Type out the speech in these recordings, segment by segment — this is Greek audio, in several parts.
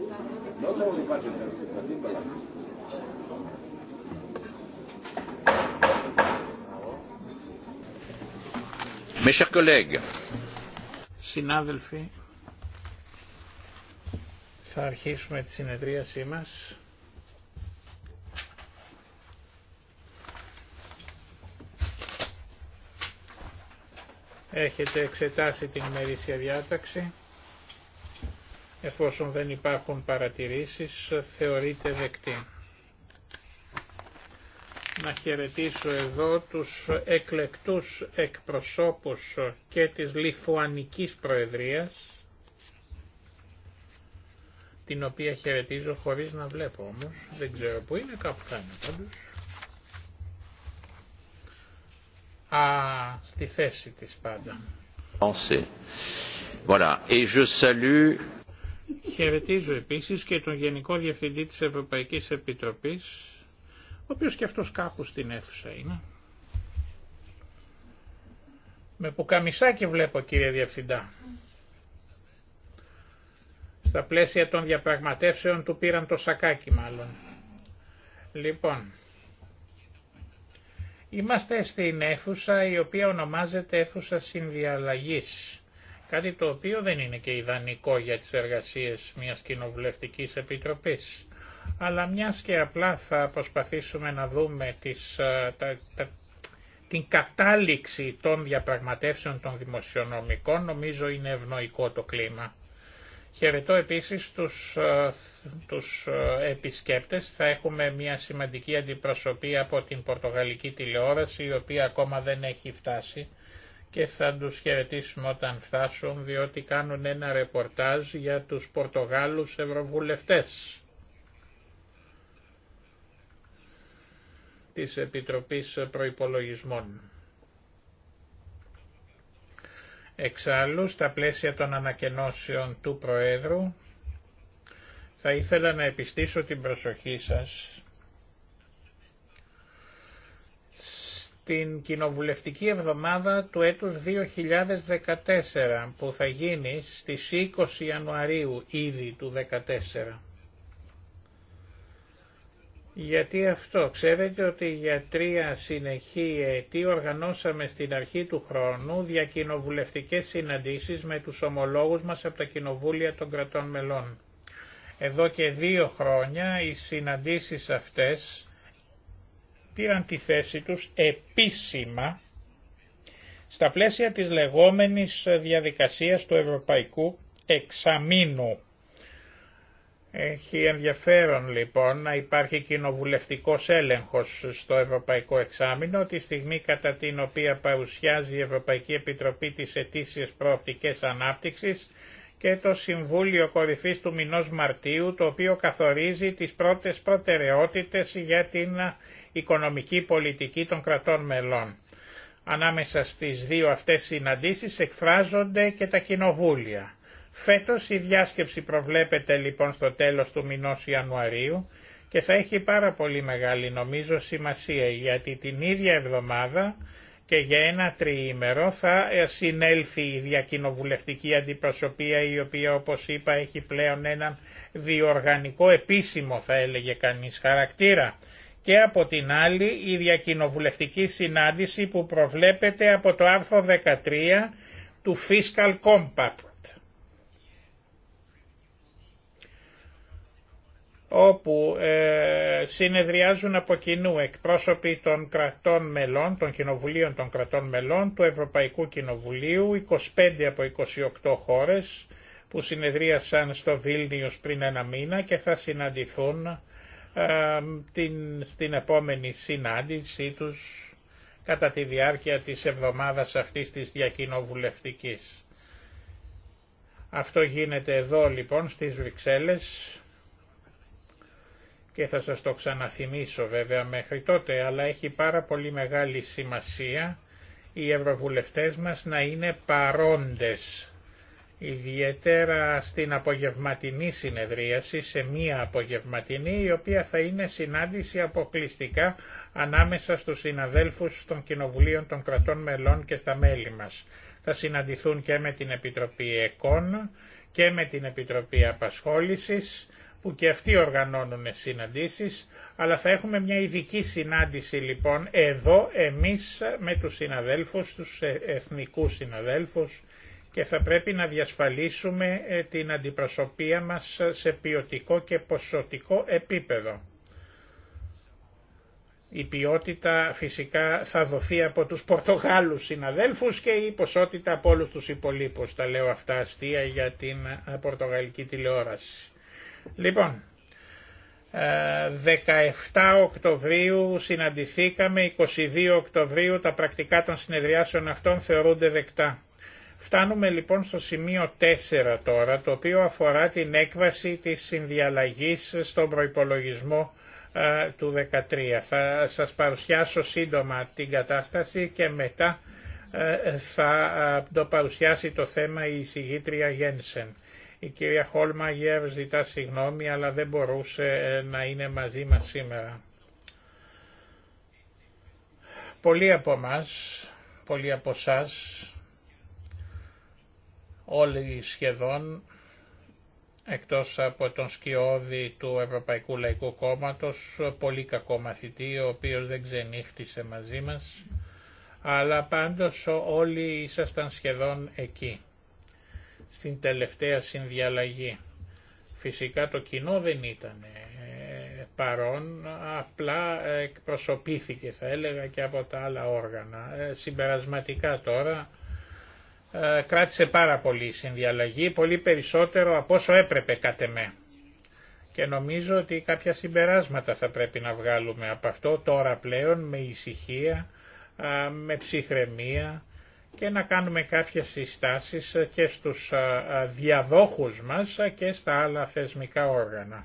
Not uh, Συνάδελφοι, θα αρχίσουμε τη συνεδρίασή μας. Έχετε εξετάσει την ημερήσια διάταξη. Εφόσον δεν υπάρχουν παρατηρήσεις, θεωρείται δεκτή. Να χαιρετήσω εδώ τους εκλεκτούς εκπροσώπους και της Λιθουανικής Προεδρίας, την οποία χαιρετίζω χωρίς να βλέπω όμως, δεν ξέρω που είναι, κάπου θα είναι πάντως. Α, στη θέση της πάντα. Voilà. Et je salue Χαιρετίζω επίσης και τον Γενικό Διευθυντή της Ευρωπαϊκής Επιτροπής, ο οποίος και αυτός κάπου στην αίθουσα είναι. Με πουκαμισάκι βλέπω κύριε Διευθυντά. Στα πλαίσια των διαπραγματεύσεων του πήραν το σακάκι μάλλον. Λοιπόν, είμαστε στην αίθουσα η οποία ονομάζεται αίθουσα συνδιαλλαγής. Κάτι το οποίο δεν είναι και ιδανικό για τις εργασίες μιας κοινοβουλευτικής επιτροπής. Αλλά μιας και απλά θα προσπαθήσουμε να δούμε τις, ε, την κατάληξη των διαπραγματεύσεων των δημοσιονομικών, νομίζω είναι ευνοϊκό το κλίμα. Χαιρετώ επίσης τους, ε, τους ε, επισκέπτες. Θα έχουμε μια σημαντική αντιπροσωπή από την Πορτογαλική τηλεόραση, η οποία ακόμα δεν έχει φτάσει και θα τους χαιρετήσουμε όταν φτάσουν διότι κάνουν ένα ρεπορτάζ για τους Πορτογάλους Ευρωβουλευτές της Επιτροπής Προϋπολογισμών. Εξάλλου, στα πλαίσια των ανακαινώσεων του Προέδρου, θα ήθελα να επιστήσω την προσοχή σας την Κοινοβουλευτική Εβδομάδα του έτους 2014 που θα γίνει στις 20 Ιανουαρίου ήδη του 2014. Γιατί αυτό, ξέρετε ότι για τρία συνεχή ετή οργανώσαμε στην αρχή του χρόνου διακοινοβουλευτικές συναντήσεις με τους ομολόγους μας από τα κοινοβούλια των κρατών μελών. Εδώ και δύο χρόνια οι συναντήσεις αυτές πήραν τη θέση τους επίσημα στα πλαίσια της λεγόμενης διαδικασίας του Ευρωπαϊκού Εξαμήνου. Έχει ενδιαφέρον λοιπόν να υπάρχει κοινοβουλευτικός έλεγχος στο Ευρωπαϊκό Εξάμεινο, τη στιγμή κατά την οποία παρουσιάζει η Ευρωπαϊκή Επιτροπή της Αιτήσει προοπτικές ανάπτυξης και το Συμβούλιο Κορυφής του μηνός Μαρτίου, το οποίο καθορίζει τις πρώτες προτεραιότητες για την οικονομική πολιτική των κρατών μελών. Ανάμεσα στις δύο αυτές συναντήσεις εκφράζονται και τα κοινοβούλια. Φέτος η διάσκεψη προβλέπεται λοιπόν στο τέλος του μηνός Ιανουαρίου και θα έχει πάρα πολύ μεγάλη νομίζω σημασία γιατί την ίδια εβδομάδα και για ένα τριήμερο θα ε, συνέλθει η διακοινοβουλευτική αντιπροσωπεία η οποία όπως είπα έχει πλέον έναν διοργανικό επίσημο θα έλεγε κανείς χαρακτήρα και από την άλλη η διακοινοβουλευτική συνάντηση που προβλέπεται από το άρθρο 13 του Fiscal Compact. όπου ε, συνεδριάζουν από κοινού εκπρόσωποι των κρατών μελών, των κοινοβουλίων των κρατών μελών, του Ευρωπαϊκού Κοινοβουλίου, 25 από 28 χώρες που συνεδρίασαν στο Βίλνιους πριν ένα μήνα και θα συναντηθούν ε, την, στην επόμενη συνάντησή τους κατά τη διάρκεια της εβδομάδας αυτής της διακοινοβουλευτικής. Αυτό γίνεται εδώ λοιπόν στις Βρυξέλλες και θα σας το ξαναθυμίσω βέβαια μέχρι τότε, αλλά έχει πάρα πολύ μεγάλη σημασία οι ευρωβουλευτές μας να είναι παρόντες ιδιαίτερα στην απογευματινή συνεδρίαση, σε μία απογευματινή, η οποία θα είναι συνάντηση αποκλειστικά ανάμεσα στους συναδέλφους των Κοινοβουλίων των Κρατών Μελών και στα μέλη μας. Θα συναντηθούν και με την Επιτροπή ΕΚΟΝ και με την Επιτροπή Απασχόλησης, που και αυτοί οργανώνουν συναντήσεις, αλλά θα έχουμε μια ειδική συνάντηση λοιπόν εδώ εμείς με τους συναδέλφους, τους εθνικούς συναδέλφους, και θα πρέπει να διασφαλίσουμε ε, την αντιπροσωπεία μας σε ποιοτικό και ποσοτικό επίπεδο. Η ποιότητα φυσικά θα δοθεί από τους Πορτογάλους συναδέλφους και η ποσότητα από όλους τους υπολείπους. Τα λέω αυτά αστεία για την ε, πορτογαλική τηλεόραση. Λοιπόν, 17 ε, Οκτωβρίου συναντηθήκαμε, 22 Οκτωβρίου τα πρακτικά των συνεδριάσεων αυτών θεωρούνται δεκτά. Φτάνουμε λοιπόν στο σημείο 4 τώρα, το οποίο αφορά την έκβαση της συνδιαλλαγής στον προϋπολογισμό ε, του 13. Θα σας παρουσιάσω σύντομα την κατάσταση και μετά ε, θα ε, το παρουσιάσει το θέμα η εισηγήτρια Γένσεν. Η κυρία Χόλμαγερ ζητά συγγνώμη αλλά δεν μπορούσε να είναι μαζί μας σήμερα. Πολλοί από εμάς, πολλοί από εσάς, Όλοι σχεδόν, εκτός από τον σκιώδη του Ευρωπαϊκού Λαϊκού Κόμματος, πολύ κακό μαθητή, ο οποίος δεν ξενύχτησε μαζί μας, αλλά πάντως όλοι ήσασταν σχεδόν εκεί, στην τελευταία συνδιαλλαγή. Φυσικά το κοινό δεν ήταν ε, παρόν, απλά εκπροσωπήθηκε θα έλεγα και από τα άλλα όργανα. Ε, συμπερασματικά τώρα ε, κράτησε πάρα πολύ η συνδιαλλαγή, πολύ περισσότερο από όσο έπρεπε κατ' εμέ. Και νομίζω ότι κάποια συμπεράσματα θα πρέπει να βγάλουμε από αυτό τώρα πλέον με ησυχία, με ψυχραιμία και να κάνουμε κάποιες συστάσεις και στους διαδόχους μας και στα άλλα θεσμικά όργανα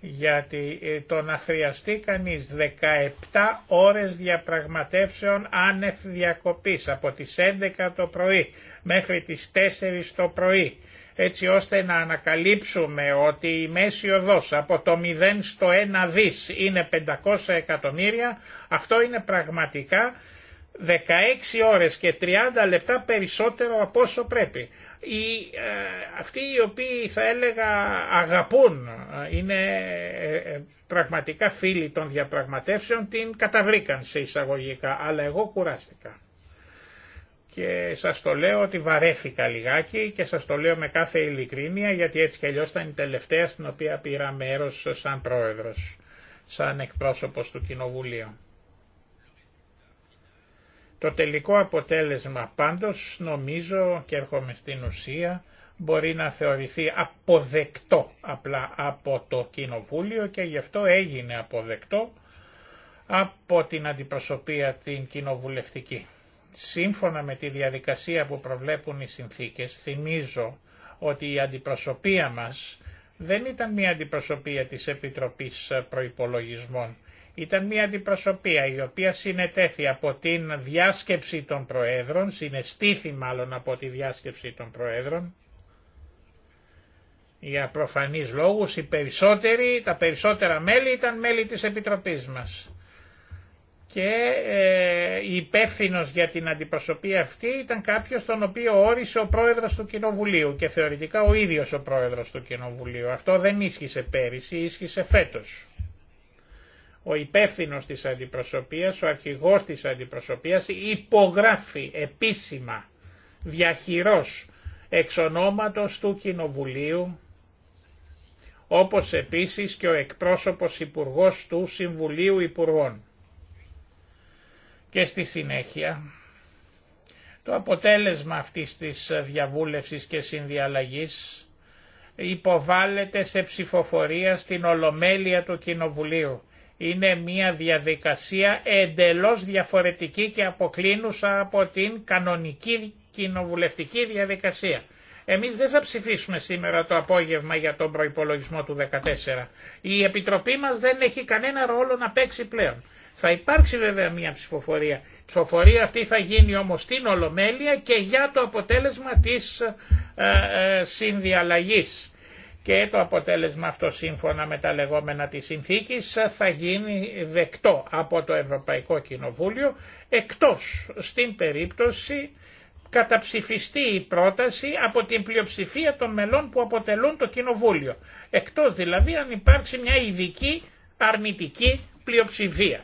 γιατί ε, το να χρειαστεί κανείς 17 ώρες διαπραγματεύσεων άνευ διακοπής από τις 11 το πρωί μέχρι τις 4 το πρωί έτσι ώστε να ανακαλύψουμε ότι η μέση οδός από το 0 στο 1 δις είναι 500 εκατομμύρια, αυτό είναι πραγματικά 16 ώρες και 30 λεπτά περισσότερο από όσο πρέπει. Οι, ε, αυτοί οι οποίοι θα έλεγα αγαπούν, ε, είναι ε, πραγματικά φίλοι των διαπραγματεύσεων, την καταβρήκαν σε εισαγωγικά, αλλά εγώ κουράστηκα. Και σας το λέω ότι βαρέθηκα λιγάκι και σας το λέω με κάθε ειλικρίνεια γιατί έτσι κι αλλιώς ήταν η τελευταία στην οποία πήρα μέρος σαν πρόεδρος, σαν εκπρόσωπος του Κοινοβουλίου. Το τελικό αποτέλεσμα πάντως νομίζω και έρχομαι στην ουσία μπορεί να θεωρηθεί αποδεκτό απλά από το Κοινοβούλιο και γι' αυτό έγινε αποδεκτό από την αντιπροσωπεία την κοινοβουλευτική. Σύμφωνα με τη διαδικασία που προβλέπουν οι συνθήκες, θυμίζω ότι η αντιπροσωπεία μας δεν ήταν μια αντιπροσωπεία της Επιτροπής Προϋπολογισμών. Ήταν μια αντιπροσωπεία η οποία συνετέθη από την διάσκεψη των Προέδρων, συνεστήθη, μάλλον από τη διάσκεψη των Προέδρων, για προφανείς λόγους οι περισσότεροι, τα περισσότερα μέλη ήταν μέλη της Επιτροπής μας. Και ε, υπεύθυνο για την αντιπροσωπεία αυτή ήταν κάποιος τον οποίο όρισε ο πρόεδρος του Κοινοβουλίου και θεωρητικά ο ίδιος ο πρόεδρος του Κοινοβουλίου. Αυτό δεν ίσχυσε πέρυσι, ίσχυσε φέτος ο υπεύθυνος της αντιπροσωπείας, ο αρχηγός της αντιπροσωπείας υπογράφει επίσημα, διαχειρός, εξ του Κοινοβουλίου, όπως επίσης και ο εκπρόσωπος Υπουργός του Συμβουλίου Υπουργών. Και στη συνέχεια, το αποτέλεσμα αυτής της διαβούλευσης και συνδιαλλαγής υποβάλλεται σε ψηφοφορία στην Ολομέλεια του Κοινοβουλίου είναι μια διαδικασία εντελώς διαφορετική και αποκλίνουσα από την κανονική κοινοβουλευτική διαδικασία. Εμείς δεν θα ψηφίσουμε σήμερα το απόγευμα για τον προϋπολογισμό του 2014. Η Επιτροπή μας δεν έχει κανένα ρόλο να παίξει πλέον. Θα υπάρξει βέβαια μια ψηφοφορία. Η ψηφοφορία αυτή θα γίνει όμως στην Ολομέλεια και για το αποτέλεσμα της ε, ε συνδιαλλαγής και το αποτέλεσμα αυτό σύμφωνα με τα λεγόμενα της συνθήκης θα γίνει δεκτό από το Ευρωπαϊκό Κοινοβούλιο εκτός στην περίπτωση καταψηφιστεί η πρόταση από την πλειοψηφία των μελών που αποτελούν το Κοινοβούλιο. Εκτός δηλαδή αν υπάρξει μια ειδική αρνητική πλειοψηφία.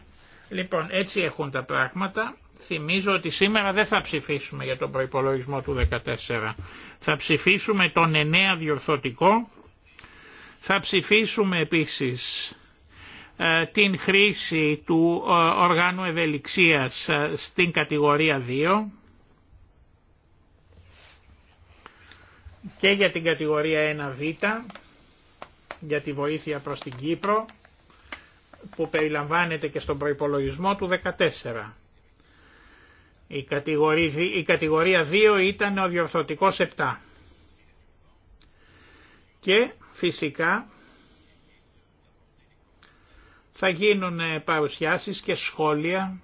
Λοιπόν, έτσι έχουν τα πράγματα. Θυμίζω ότι σήμερα δεν θα ψηφίσουμε για τον προϋπολογισμό του 2014. Θα ψηφίσουμε τον 9 διορθωτικό θα ψηφίσουμε επίσης ε, την χρήση του ε, οργάνου ευελιξίας ε, στην κατηγορία 2 και για την κατηγορία 1β για τη βοήθεια προς την Κύπρο που περιλαμβάνεται και στον προϋπολογισμό του 14. Η κατηγορία 2 ήταν ο διορθωτικός 7 και φυσικά θα γίνουν παρουσιάσεις και σχόλια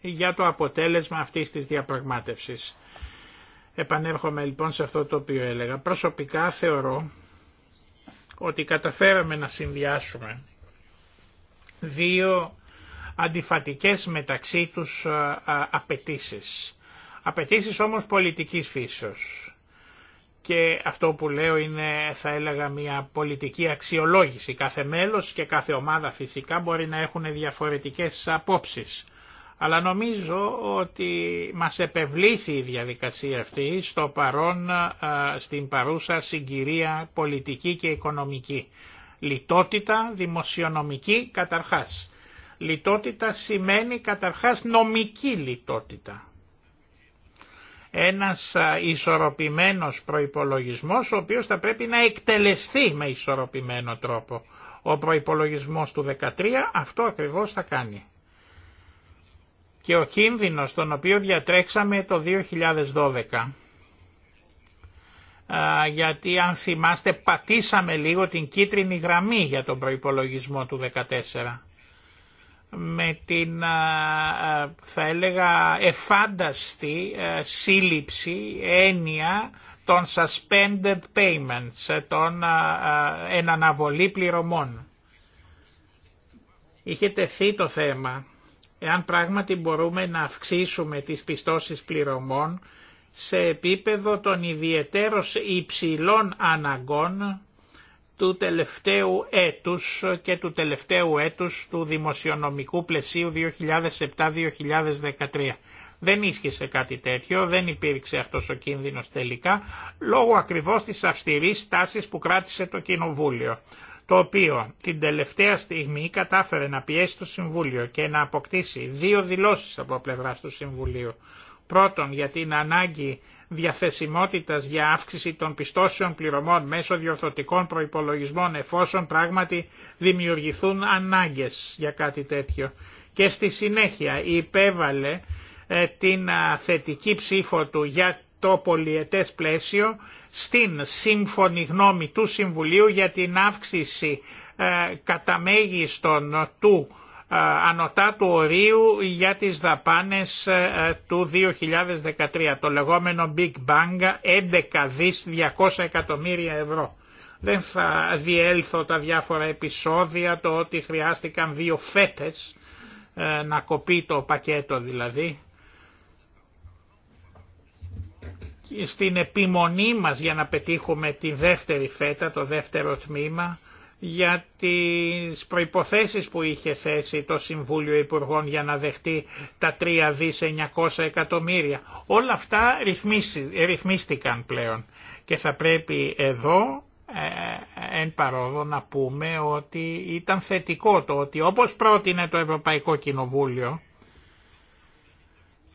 για το αποτέλεσμα αυτής της διαπραγμάτευσης. Επανέρχομαι λοιπόν σε αυτό το οποίο έλεγα. Προσωπικά θεωρώ ότι καταφέραμε να συνδυάσουμε δύο αντιφατικές μεταξύ τους απαιτήσει. Απαιτήσει όμως πολιτικής φύσεως και αυτό που λέω είναι θα έλεγα μια πολιτική αξιολόγηση. Κάθε μέλος και κάθε ομάδα φυσικά μπορεί να έχουν διαφορετικές απόψεις. Αλλά νομίζω ότι μας επευλήθη η διαδικασία αυτή στο παρόν, στην παρούσα συγκυρία πολιτική και οικονομική. Λιτότητα δημοσιονομική καταρχάς. Λιτότητα σημαίνει καταρχάς νομική λιτότητα ένας ισορροπημένος προϋπολογισμός ο οποίος θα πρέπει να εκτελεστεί με ισορροπημένο τρόπο. Ο προϋπολογισμός του 13 αυτό ακριβώς θα κάνει. Και ο κίνδυνος τον οποίο διατρέξαμε το 2012 γιατί αν θυμάστε πατήσαμε λίγο την κίτρινη γραμμή για τον προϋπολογισμό του 14 με την θα έλεγα εφάνταστη σύλληψη έννοια των suspended payments, ε, των εναναβολή πληρωμών. Είχε τεθεί το θέμα, εάν πράγματι μπορούμε να αυξήσουμε τις πιστώσεις πληρωμών σε επίπεδο των ιδιαιτέρως υψηλών αναγκών του τελευταίου έτους και του τελευταίου έτους του δημοσιονομικού πλαισίου 2007-2013. Δεν ίσχυσε κάτι τέτοιο, δεν υπήρξε αυτός ο κίνδυνος τελικά, λόγω ακριβώς της αυστηρής στάσης που κράτησε το Κοινοβούλιο, το οποίο την τελευταία στιγμή κατάφερε να πιέσει το Συμβούλιο και να αποκτήσει δύο δηλώσεις από πλευρά του Συμβουλίου. Πρώτον για την ανάγκη διαθεσιμότητας για αύξηση των πιστώσεων πληρωμών μέσω διορθωτικών προϋπολογισμών εφόσον πράγματι δημιουργηθούν ανάγκες για κάτι τέτοιο. Και στη συνέχεια υπέβαλε ε, την θετική ψήφο του για το πολιετές πλαίσιο στην σύμφωνη γνώμη του Συμβουλίου για την αύξηση ε, κατά μέγιστον του ανωτά του ορίου για τις δαπάνες ε, ε, του 2013, το λεγόμενο Big Bang 11 δις 200 εκατομμύρια ευρώ. Δεν θα διέλθω τα διάφορα επεισόδια, το ότι χρειάστηκαν δύο φέτες ε, να κοπεί το πακέτο δηλαδή. Στην επιμονή μας για να πετύχουμε τη δεύτερη φέτα, το δεύτερο τμήμα, για τις προϋποθέσεις που είχε θέσει το Συμβούλιο Υπουργών για να δεχτεί τα 3 δις 900 εκατομμύρια. Όλα αυτά ρυθμίστηκαν πλέον και θα πρέπει εδώ ε, εν παρόδο να πούμε ότι ήταν θετικό το ότι όπως πρότεινε το Ευρωπαϊκό Κοινοβούλιο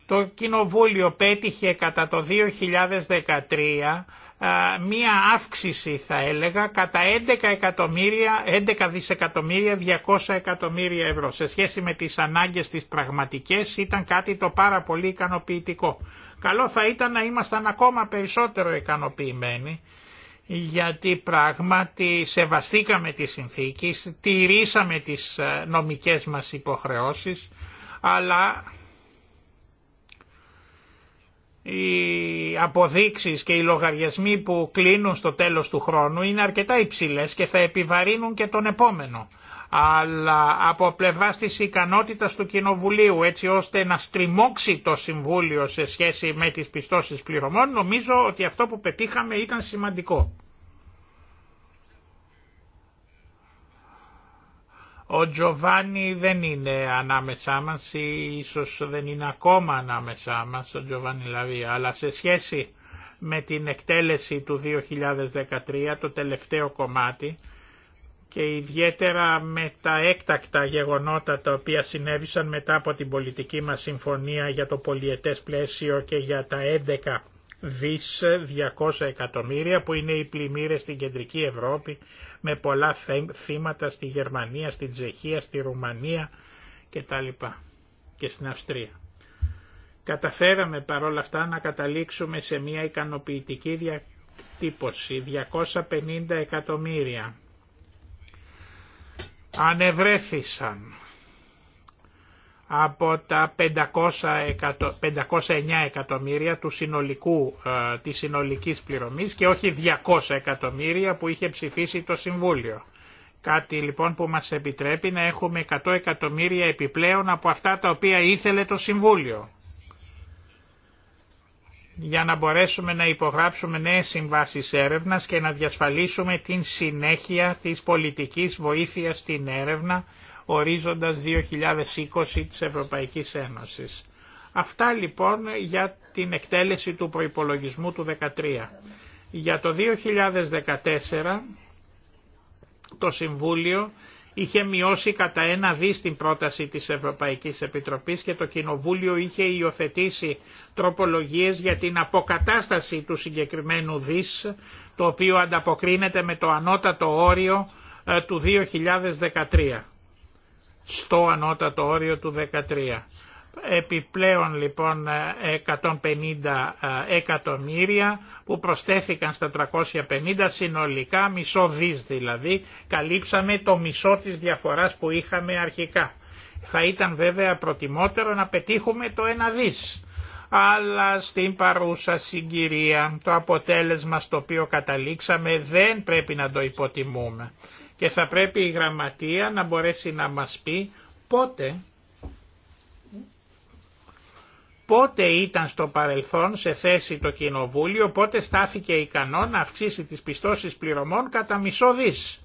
το Κοινοβούλιο πέτυχε κατά το 2013 μία αύξηση θα έλεγα κατά 11, εκατομμύρια, δισεκατομμύρια 200 εκατομμύρια ευρώ. Σε σχέση με τις ανάγκες τις πραγματικές ήταν κάτι το πάρα πολύ ικανοποιητικό. Καλό θα ήταν να ήμασταν ακόμα περισσότερο ικανοποιημένοι γιατί πράγματι σεβαστήκαμε τις συνθήκες, τηρήσαμε τις νομικές μας υποχρεώσεις αλλά οι αποδείξεις και οι λογαριασμοί που κλείνουν στο τέλος του χρόνου είναι αρκετά υψηλές και θα επιβαρύνουν και τον επόμενο. Αλλά από πλευρά της ικανότητα του Κοινοβουλίου έτσι ώστε να στριμώξει το Συμβούλιο σε σχέση με τις πιστώσεις πληρωμών νομίζω ότι αυτό που πετύχαμε ήταν σημαντικό. Ο Τζοβάνι δεν είναι ανάμεσά μας ή ίσως δεν είναι ακόμα ανάμεσά μας ο Τζοβάνι Λαβία, αλλά σε σχέση με την εκτέλεση του 2013, το τελευταίο κομμάτι, και ιδιαίτερα με τα έκτακτα γεγονότα τα οποία συνέβησαν μετά από την πολιτική μας συμφωνία για το πολιετές πλαίσιο και για τα 11 δις 200 εκατομμύρια που είναι οι πλημμύρες στην κεντρική Ευρώπη με πολλά θύματα στη Γερμανία, στην Τσεχία, στη Ρουμανία και τα λοιπά και στην Αυστρία. Καταφέραμε παρόλα αυτά να καταλήξουμε σε μια ικανοποιητική διατύπωση 250 εκατομμύρια. Ανεβρέθησαν από τα 500, 509 εκατομμύρια του συνολικού, ε, της συνολικής πληρωμής και όχι 200 εκατομμύρια που είχε ψηφίσει το Συμβούλιο. Κάτι λοιπόν που μας επιτρέπει να έχουμε 100 εκατομμύρια επιπλέον από αυτά τα οποία ήθελε το Συμβούλιο. Για να μπορέσουμε να υπογράψουμε νέες συμβάσεις έρευνας και να διασφαλίσουμε την συνέχεια της πολιτικής βοήθειας στην έρευνα ορίζοντας 2020 της Ευρωπαϊκής Ένωσης. Αυτά λοιπόν για την εκτέλεση του προϋπολογισμού του 2013. Για το 2014 το Συμβούλιο είχε μειώσει κατά ένα δις την πρόταση της Ευρωπαϊκής Επιτροπής και το Κοινοβούλιο είχε υιοθετήσει τροπολογίες για την αποκατάσταση του συγκεκριμένου δις, το οποίο ανταποκρίνεται με το ανώτατο όριο ε, του 2013 στο ανώτατο όριο του 13. Επιπλέον λοιπόν 150 ε, εκατομμύρια που προστέθηκαν στα 350 συνολικά μισό δις δηλαδή καλύψαμε το μισό της διαφοράς που είχαμε αρχικά. Θα ήταν βέβαια προτιμότερο να πετύχουμε το ένα δις αλλά στην παρούσα συγκυρία το αποτέλεσμα στο οποίο καταλήξαμε δεν πρέπει να το υποτιμούμε και θα πρέπει η γραμματεία να μπορέσει να μας πει πότε πότε ήταν στο παρελθόν σε θέση το Κοινοβούλιο, πότε στάθηκε ικανό να αυξήσει τις πιστώσεις πληρωμών κατά μισό δις.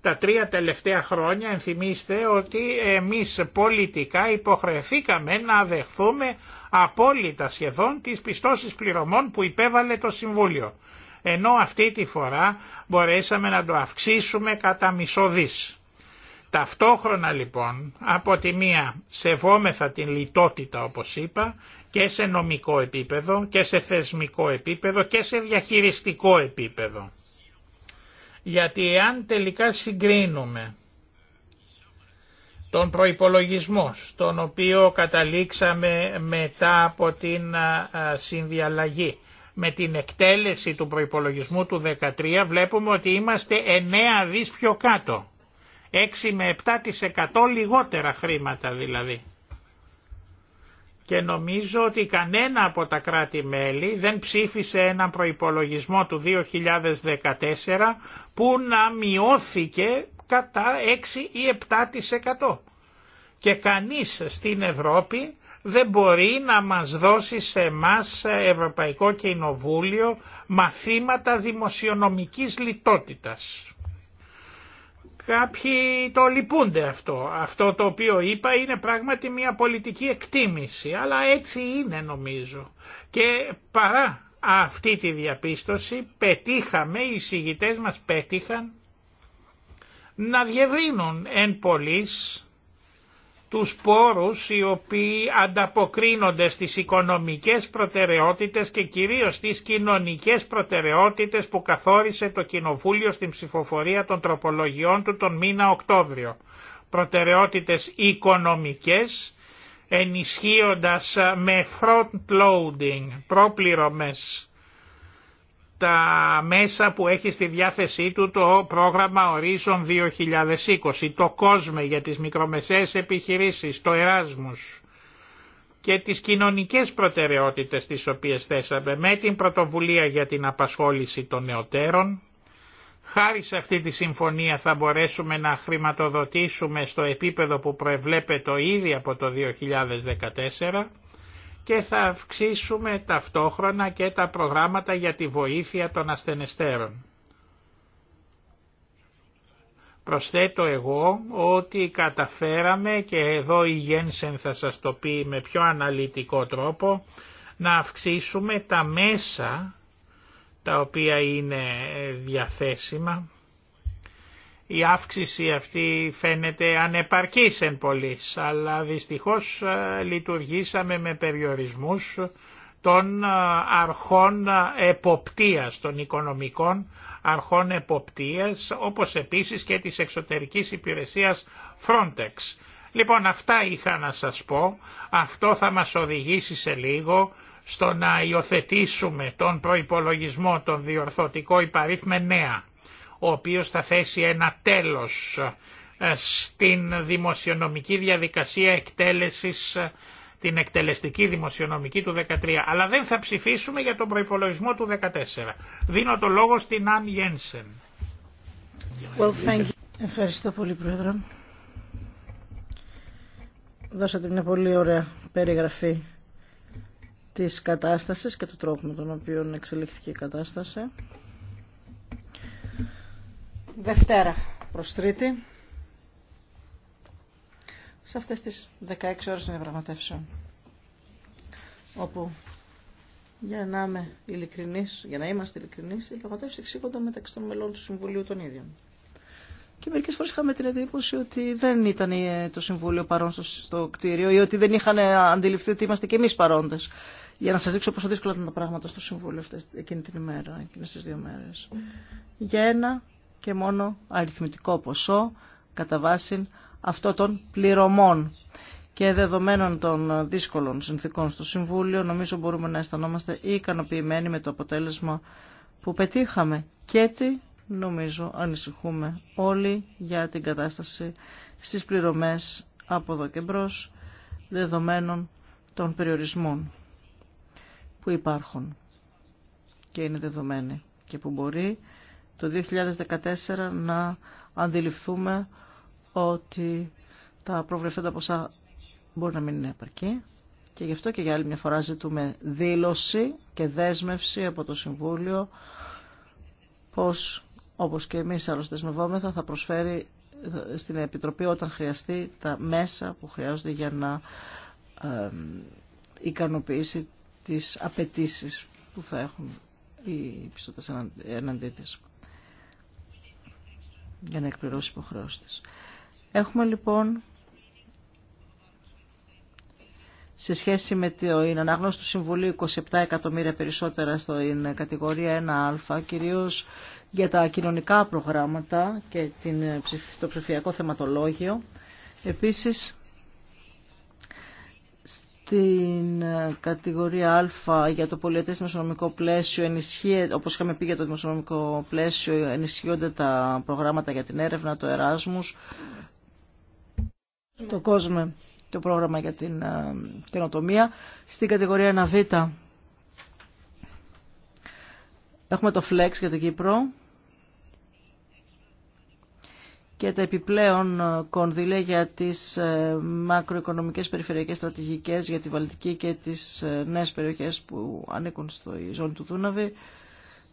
Τα τρία τελευταία χρόνια ενθυμίστε ότι εμείς πολιτικά υποχρεωθήκαμε να δεχθούμε απόλυτα σχεδόν τις πιστώσεις πληρωμών που υπέβαλε το Συμβούλιο ενώ αυτή τη φορά μπορέσαμε να το αυξήσουμε κατά μισό δις. Ταυτόχρονα λοιπόν, από τη μία σεβόμεθα την λιτότητα όπως είπα και σε νομικό επίπεδο και σε θεσμικό επίπεδο και σε διαχειριστικό επίπεδο. Γιατί εάν τελικά συγκρίνουμε τον προϋπολογισμό στον οποίο καταλήξαμε μετά από την συνδιαλλαγή με την εκτέλεση του προϋπολογισμού του 2013 βλέπουμε ότι είμαστε 9 δις πιο κάτω. 6 με 7% λιγότερα χρήματα δηλαδή. Και νομίζω ότι κανένα από τα κράτη-μέλη δεν ψήφισε έναν προϋπολογισμό του 2014 που να μειώθηκε κατά 6 ή 7%. Και κανείς στην Ευρώπη δεν μπορεί να μας δώσει σε εμάς Ευρωπαϊκό Κοινοβούλιο μαθήματα δημοσιονομικής λιτότητας. Κάποιοι το λυπούνται αυτό. Αυτό το οποίο είπα είναι πράγματι μια πολιτική εκτίμηση, αλλά έτσι είναι νομίζω. Και παρά αυτή τη διαπίστωση πετύχαμε, οι συγητές μας πέτυχαν να διευρύνουν εν πολλής τους πόρους οι οποίοι ανταποκρίνονται στις οικονομικές προτεραιότητες και κυρίως στις κοινωνικές προτεραιότητες που καθόρισε το Κοινοβούλιο στην ψηφοφορία των τροπολογιών του τον μήνα Οκτώβριο. Προτεραιότητες οικονομικές ενισχύοντας με front loading πρόπληρωμες τα μέσα που έχει στη διάθεσή του το πρόγραμμα Horizon 2020, το COSME για τις μικρομεσαίες επιχειρήσεις, το Erasmus και τις κοινωνικές προτεραιότητες τις οποίες θέσαμε με την πρωτοβουλία για την απασχόληση των νεωτέρων. Χάρη σε αυτή τη συμφωνία θα μπορέσουμε να χρηματοδοτήσουμε στο επίπεδο που προεβλέπεται ήδη από το 2014 και θα αυξήσουμε ταυτόχρονα και τα προγράμματα για τη βοήθεια των ασθενεστέρων. Προσθέτω εγώ ότι καταφέραμε και εδώ η Γένσεν θα σας το πει με πιο αναλυτικό τρόπο να αυξήσουμε τα μέσα τα οποία είναι διαθέσιμα η αύξηση αυτή φαίνεται ανεπαρκής εν πολλής, αλλά δυστυχώς ε, λειτουργήσαμε με περιορισμούς των ε, αρχών ε, εποπτείας, των οικονομικών αρχών εποπτείας, όπως επίσης και της εξωτερικής υπηρεσίας Frontex. Λοιπόν αυτά είχα να σας πω, αυτό θα μας οδηγήσει σε λίγο στο να υιοθετήσουμε τον προϋπολογισμό, τον διορθωτικό υπαρίθμε νέα ο οποίος θα θέσει ένα τέλος ε, στην δημοσιονομική διαδικασία εκτέλεσης, ε, την εκτελεστική δημοσιονομική του 13. Αλλά δεν θα ψηφίσουμε για τον προϋπολογισμό του 14. Δίνω το λόγο στην Αν Γένσεν. Well, Ευχαριστώ πολύ Πρόεδρε. Δώσατε μια πολύ ωραία περιγραφή της κατάστασης και του τρόπου με τον οποίο εξελίχθηκε η κατάσταση. Δευτέρα προς Τρίτη σε αυτές τις 16 ώρες των διαπραγματεύσεων όπου για να είμαι ειλικρινής, για να είμαστε ειλικρινείς, οι διαπραγματεύσεις εξήγονται μεταξύ των μελών του Συμβουλίου των ίδιων. Και μερικές φορές είχαμε την εντύπωση ότι δεν ήταν ε, το Συμβούλιο παρόν στο, κτίριο ή ότι δεν είχαν ε, αντιληφθεί ότι είμαστε και εμείς παρόντες. Για να σας δείξω πόσο δύσκολα ήταν τα πράγματα στο Συμβούλιο αυτές, εκείνη την ημέρα, εκείνες τις δύο μέρες. Για ένα και μόνο αριθμητικό ποσό κατά βάση αυτών των πληρωμών. Και δεδομένων των δύσκολων συνθήκων στο Συμβούλιο, νομίζω μπορούμε να αισθανόμαστε ικανοποιημένοι με το αποτέλεσμα που πετύχαμε. Και τι νομίζω ανησυχούμε όλοι για την κατάσταση στις πληρωμές από εδώ και μπρος, δεδομένων των περιορισμών που υπάρχουν και είναι δεδομένοι και που μπορεί το 2014 να αντιληφθούμε ότι τα προβλεφέντα ποσά μπορεί να μην είναι επαρκή και γι' αυτό και για άλλη μια φορά ζητούμε δήλωση και δέσμευση από το Συμβούλιο πως όπως και εμείς άλλωστε δεσμευόμεθα θα προσφέρει στην Επιτροπή όταν χρειαστεί τα μέσα που χρειάζονται για να ικανοποιήσει τις απαιτήσει που θα έχουν οι πιστωτές εναντίτες για να εκπληρώσει υποχρεώσει Έχουμε λοιπόν σε σχέση με την ανάγνωση του Συμβουλίου 27 εκατομμύρια περισσότερα στην κατηγορία 1α, κυρίως για τα κοινωνικά προγράμματα και το ψηφιακό θεματολόγιο. Επίσης, στην ε, κατηγορία Α για το πολιετές δημοσιονομικό πλαίσιο, ενισχύει, όπως είχαμε πει για το δημοσιονομικό πλαίσιο, ενισχύονται τα προγράμματα για την έρευνα, το Εράσμους, το κόσμο, το πρόγραμμα για την ε, καινοτομία. Στην κατηγορία 1Β έχουμε το Flex για το Κύπρο, και τα επιπλέον ε, κονδύλια για τις ε, μακροοικονομικές περιφερειακές στρατηγικές για τη Βαλτική και τις ε, νέες περιοχές που ανήκουν στο ζώνη του Δούναβη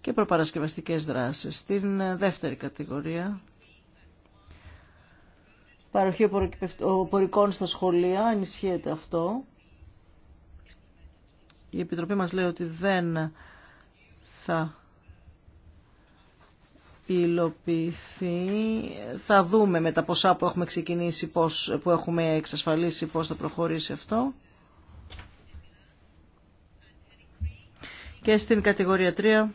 και προπαρασκευαστικές δράσεις. Στην δεύτερη κατηγορία, παροχή οπορικών στα σχολεία, ενισχύεται αυτό. Η Επιτροπή μας λέει ότι δεν θα υλοποιηθεί. Θα δούμε με τα ποσά που έχουμε ξεκινήσει, πώς, που έχουμε εξασφαλίσει, πώς θα προχωρήσει αυτό. Και στην κατηγορία 3.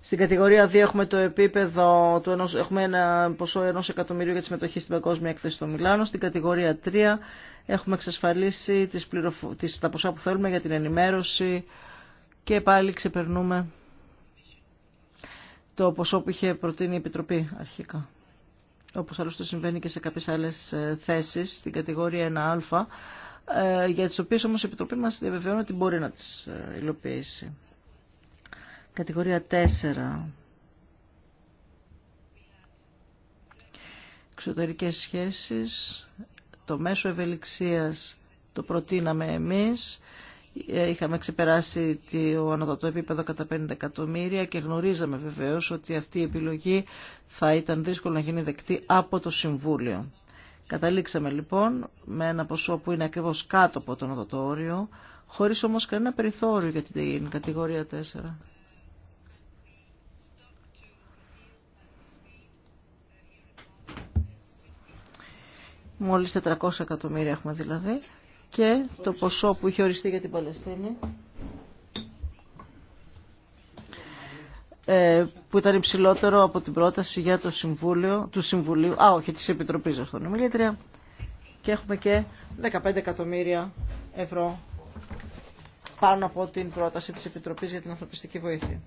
Στην κατηγορία 2 έχουμε το επίπεδο του ενός, έχουμε ένα ποσό ενός εκατομμυρίου για τη συμμετοχή στην Παγκόσμια Εκθέση στο Μιλάνο. Στην κατηγορία 3 έχουμε εξασφαλίσει τις, τις τα ποσά που θέλουμε για την ενημέρωση και πάλι ξεπερνούμε το ποσό που είχε προτείνει η Επιτροπή αρχικά. Όπως άλλωστε συμβαίνει και σε κάποιες άλλες ε, θέσεις στην κατηγορία 1α, ε, για τις οποίες όμως η Επιτροπή μας διαβεβαιώνει ότι μπορεί να τις ε, υλοποιήσει. Κατηγορία 4. Εξωτερικές σχέσεις, το μέσο ευελιξίας το προτείναμε εμείς, είχαμε ξεπεράσει το ανώτατο επίπεδο κατά 50 εκατομμύρια και γνωρίζαμε βεβαίως ότι αυτή η επιλογή θα ήταν δύσκολο να γίνει δεκτή από το Συμβούλιο. Καταλήξαμε λοιπόν με ένα ποσό που είναι ακριβώς κάτω από το ανώτατο όριο, χωρίς όμως κανένα περιθώριο για την κατηγορία 4. Μόλις 400 εκατομμύρια έχουμε δηλαδή και το ποσό που είχε οριστεί για την Παλαιστίνη ε, που ήταν υψηλότερο από την πρόταση για το Συμβούλιο, του Συμβουλίου, α όχι, της Επιτροπής Αυτονομιλήτρια και έχουμε και 15 εκατομμύρια ευρώ πάνω από την πρόταση της Επιτροπής για την Ανθρωπιστική Βοήθεια.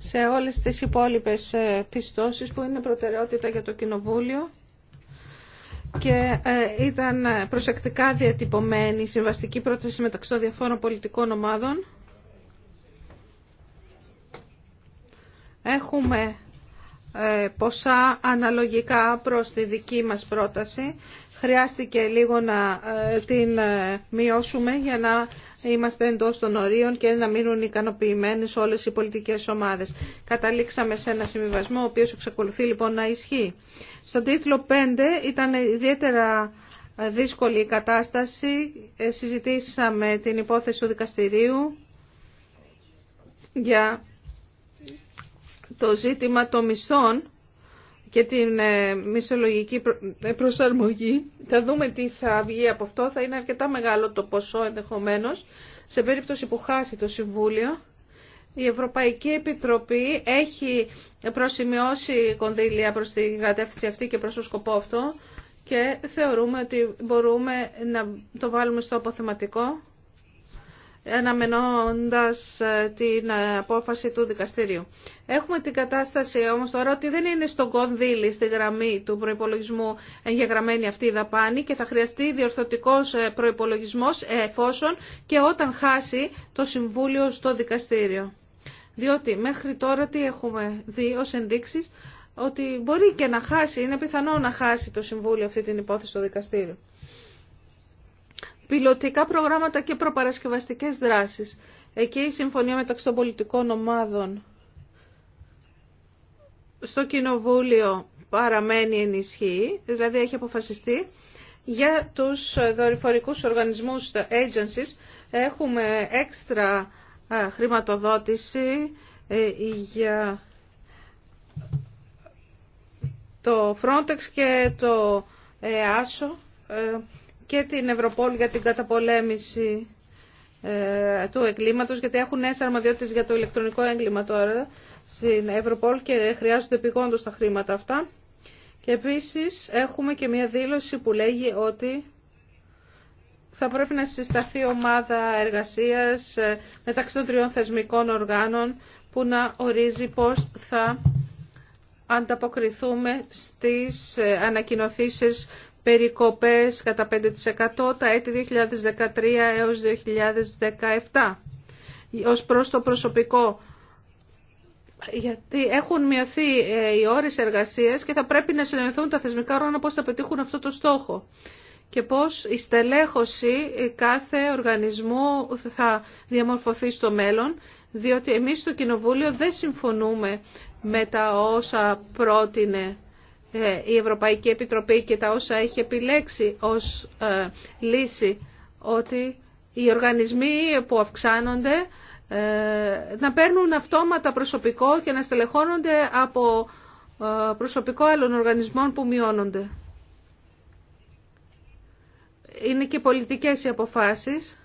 Σε όλες τις υπόλοιπες ε, πιστώσεις που είναι προτεραιότητα για το Κοινοβούλιο, και ε, ήταν προσεκτικά διατυπωμένη η συμβαστική πρόταση μεταξύ των διαφόρων πολιτικών ομάδων. Έχουμε ε, ποσά αναλογικά προς τη δική μας πρόταση. Χρειάστηκε λίγο να ε, την μειώσουμε για να είμαστε εντός των ορίων και να μείνουν ικανοποιημένες όλες οι πολιτικές ομάδες. Καταλήξαμε σε ένα συμβιβασμό, ο οποίος εξακολουθεί λοιπόν να ισχύει. Στον τίτλο 5 ήταν ιδιαίτερα δύσκολη η κατάσταση. Ε, συζητήσαμε την υπόθεση του δικαστηρίου για το ζήτημα των μισθών και την ε, μισολογική ε, προσαρμογή. Θα δούμε τι θα βγει από αυτό. Θα είναι αρκετά μεγάλο το ποσό ενδεχομένως. Σε περίπτωση που χάσει το Συμβούλιο, η Ευρωπαϊκή Επιτροπή έχει προσημειώσει κονδύλια προς την κατεύθυνση αυτή και προς το σκοπό αυτό και θεωρούμε ότι μπορούμε να το βάλουμε στο αποθεματικό αναμενώντας ε, την ε, απόφαση του δικαστηρίου. Έχουμε την κατάσταση όμως τώρα ότι δεν είναι στον κονδύλι, στη γραμμή του προϋπολογισμού εγγεγραμμένη αυτή η δαπάνη και θα χρειαστεί διορθωτικός ε, προϋπολογισμός εφόσον και όταν χάσει το Συμβούλιο στο δικαστήριο. Διότι μέχρι τώρα τι έχουμε δει ως ενδείξεις ότι μπορεί και να χάσει, είναι πιθανό να χάσει το Συμβούλιο αυτή την υπόθεση στο δικαστήριο πιλωτικά προγράμματα και προπαρασκευαστικές δράσεις. Εκεί η συμφωνία μεταξύ των πολιτικών ομάδων στο Κοινοβούλιο παραμένει ενισχύει, δηλαδή έχει αποφασιστεί. Για τους δορυφορικούς οργανισμούς agencies έχουμε έξτρα χρηματοδότηση ε, για το Frontex και το ASO. Ε, και την Ευρωπόλ για την καταπολέμηση ε, του εγκλήματος, γιατί έχουν νέες αρμοδιότητες για το ηλεκτρονικό έγκλημα τώρα στην Ευρωπόλ και χρειάζονται επιγόντως τα χρήματα αυτά. Και επίσης έχουμε και μια δήλωση που λέγει ότι θα πρέπει να συσταθεί ομάδα εργασίας ε, μεταξύ των τριών θεσμικών οργάνων που να ορίζει πώς θα ανταποκριθούμε στις ε, ανακοινωθήσεις περικοπές κατά 5% τα έτη 2013 έως 2017 ως προς το προσωπικό. Γιατί έχουν μειωθεί ε, οι ώρες εργασίας και θα πρέπει να συνεχθούν τα θεσμικά όργανα πώς θα πετύχουν αυτό το στόχο και πώς η στελέχωση κάθε οργανισμού θα διαμορφωθεί στο μέλλον, διότι εμείς στο Κοινοβούλιο δεν συμφωνούμε με τα όσα πρότεινε ε, η Ευρωπαϊκή Επιτροπή και τα όσα έχει επιλέξει ως ε, λύση ότι οι οργανισμοί που αυξάνονται ε, να παίρνουν αυτόματα προσωπικό και να στελεχώνονται από προσωπικό άλλων οργανισμών που μειώνονται. Είναι και πολιτικές οι αποφάσεις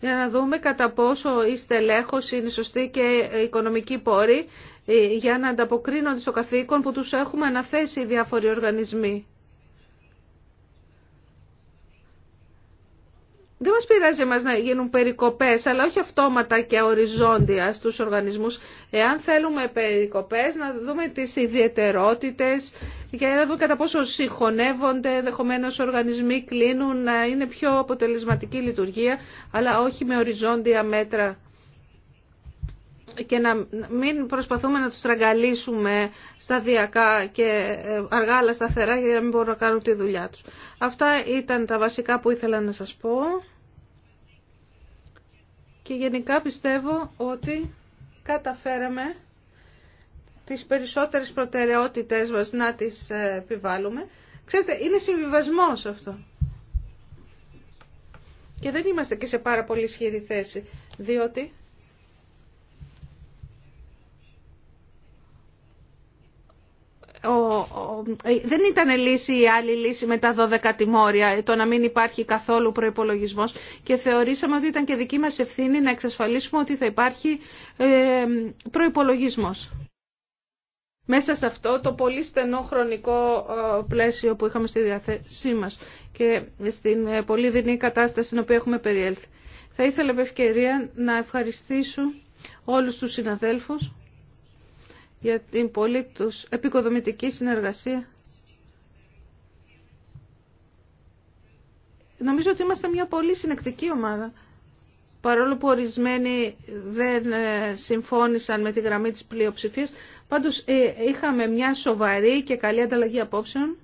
για να δούμε κατά πόσο η στελέχωση είναι σωστή και οικονομική πόρη. Ε, για να ανταποκρίνονται στο καθήκον που τους έχουμε αναθέσει οι διάφοροι οργανισμοί. Δεν μας πειράζει μας να γίνουν περικοπές, αλλά όχι αυτόματα και οριζόντια στους οργανισμούς. Εάν θέλουμε περικοπές, να δούμε τις ιδιαιτερότητες και να δούμε κατά πόσο συγχωνεύονται, ενδεχομένω οργανισμοί κλείνουν, να είναι πιο αποτελεσματική λειτουργία, αλλά όχι με οριζόντια μέτρα και να μην προσπαθούμε να τους στραγγαλίσουμε σταδιακά και ε, αργά αλλά σταθερά για να μην μπορούν να κάνουν τη δουλειά τους. Αυτά ήταν τα βασικά που ήθελα να σας πω και γενικά πιστεύω ότι καταφέραμε τις περισσότερες προτεραιότητες μας να τις ε, επιβάλλουμε. Ξέρετε, είναι συμβιβασμός αυτό. Και δεν είμαστε και σε πάρα πολύ ισχυρή θέση, διότι Ε, δεν ήταν λύση η άλλη λύση με τα 12 τιμόρια, ε, το να μην υπάρχει καθόλου προπολογισμό και θεωρήσαμε ότι ήταν και δική μα ευθύνη να εξασφαλίσουμε ότι θα υπάρχει ε, προπολογισμό. Μέσα σε αυτό το πολύ στενό χρονικό πλαίσιο που είχαμε στη διάθεσή μας και στην πολύ δεινή κατάσταση στην οποία έχουμε περιέλθει. Θα ήθελα με ευκαιρία να ευχαριστήσω όλους τους συναδέλφους για την τους, επικοδομητική συνεργασία. Νομίζω ότι είμαστε μια πολύ συνεκτική ομάδα. Παρόλο που ορισμένοι δεν ε, συμφώνησαν με τη γραμμή της πλειοψηφίας, πάντως ε, είχαμε μια σοβαρή και καλή ανταλλαγή απόψεων.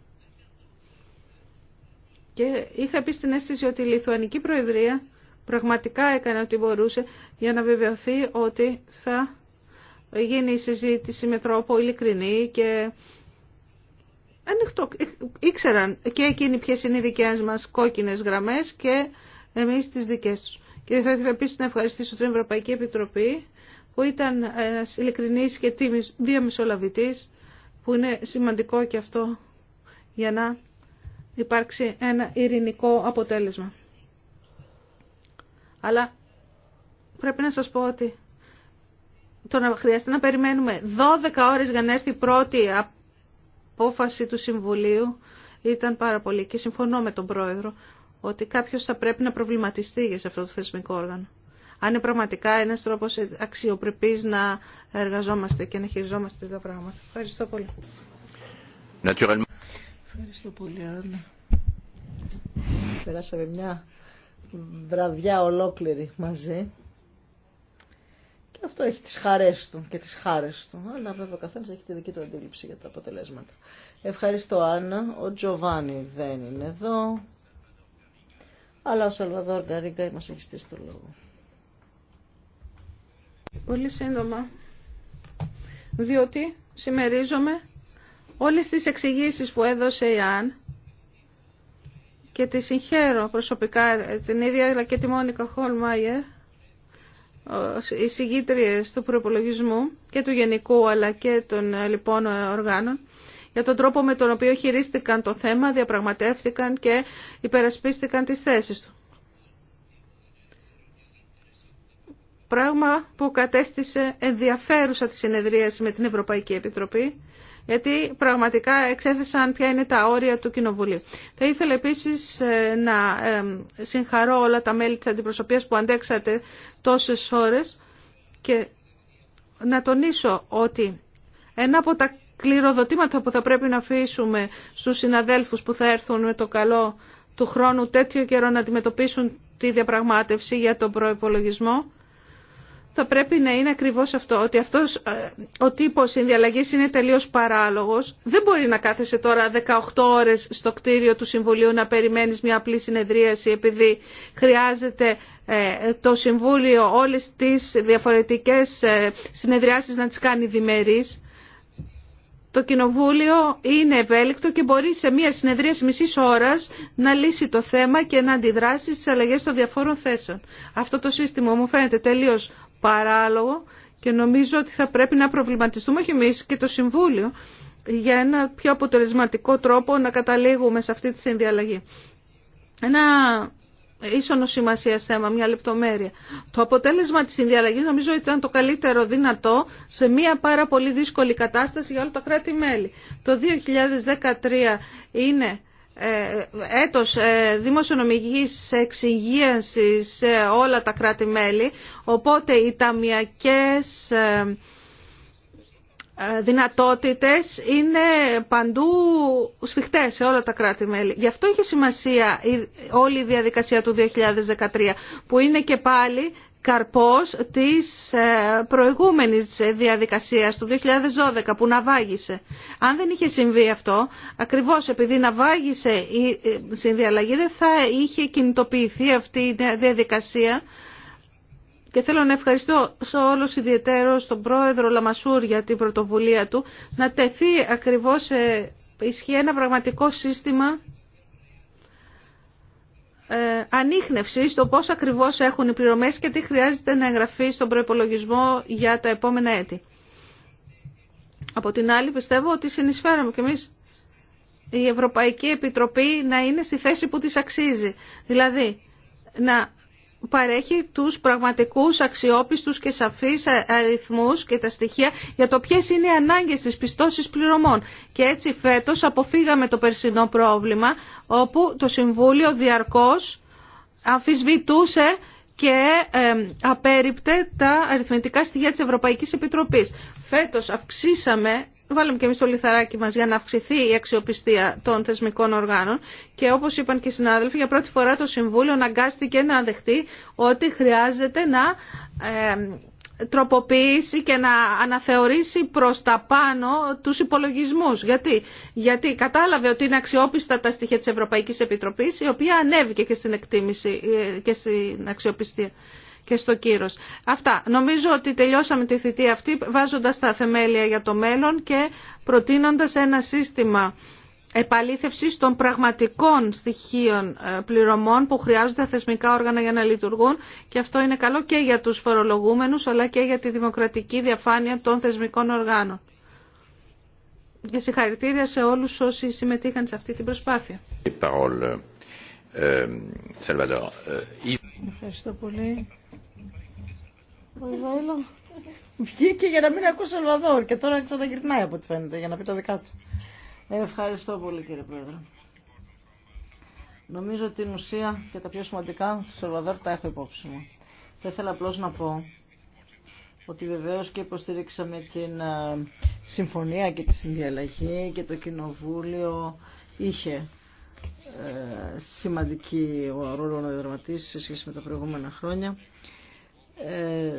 Και είχα επίσης την αίσθηση ότι η Λιθουανική Προεδρία πραγματικά έκανε ό,τι μπορούσε για να βεβαιωθεί ότι θα γίνει η συζήτηση με τρόπο ειλικρινή και ανοιχτό. Ήξεραν και εκείνοι ποιες είναι οι δικές μας κόκκινες γραμμές και εμείς τις δικές τους. Και θα ήθελα επίση να ευχαριστήσω την Ευρωπαϊκή Επιτροπή που ήταν ένα ειλικρινής και τίμης διαμεσολαβητής που είναι σημαντικό και αυτό για να υπάρξει ένα ειρηνικό αποτέλεσμα. Αλλά πρέπει να σας πω ότι το να χρειαστεί να περιμένουμε 12 ώρες για να έρθει η πρώτη απόφαση του Συμβουλίου ήταν πάρα πολύ και συμφωνώ με τον Πρόεδρο ότι κάποιος θα πρέπει να προβληματιστεί για σε αυτό το θεσμικό όργανο. Αν είναι πραγματικά ένας τρόπος αξιοπρεπής να εργαζόμαστε και να χειριζόμαστε τα πράγματα. Ευχαριστώ πολύ. Ευχαριστώ πολύ, Άννα. Περάσαμε μια βραδιά ολόκληρη μαζί αυτό έχει τις χαρές του και τις χάρες του. Αλλά βέβαια ο καθένας έχει τη δική του αντίληψη για τα αποτελέσματα. Ευχαριστώ Άννα. Ο Τζοβάνι δεν είναι εδώ. Αλλά ο Σαλβαδόρ Γκαρίγκα μας έχει στήσει το λόγο. Πολύ σύντομα. Διότι συμμερίζομαι όλες τις εξηγήσει που έδωσε η Άν και τη συγχαίρω προσωπικά την ίδια αλλά και τη Μόνικα Χολμάιερ οι συγκίτριες του προπολογισμού και του γενικού αλλά και των ε, λοιπόν ε, οργάνων για τον τρόπο με τον οποίο χειρίστηκαν το θέμα, διαπραγματεύτηκαν και υπερασπίστηκαν τις θέσεις του. Πράγμα που κατέστησε ενδιαφέρουσα τη συνεδρίαση με την Ευρωπαϊκή Επιτροπή, γιατί πραγματικά εξέθεσαν ποια είναι τα όρια του Κοινοβουλίου. Θα ήθελα επίσης ε, να ε, συγχαρώ όλα τα μέλη της αντιπροσωπείας που αντέξατε τόσες ώρες και να τονίσω ότι ένα από τα κληροδοτήματα που θα πρέπει να αφήσουμε στους συναδέλφους που θα έρθουν με το καλό του χρόνου τέτοιο καιρό να αντιμετωπίσουν τη διαπραγμάτευση για τον προϋπολογισμό θα πρέπει να είναι ακριβώς αυτό, ότι αυτός ε, ο τύπος συνδιαλλαγής είναι τελείως παράλογος. Δεν μπορεί να κάθεσαι τώρα 18 ώρες στο κτίριο του Συμβουλίου να περιμένεις μια απλή συνεδρίαση επειδή χρειάζεται ε, το Συμβούλιο όλες τις διαφορετικές ε, συνεδριάσεις να τις κάνει διμερείς. Το Κοινοβούλιο είναι ευέλικτο και μπορεί σε μια συνεδρία μισή ώρα να λύσει το θέμα και να αντιδράσει στι αλλαγέ των διαφόρων θέσεων. Αυτό το σύστημα μου φαίνεται τελείω παράλογο και νομίζω ότι θα πρέπει να προβληματιστούμε όχι εμείς και το Συμβούλιο για ένα πιο αποτελεσματικό τρόπο να καταλήγουμε σε αυτή τη συνδιαλλαγή. Ένα ίσονο σημασία θέμα, μια λεπτομέρεια. Το αποτέλεσμα της συνδιαλλαγής νομίζω ήταν το καλύτερο δυνατό σε μια πάρα πολύ δύσκολη κατάσταση για όλα τα κράτη-μέλη. Το 2013 είναι ε, έτος ε, δημοσιονομικής εξυγίανσης σε όλα τα κράτη-μέλη, οπότε οι ταμιακές ε, δυνατότητες είναι παντού σφιχτές σε όλα τα κράτη-μέλη. Γι' αυτό είχε σημασία όλη η διαδικασία του 2013 που είναι και πάλι καρπός της ε, προηγούμενης διαδικασίας του 2012 που ναυάγησε. Αν δεν είχε συμβεί αυτό, ακριβώς επειδή ναυάγησε η συνδιαλλαγή δεν θα είχε κινητοποιηθεί αυτή η διαδικασία και θέλω να ευχαριστώ σε όλους ιδιαίτερο τον πρόεδρο Λαμασούρ για την πρωτοβουλία του να τεθεί ακριβώς σε ένα πραγματικό σύστημα ε, ανείχνευση στο πώς ακριβώς έχουν οι πληρωμές και τι χρειάζεται να εγγραφεί στον προϋπολογισμό για τα επόμενα έτη. Από την άλλη πιστεύω ότι συνεισφέραμε κι εμείς η Ευρωπαϊκή Επιτροπή να είναι στη θέση που της αξίζει. Δηλαδή να παρέχει τους πραγματικούς αξιόπιστους και σαφείς αριθμούς και τα στοιχεία για το ποιες είναι οι ανάγκες της πιστώσης πληρωμών. Και έτσι φέτος αποφύγαμε το περσινό πρόβλημα όπου το Συμβούλιο διαρκώς αμφισβητούσε και απέριπτε τα αριθμητικά στοιχεία της Ευρωπαϊκής Επιτροπής. Φέτος αυξήσαμε βάλουμε και εμείς το λιθαράκι μας για να αυξηθεί η αξιοπιστία των θεσμικών οργάνων και όπως είπαν και οι συνάδελφοι για πρώτη φορά το Συμβούλιο αναγκάστηκε να δεχτεί ότι χρειάζεται να ε, τροποποιήσει και να αναθεωρήσει προς τα πάνω τους υπολογισμούς. Γιατί, Γιατί κατάλαβε ότι είναι αξιόπιστα τα στοιχεία της Ευρωπαϊκής Επιτροπής η οποία ανέβηκε και στην εκτίμηση ε, και στην αξιοπιστία και στο κύρος. Αυτά. Νομίζω ότι τελειώσαμε τη θητεία αυτή βάζοντας τα θεμέλια για το μέλλον και προτείνοντας ένα σύστημα επαλήθευσης των πραγματικών στοιχείων ε, πληρωμών που χρειάζονται θεσμικά όργανα για να λειτουργούν και αυτό είναι καλό και για τους φορολογούμενους αλλά και για τη δημοκρατική διαφάνεια των θεσμικών οργάνων. Και συγχαρητήρια σε όλους όσοι συμμετείχαν σε αυτή την προσπάθεια. Euh, euh, Ευχαριστώ ο βγήκε για να μην ακούσει ο Λαδόρ και τώρα ξαναγυρνάει από ό,τι φαίνεται για να πει τα δικά του. Ε, ευχαριστώ πολύ κύριε Πρόεδρε. Νομίζω ότι την ουσία και τα πιο σημαντικά του Σαλβαδόρ τα έχω υπόψη μου. Θα ήθελα απλώ να πω ότι βεβαίω και υποστηρίξαμε την ε, συμφωνία και τη συνδιαλλαγή και το κοινοβούλιο είχε ε, σημαντική ρόλο να δραματίσει σε σχέση με τα προηγούμενα χρόνια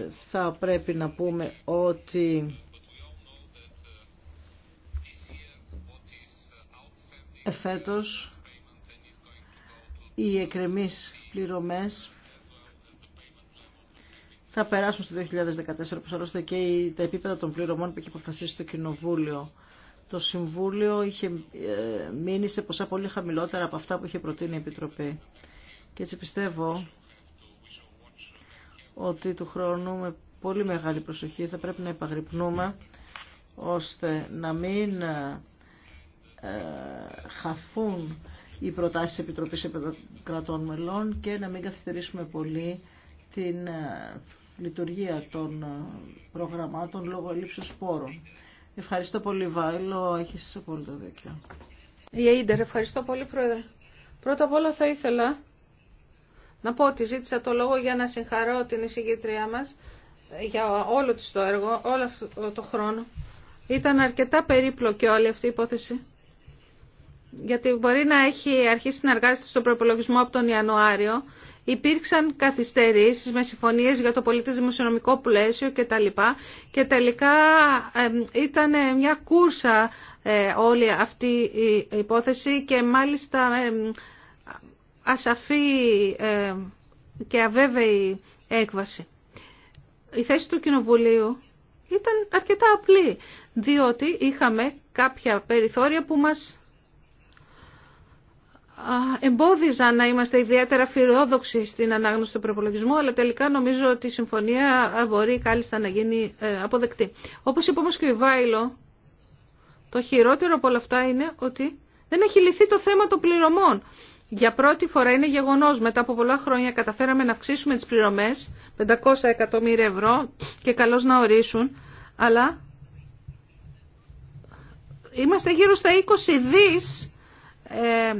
θα πρέπει να πούμε ότι εφέτος οι εκρεμείς πληρωμές θα περάσουν στο 2014, όπως άλλωστε και τα επίπεδα των πληρωμών που έχει αποφασίσει το Κοινοβούλιο. Το Συμβούλιο είχε ε, μείνει σε ποσά πολύ χαμηλότερα από αυτά που είχε προτείνει η Επιτροπή. Και έτσι πιστεύω ότι του χρόνου με πολύ μεγάλη προσοχή θα πρέπει να υπαγρυπνούμε ώστε να μην ε, ε, χαθούν οι προτάσεις της Επιτροπής Κρατών Μελών και να μην καθυστερήσουμε πολύ την ε, λειτουργία των προγραμμάτων λόγω ελλείψεως σπόρων. Ευχαριστώ πολύ Βάιλο, έχεις πολύ το δίκιο. Η ευχαριστώ πολύ Πρόεδρε. Πρώτα απ' όλα θα ήθελα να πω ότι ζήτησα το λόγο για να συγχαρώ την εισηγήτριά μας για όλο της το έργο, όλο αυτό το χρόνο. Ήταν αρκετά περίπλοκη όλη αυτή η υπόθεση. Γιατί μπορεί να έχει αρχίσει να εργάζεται στον προπολογισμό από τον Ιανουάριο. Υπήρξαν καθυστερήσεις με συμφωνίες για το πολιτισμικό δημοσιονομικό πλαίσιο κτλ. Και τελικά ήταν μια κούρσα ε, όλη αυτή η υπόθεση και μάλιστα ασαφή ε, και αβέβαιη έκβαση. Η θέση του Κοινοβουλίου ήταν αρκετά απλή, διότι είχαμε κάποια περιθώρια που μας εμπόδιζαν να είμαστε ιδιαίτερα φιλόδοξοι στην ανάγνωση του προπολογισμού, αλλά τελικά νομίζω ότι η συμφωνία μπορεί κάλλιστα να γίνει ε, αποδεκτή. Όπως είπε όμως και ο Βάιλο, το χειρότερο από όλα αυτά είναι ότι δεν έχει λυθεί το θέμα των πληρωμών. Για πρώτη φορά είναι γεγονός. Μετά από πολλά χρόνια καταφέραμε να αυξήσουμε τις πληρωμές 500 εκατομμύρια ευρώ και καλώς να ορίσουν. Αλλά είμαστε γύρω στα 20 δις ε,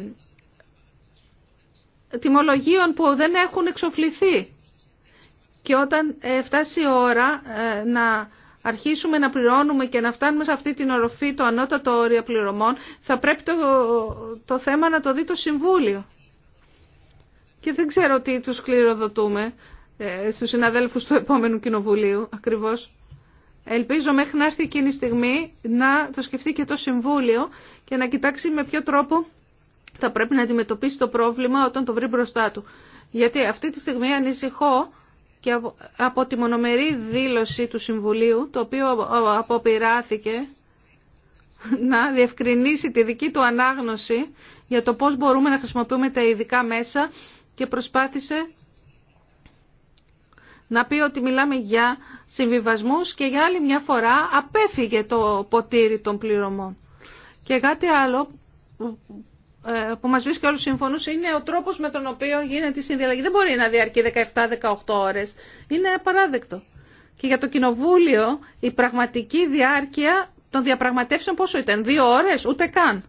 τιμολογίων που δεν έχουν εξοφληθεί. Και όταν ε, φτάσει η ώρα ε, να αρχίσουμε να πληρώνουμε και να φτάνουμε σε αυτή την οροφή το ανώτατο όριο πληρωμών, θα πρέπει το, θέμα να το δει το Συμβούλιο. Και δεν ξέρω τι τους κληροδοτούμε ε, στους συναδέλφους του επόμενου Κοινοβουλίου ακριβώς. Ελπίζω μέχρι να έρθει εκείνη η στιγμή να το σκεφτεί και το Συμβούλιο και να κοιτάξει με ποιο τρόπο θα πρέπει να αντιμετωπίσει το πρόβλημα όταν το βρει μπροστά του. Γιατί αυτή τη στιγμή ανησυχώ και από τη μονομερή δήλωση του Συμβουλίου, το οποίο αποπειράθηκε να διευκρινίσει τη δική του ανάγνωση για το πώς μπορούμε να χρησιμοποιούμε τα ειδικά μέσα και προσπάθησε να πει ότι μιλάμε για συμβιβασμούς και για άλλη μια φορά απέφυγε το ποτήρι των πληρωμών. Και κάτι άλλο ε, που μας βρίσκει όλους συμφωνούς είναι ο τρόπος με τον οποίο γίνεται η συνδιαλλαγή. Δεν μπορεί να διαρκεί 17-18 ώρες. Είναι απαράδεκτο. Και για το Κοινοβούλιο η πραγματική διάρκεια των διαπραγματεύσεων πόσο ήταν, δύο ώρες, ούτε καν.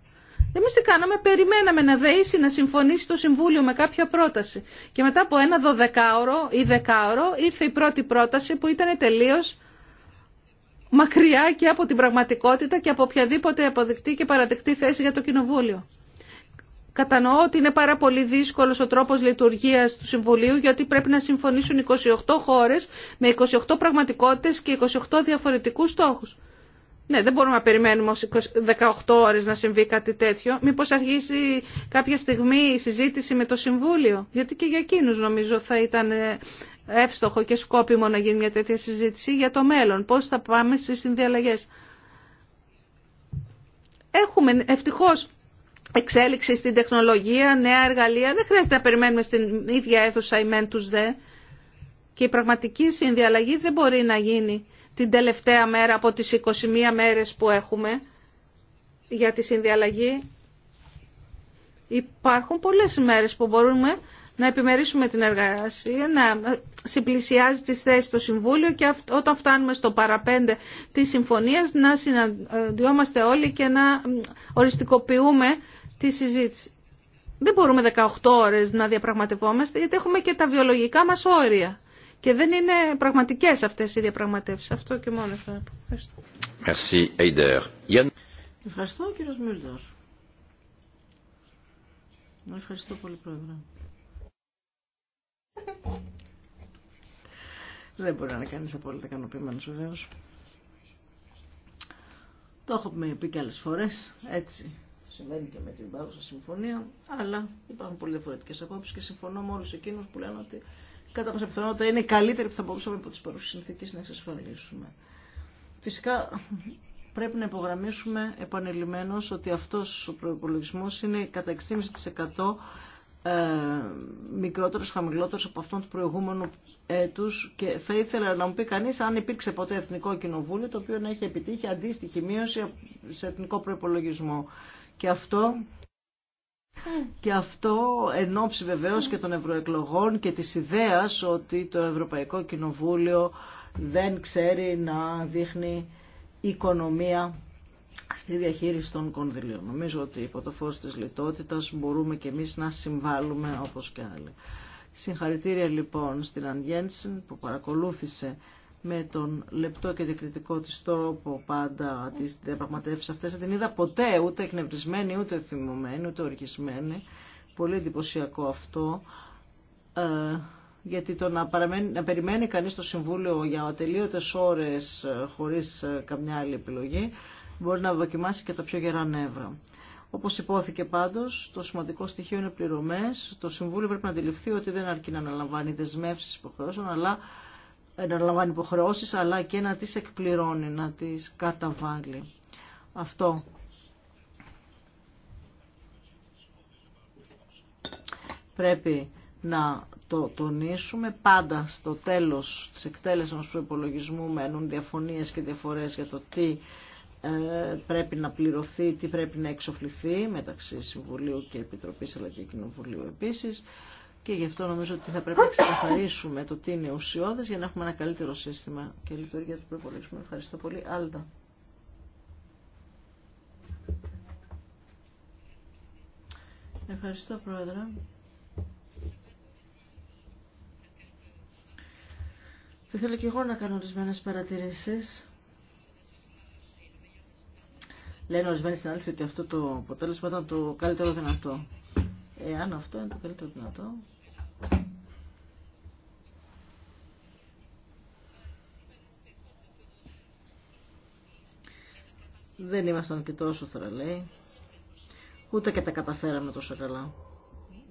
Εμεί τι κάναμε, περιμέναμε να δεήσει, να συμφωνήσει το Συμβούλιο με κάποια πρόταση. Και μετά από ένα δωδεκάωρο ή δεκάωρο ήρθε η πρώτη πρόταση που ήταν τελείω μακριά και από την πραγματικότητα και από οποιαδήποτε αποδεκτή και παραδεκτή θέση για το Κοινοβούλιο. Κατανοώ ότι είναι πάρα πολύ δύσκολο ο τρόπο λειτουργία του Συμβουλίου, γιατί πρέπει να συμφωνήσουν 28 χώρε με 28 πραγματικότητε και 28 διαφορετικού στόχου. Ναι, δεν μπορούμε να περιμένουμε ως 18 ώρες να συμβεί κάτι τέτοιο. Μήπως αρχίσει κάποια στιγμή η συζήτηση με το Συμβούλιο. Γιατί και για εκείνους νομίζω θα ήταν ε, εύστοχο και σκόπιμο να γίνει μια τέτοια συζήτηση για το μέλλον. Πώς θα πάμε στις συνδιαλλαγές. Έχουμε ευτυχώ εξέλιξη στην τεχνολογία, νέα εργαλεία. Δεν χρειάζεται να περιμένουμε στην ίδια αίθουσα η μεν δε. Και η πραγματική συνδιαλλαγή δεν μπορεί να γίνει την τελευταία μέρα από τις 21 μέρες που έχουμε για τη συνδιαλλαγή. Υπάρχουν πολλές μέρες που μπορούμε να επιμερίσουμε την εργασία, να συμπλησιάζει τις θέσεις στο Συμβούλιο και όταν φτάνουμε στο παραπέντε της συμφωνίας να συναντιόμαστε όλοι και να οριστικοποιούμε τη συζήτηση. Δεν μπορούμε 18 ώρες να διαπραγματευόμαστε γιατί έχουμε και τα βιολογικά μας όρια. Και δεν είναι πραγματικές αυτές οι διαπραγματεύσεις. Αυτό και μόνο θα πω. Ευχαριστώ. Merci, Ευχαριστώ κύριος Μίλτος. Ευχαριστώ πολύ πρόεδρε. Δεν μπορεί να είναι κανείς απόλυτα ικανοποιημένος βεβαίως. Το έχω πει και άλλες φορές, έτσι συμβαίνει και με την παρούσα συμφωνία, αλλά υπάρχουν πολύ διαφορετικέ απόψει και συμφωνώ με όλου εκείνου που λένε ότι κατά πάσα πιθανότητα είναι η καλύτερη που θα μπορούσαμε από τι παρούσε συνθήκε να εξασφαλίσουμε. Φυσικά πρέπει να υπογραμμίσουμε επανειλημμένω ότι αυτό ο προπολογισμό είναι κατά 6,5% ε, μικρότερος, χαμηλότερο από αυτόν του προηγούμενου έτου. και θα ήθελα να μου πει κανεί αν υπήρξε ποτέ Εθνικό Κοινοβούλιο το οποίο να έχει επιτύχει αντίστοιχη μείωση σε εθνικό προπολογισμό. Και αυτό και αυτό εν βεβαίως και των ευρωεκλογών και της ιδέας ότι το Ευρωπαϊκό Κοινοβούλιο δεν ξέρει να δείχνει οικονομία στη διαχείριση των κονδυλίων. Νομίζω ότι υπό το φως της λιτότητας μπορούμε και εμείς να συμβάλλουμε όπως και άλλοι. Συγχαρητήρια λοιπόν στην Αν που παρακολούθησε με τον λεπτό και διακριτικό της τόπο πάντα τις διαπραγματεύσεις αυτές. Δεν την είδα ποτέ ούτε εκνευρισμένη, ούτε θυμωμένη, ούτε οργισμένη. Πολύ εντυπωσιακό αυτό. Ε, γιατί το να, περιμένει κανείς το Συμβούλιο για ατελείωτες ώρες ε, χωρίς ε, καμιά άλλη επιλογή μπορεί να δοκιμάσει και τα πιο γερά νεύρα. Όπως υπόθηκε πάντως, το σημαντικό στοιχείο είναι πληρωμές. Το Συμβούλιο πρέπει να αντιληφθεί ότι δεν αρκεί να αναλαμβάνει δεσμεύσεις υποχρεώσεων, αλλά λαμβάνει υποχρεώσει, αλλά και να τις εκπληρώνει, να τις καταβάλει. Αυτό. Πρέπει να το τονίσουμε. Πάντα στο τέλος της εκτέλεσης ενός προπολογισμού μένουν διαφωνίες και διαφορές για το τι ε, πρέπει να πληρωθεί, τι πρέπει να εξοφληθεί μεταξύ Συμβουλίου και Επιτροπής αλλά και Κοινοβουλίου επίσης. Και γι' αυτό νομίζω ότι θα πρέπει να ξεκαθαρίσουμε το τι είναι ουσιώδες για να έχουμε ένα καλύτερο σύστημα και λειτουργία του προπολογισμού. Ευχαριστώ πολύ. Άλτα. Ευχαριστώ, Πρόεδρε. Θα ήθελα και εγώ να κάνω ορισμένε παρατηρήσει. Λένε ορισμένοι αλήθεια, ότι αυτό το αποτέλεσμα ήταν το καλύτερο δυνατό εάν αυτό είναι το καλύτερο δυνατό. Δεν ήμασταν και τόσο θραλέοι. Ούτε και τα καταφέραμε τόσο καλά.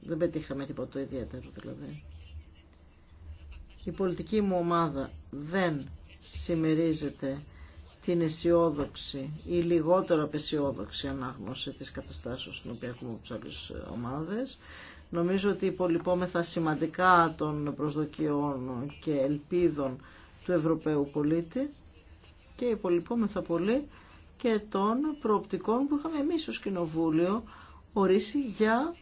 Δεν πετύχαμε τίποτα ιδιαίτερο δηλαδή. Η πολιτική μου ομάδα δεν συμμερίζεται την αισιόδοξη ή λιγότερο απεσιόδοξη ανάγνωση της καταστάσεως στην οποία έχουμε από τις άλλες ομάδες. Νομίζω ότι υπολοιπόμεθα σημαντικά των προσδοκιών και ελπίδων του Ευρωπαίου πολίτη και υπολοιπόμεθα πολύ και των προοπτικών που είχαμε εμείς ως Κοινοβούλιο ορίσει για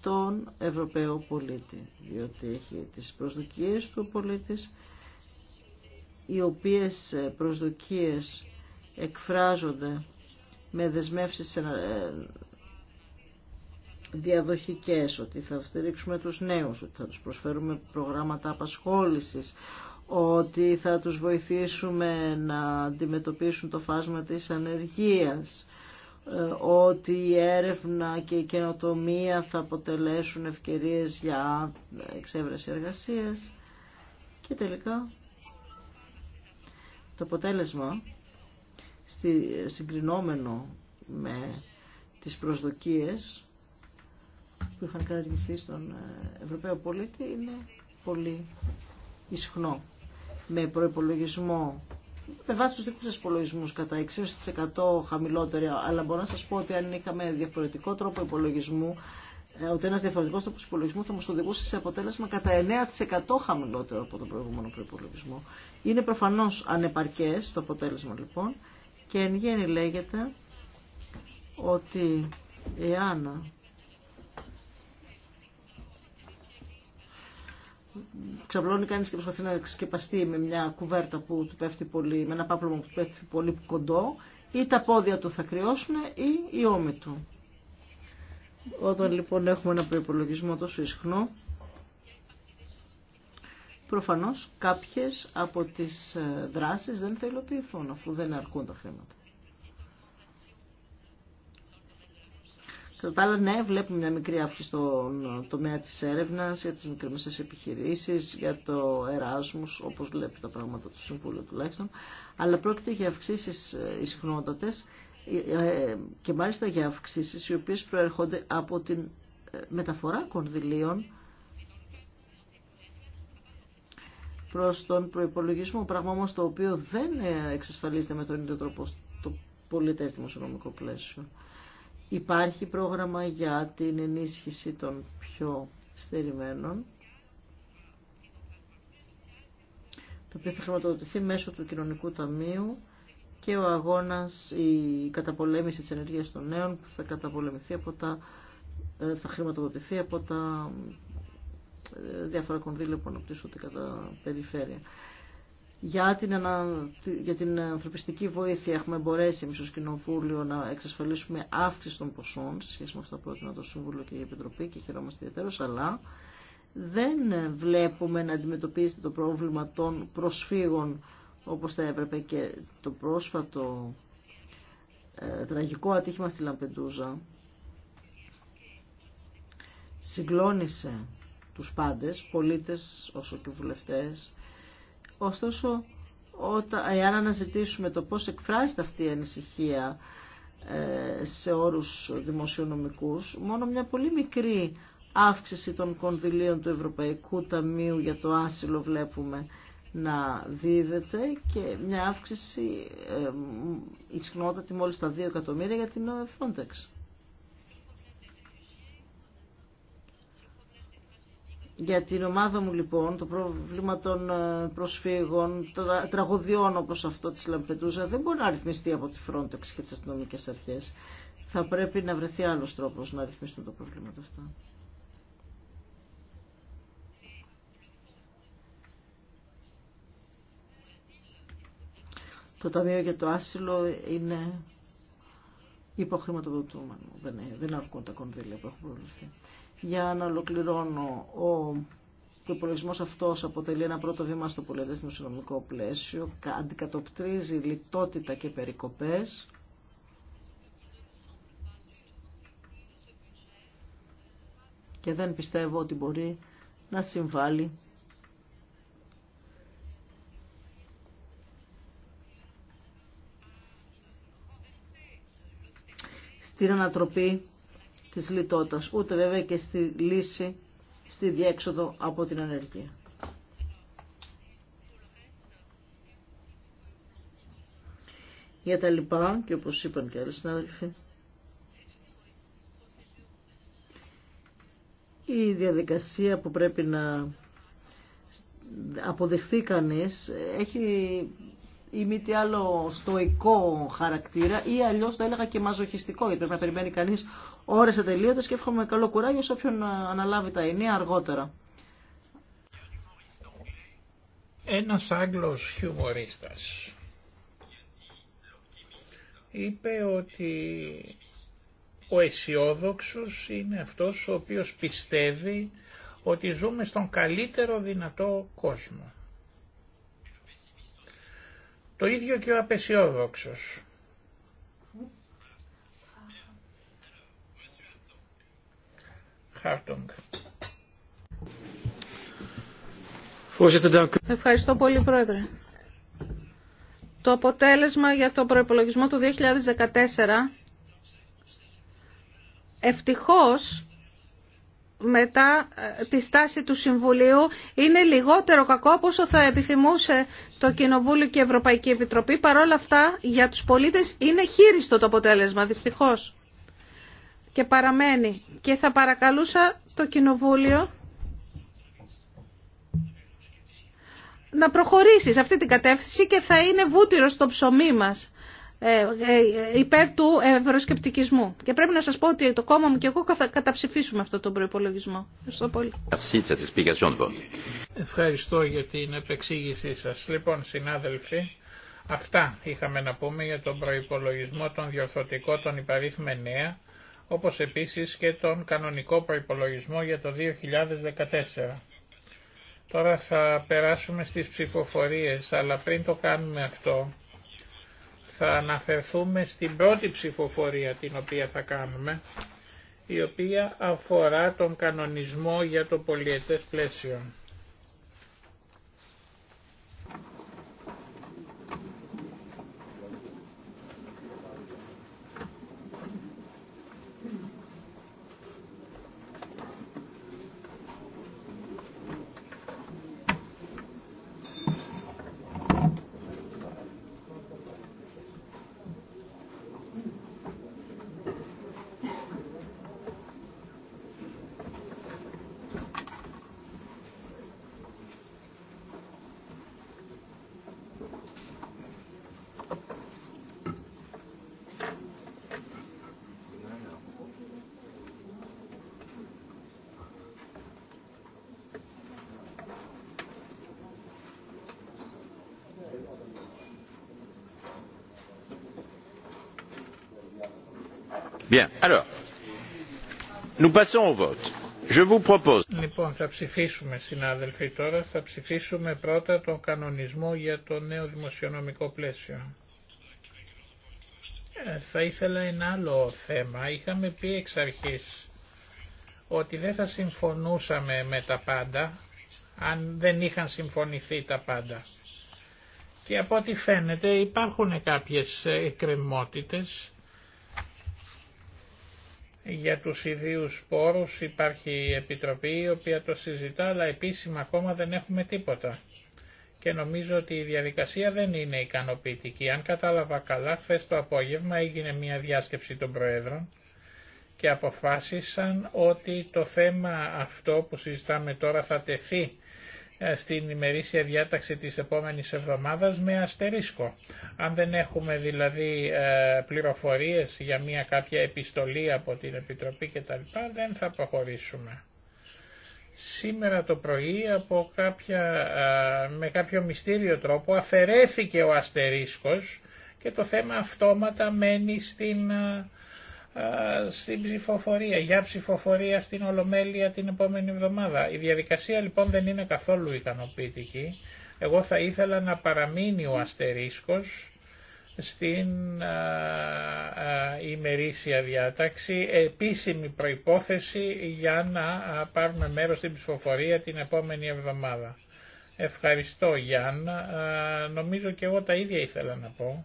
τον Ευρωπαίο πολίτη, διότι έχει τις προσδοκίες του πολίτης, οι οποίες προσδοκίες εκφράζονται με δεσμεύσεις ε, διαδοχικές, ότι θα στηρίξουμε τους νέους, ότι θα τους προσφέρουμε προγράμματα απασχόλησης, ότι θα τους βοηθήσουμε να αντιμετωπίσουν το φάσμα της ανεργίας, ε, ότι η έρευνα και η καινοτομία θα αποτελέσουν ευκαιρίες για εξέβρεση εργασίας και τελικά το αποτέλεσμα, στη, συγκρινόμενο με τις προσδοκίες που είχαν καταργηθεί στον ε, Ευρωπαίο πολίτη, είναι πολύ ισχνό. Με προϋπολογισμό με βάση τους δικού σα κατά 6% χαμηλότερο, αλλά μπορώ να σας πω ότι αν είχαμε διαφορετικό τρόπο υπολογισμού, ε, ότι ένα διαφορετικό τρόπο υπολογισμού θα μα οδηγούσε σε αποτέλεσμα κατά 9% χαμηλότερο από τον προηγούμενο προπολογισμό. Είναι προφανώ ανεπαρκέ το αποτέλεσμα λοιπόν και εν γέννη λέγεται ότι εάν ξαπλώνει κανεί και προσπαθεί να σκεπαστεί με μια κουβέρτα που του πέφτει πολύ, με ένα πάπλωμα που του πέφτει πολύ κοντό, ή τα πόδια του θα κρυώσουν ή η η του. Όταν λοιπόν έχουμε ένα προπολογισμό τόσο ισχνό, προφανώς κάποιες από τις ε, δράσεις δεν θα υλοποιηθούν αφού δεν αρκούν τα χρήματα. Κατά τα άλλα, ναι, βλέπουμε μια μικρή αύξηση στον ε, τομέα της έρευνας, για τις μικρομεσαίες επιχειρήσεις, για το Εράσμους, όπως βλέπει τα πράγματα του Συμβούλου τουλάχιστον, αλλά πρόκειται για αυξήσεις οι ε, και μάλιστα για αυξήσεις οι οποίες προέρχονται από την ε, μεταφορά κονδυλίων προς τον προϋπολογισμό, πράγμα όμως το οποίο δεν ε, εξασφαλίζεται με τον ίδιο τρόπο στο πολιτές δημοσιονομικό πλαίσιο. Υπάρχει πρόγραμμα για την ενίσχυση των πιο στερημένων, το οποίο θα χρηματοδοτηθεί μέσω του Κοινωνικού Ταμείου και ο αγώνας, η καταπολέμηση της ενεργείας των νέων που θα καταπολεμηθεί από τα, ε, θα χρηματοδοτηθεί από τα ε, διάφορα κονδύλια που αναπτύσσονται κατά περιφέρεια. Για την, ανα... για την ανθρωπιστική βοήθεια έχουμε μπορέσει εμείς ως Κοινοβούλιο να εξασφαλίσουμε αύξηση των ποσών σε σχέση με αυτά που πρότεινα το Σύμβουλο και η Επιτροπή και χαιρόμαστε ιδιαίτερως, αλλά δεν βλέπουμε να αντιμετωπίζεται το πρόβλημα των προσφύγων όπως θα έπρεπε και το πρόσφατο ε, τραγικό ατύχημα στη Λαμπεντούζα συγκλώνησε τους πάντες, πολίτες όσο και βουλευτές. Ωστόσο, όταν, εάν αναζητήσουμε το πώς εκφράζεται αυτή η ανησυχία ε, σε όρους δημοσιονομικούς, μόνο μια πολύ μικρή αύξηση των κονδυλίων του Ευρωπαϊκού Ταμείου για το άσυλο βλέπουμε να δίδεται και μια αύξηση ε, ισχνότατη μόλις τα 2 εκατομμύρια για την ε, Frontex. Για την ομάδα μου λοιπόν το πρόβλημα των ε, προσφύγων, των τραγωδιών όπως αυτό της Λαμπετούζα δεν μπορεί να ρυθμιστεί από τη Frontex και τις αστυνομικές αρχές. Θα πρέπει να βρεθεί άλλος τρόπος να ρυθμιστούν τα προβλήματα αυτά. το Ταμείο για το Άσυλο είναι υποχρηματοδοτούμενο. Δεν, δεν αρκούν τα κονδύλια που έχουν προβληθεί. Για να ολοκληρώνω, ο υπολογισμό αυτό αποτελεί ένα πρώτο βήμα στο πολυεθνικό συνομικό πλαίσιο, αντικατοπτρίζει λιτότητα και περικοπέ. Και δεν πιστεύω ότι μπορεί να συμβάλλει την ανατροπή της λιτότητας, ούτε βέβαια και στη λύση, στη διέξοδο από την ανεργία. Για τα λοιπά, και όπως είπαν και άλλοι συνάδελφοι, η διαδικασία που πρέπει να αποδεχθεί κανείς έχει ή μη τι άλλο στοικό χαρακτήρα ή αλλιώς θα έλεγα και μαζοχιστικό γιατί πρέπει να περιμένει κανείς ώρες ατελείωτες και εύχομαι καλό κουράγιο σε όποιον αναλάβει τα ενία αργότερα. Ένας Άγγλος χιουμορίστας είπε ότι ο αισιόδοξο είναι αυτός ο οποίος πιστεύει ότι ζούμε στον καλύτερο δυνατό κόσμο. Το ίδιο και ο απεσιόδοξος. Ευχαριστώ πολύ, Πρόεδρε. Το αποτέλεσμα για το προϋπολογισμό του 2014 ευτυχώς μετά ε, τη στάση του Συμβουλίου είναι λιγότερο κακό από όσο θα επιθυμούσε το Κοινοβούλιο και η Ευρωπαϊκή Επιτροπή. Παρ' όλα αυτά για τους πολίτες είναι χείριστο το αποτέλεσμα δυστυχώς και παραμένει. Και θα παρακαλούσα το Κοινοβούλιο να προχωρήσει σε αυτή την κατεύθυνση και θα είναι βούτυρο στο ψωμί μας ε, ε, υπέρ του ευρωσκεπτικισμού. Και πρέπει να σας πω ότι το κόμμα μου και εγώ θα καταψηφίσουμε αυτό τον προϋπολογισμό. Ευχαριστώ πολύ. Ευχαριστώ για την επεξήγησή σας. Λοιπόν, συνάδελφοι, αυτά είχαμε να πούμε για τον προϋπολογισμό των τον των υπαρίθμεν όπως επίσης και τον κανονικό προϋπολογισμό για το 2014. Τώρα θα περάσουμε στις ψηφοφορίες, αλλά πριν το κάνουμε αυτό, θα αναφερθούμε στην πρώτη ψηφοφορία την οποία θα κάνουμε, η οποία αφορά τον κανονισμό για το πολιετές πλαίσιο. Λοιπόν, θα ψηφίσουμε συνάδελφοι τώρα, θα ψηφίσουμε πρώτα τον κανονισμό για το νέο δημοσιονομικό πλαίσιο. Ε, θα ήθελα ένα άλλο θέμα. Είχαμε πει εξ αρχής ότι δεν θα συμφωνούσαμε με τα πάντα, αν δεν είχαν συμφωνηθεί τα πάντα. Και από ό,τι φαίνεται υπάρχουν κάποιες εκκρεμότητες για τους ιδίους πόρους υπάρχει η Επιτροπή η οποία το συζητά αλλά επίσημα ακόμα δεν έχουμε τίποτα. Και νομίζω ότι η διαδικασία δεν είναι ικανοποιητική. Αν κατάλαβα καλά, χθε το απόγευμα έγινε μια διάσκεψη των Προέδρων και αποφάσισαν ότι το θέμα αυτό που συζητάμε τώρα θα τεθεί ε, στην ημερήσια διάταξη της επόμενης εβδομάδας με αστερίσκο. Αν δεν έχουμε δηλαδή ε, πληροφορίες για μια κάποια επιστολή από την Επιτροπή κτλ. δεν θα προχωρήσουμε. Σήμερα το πρωί από κάποια, ε, με κάποιο μυστήριο τρόπο αφαιρέθηκε ο αστερίσκος και το θέμα αυτόματα μένει στην στην ψηφοφορία, για ψηφοφορία στην Ολομέλεια την επόμενη εβδομάδα. Η διαδικασία λοιπόν δεν είναι καθόλου ικανοποιητική. Εγώ θα ήθελα να παραμείνει ο αστερίσκος στην α, ημερήσια διάταξη επίσημη προϋπόθεση για να πάρουμε μέρος στην ψηφοφορία την επόμενη εβδομάδα. Ευχαριστώ Γιάννα. Νομίζω και εγώ τα ίδια ήθελα να πω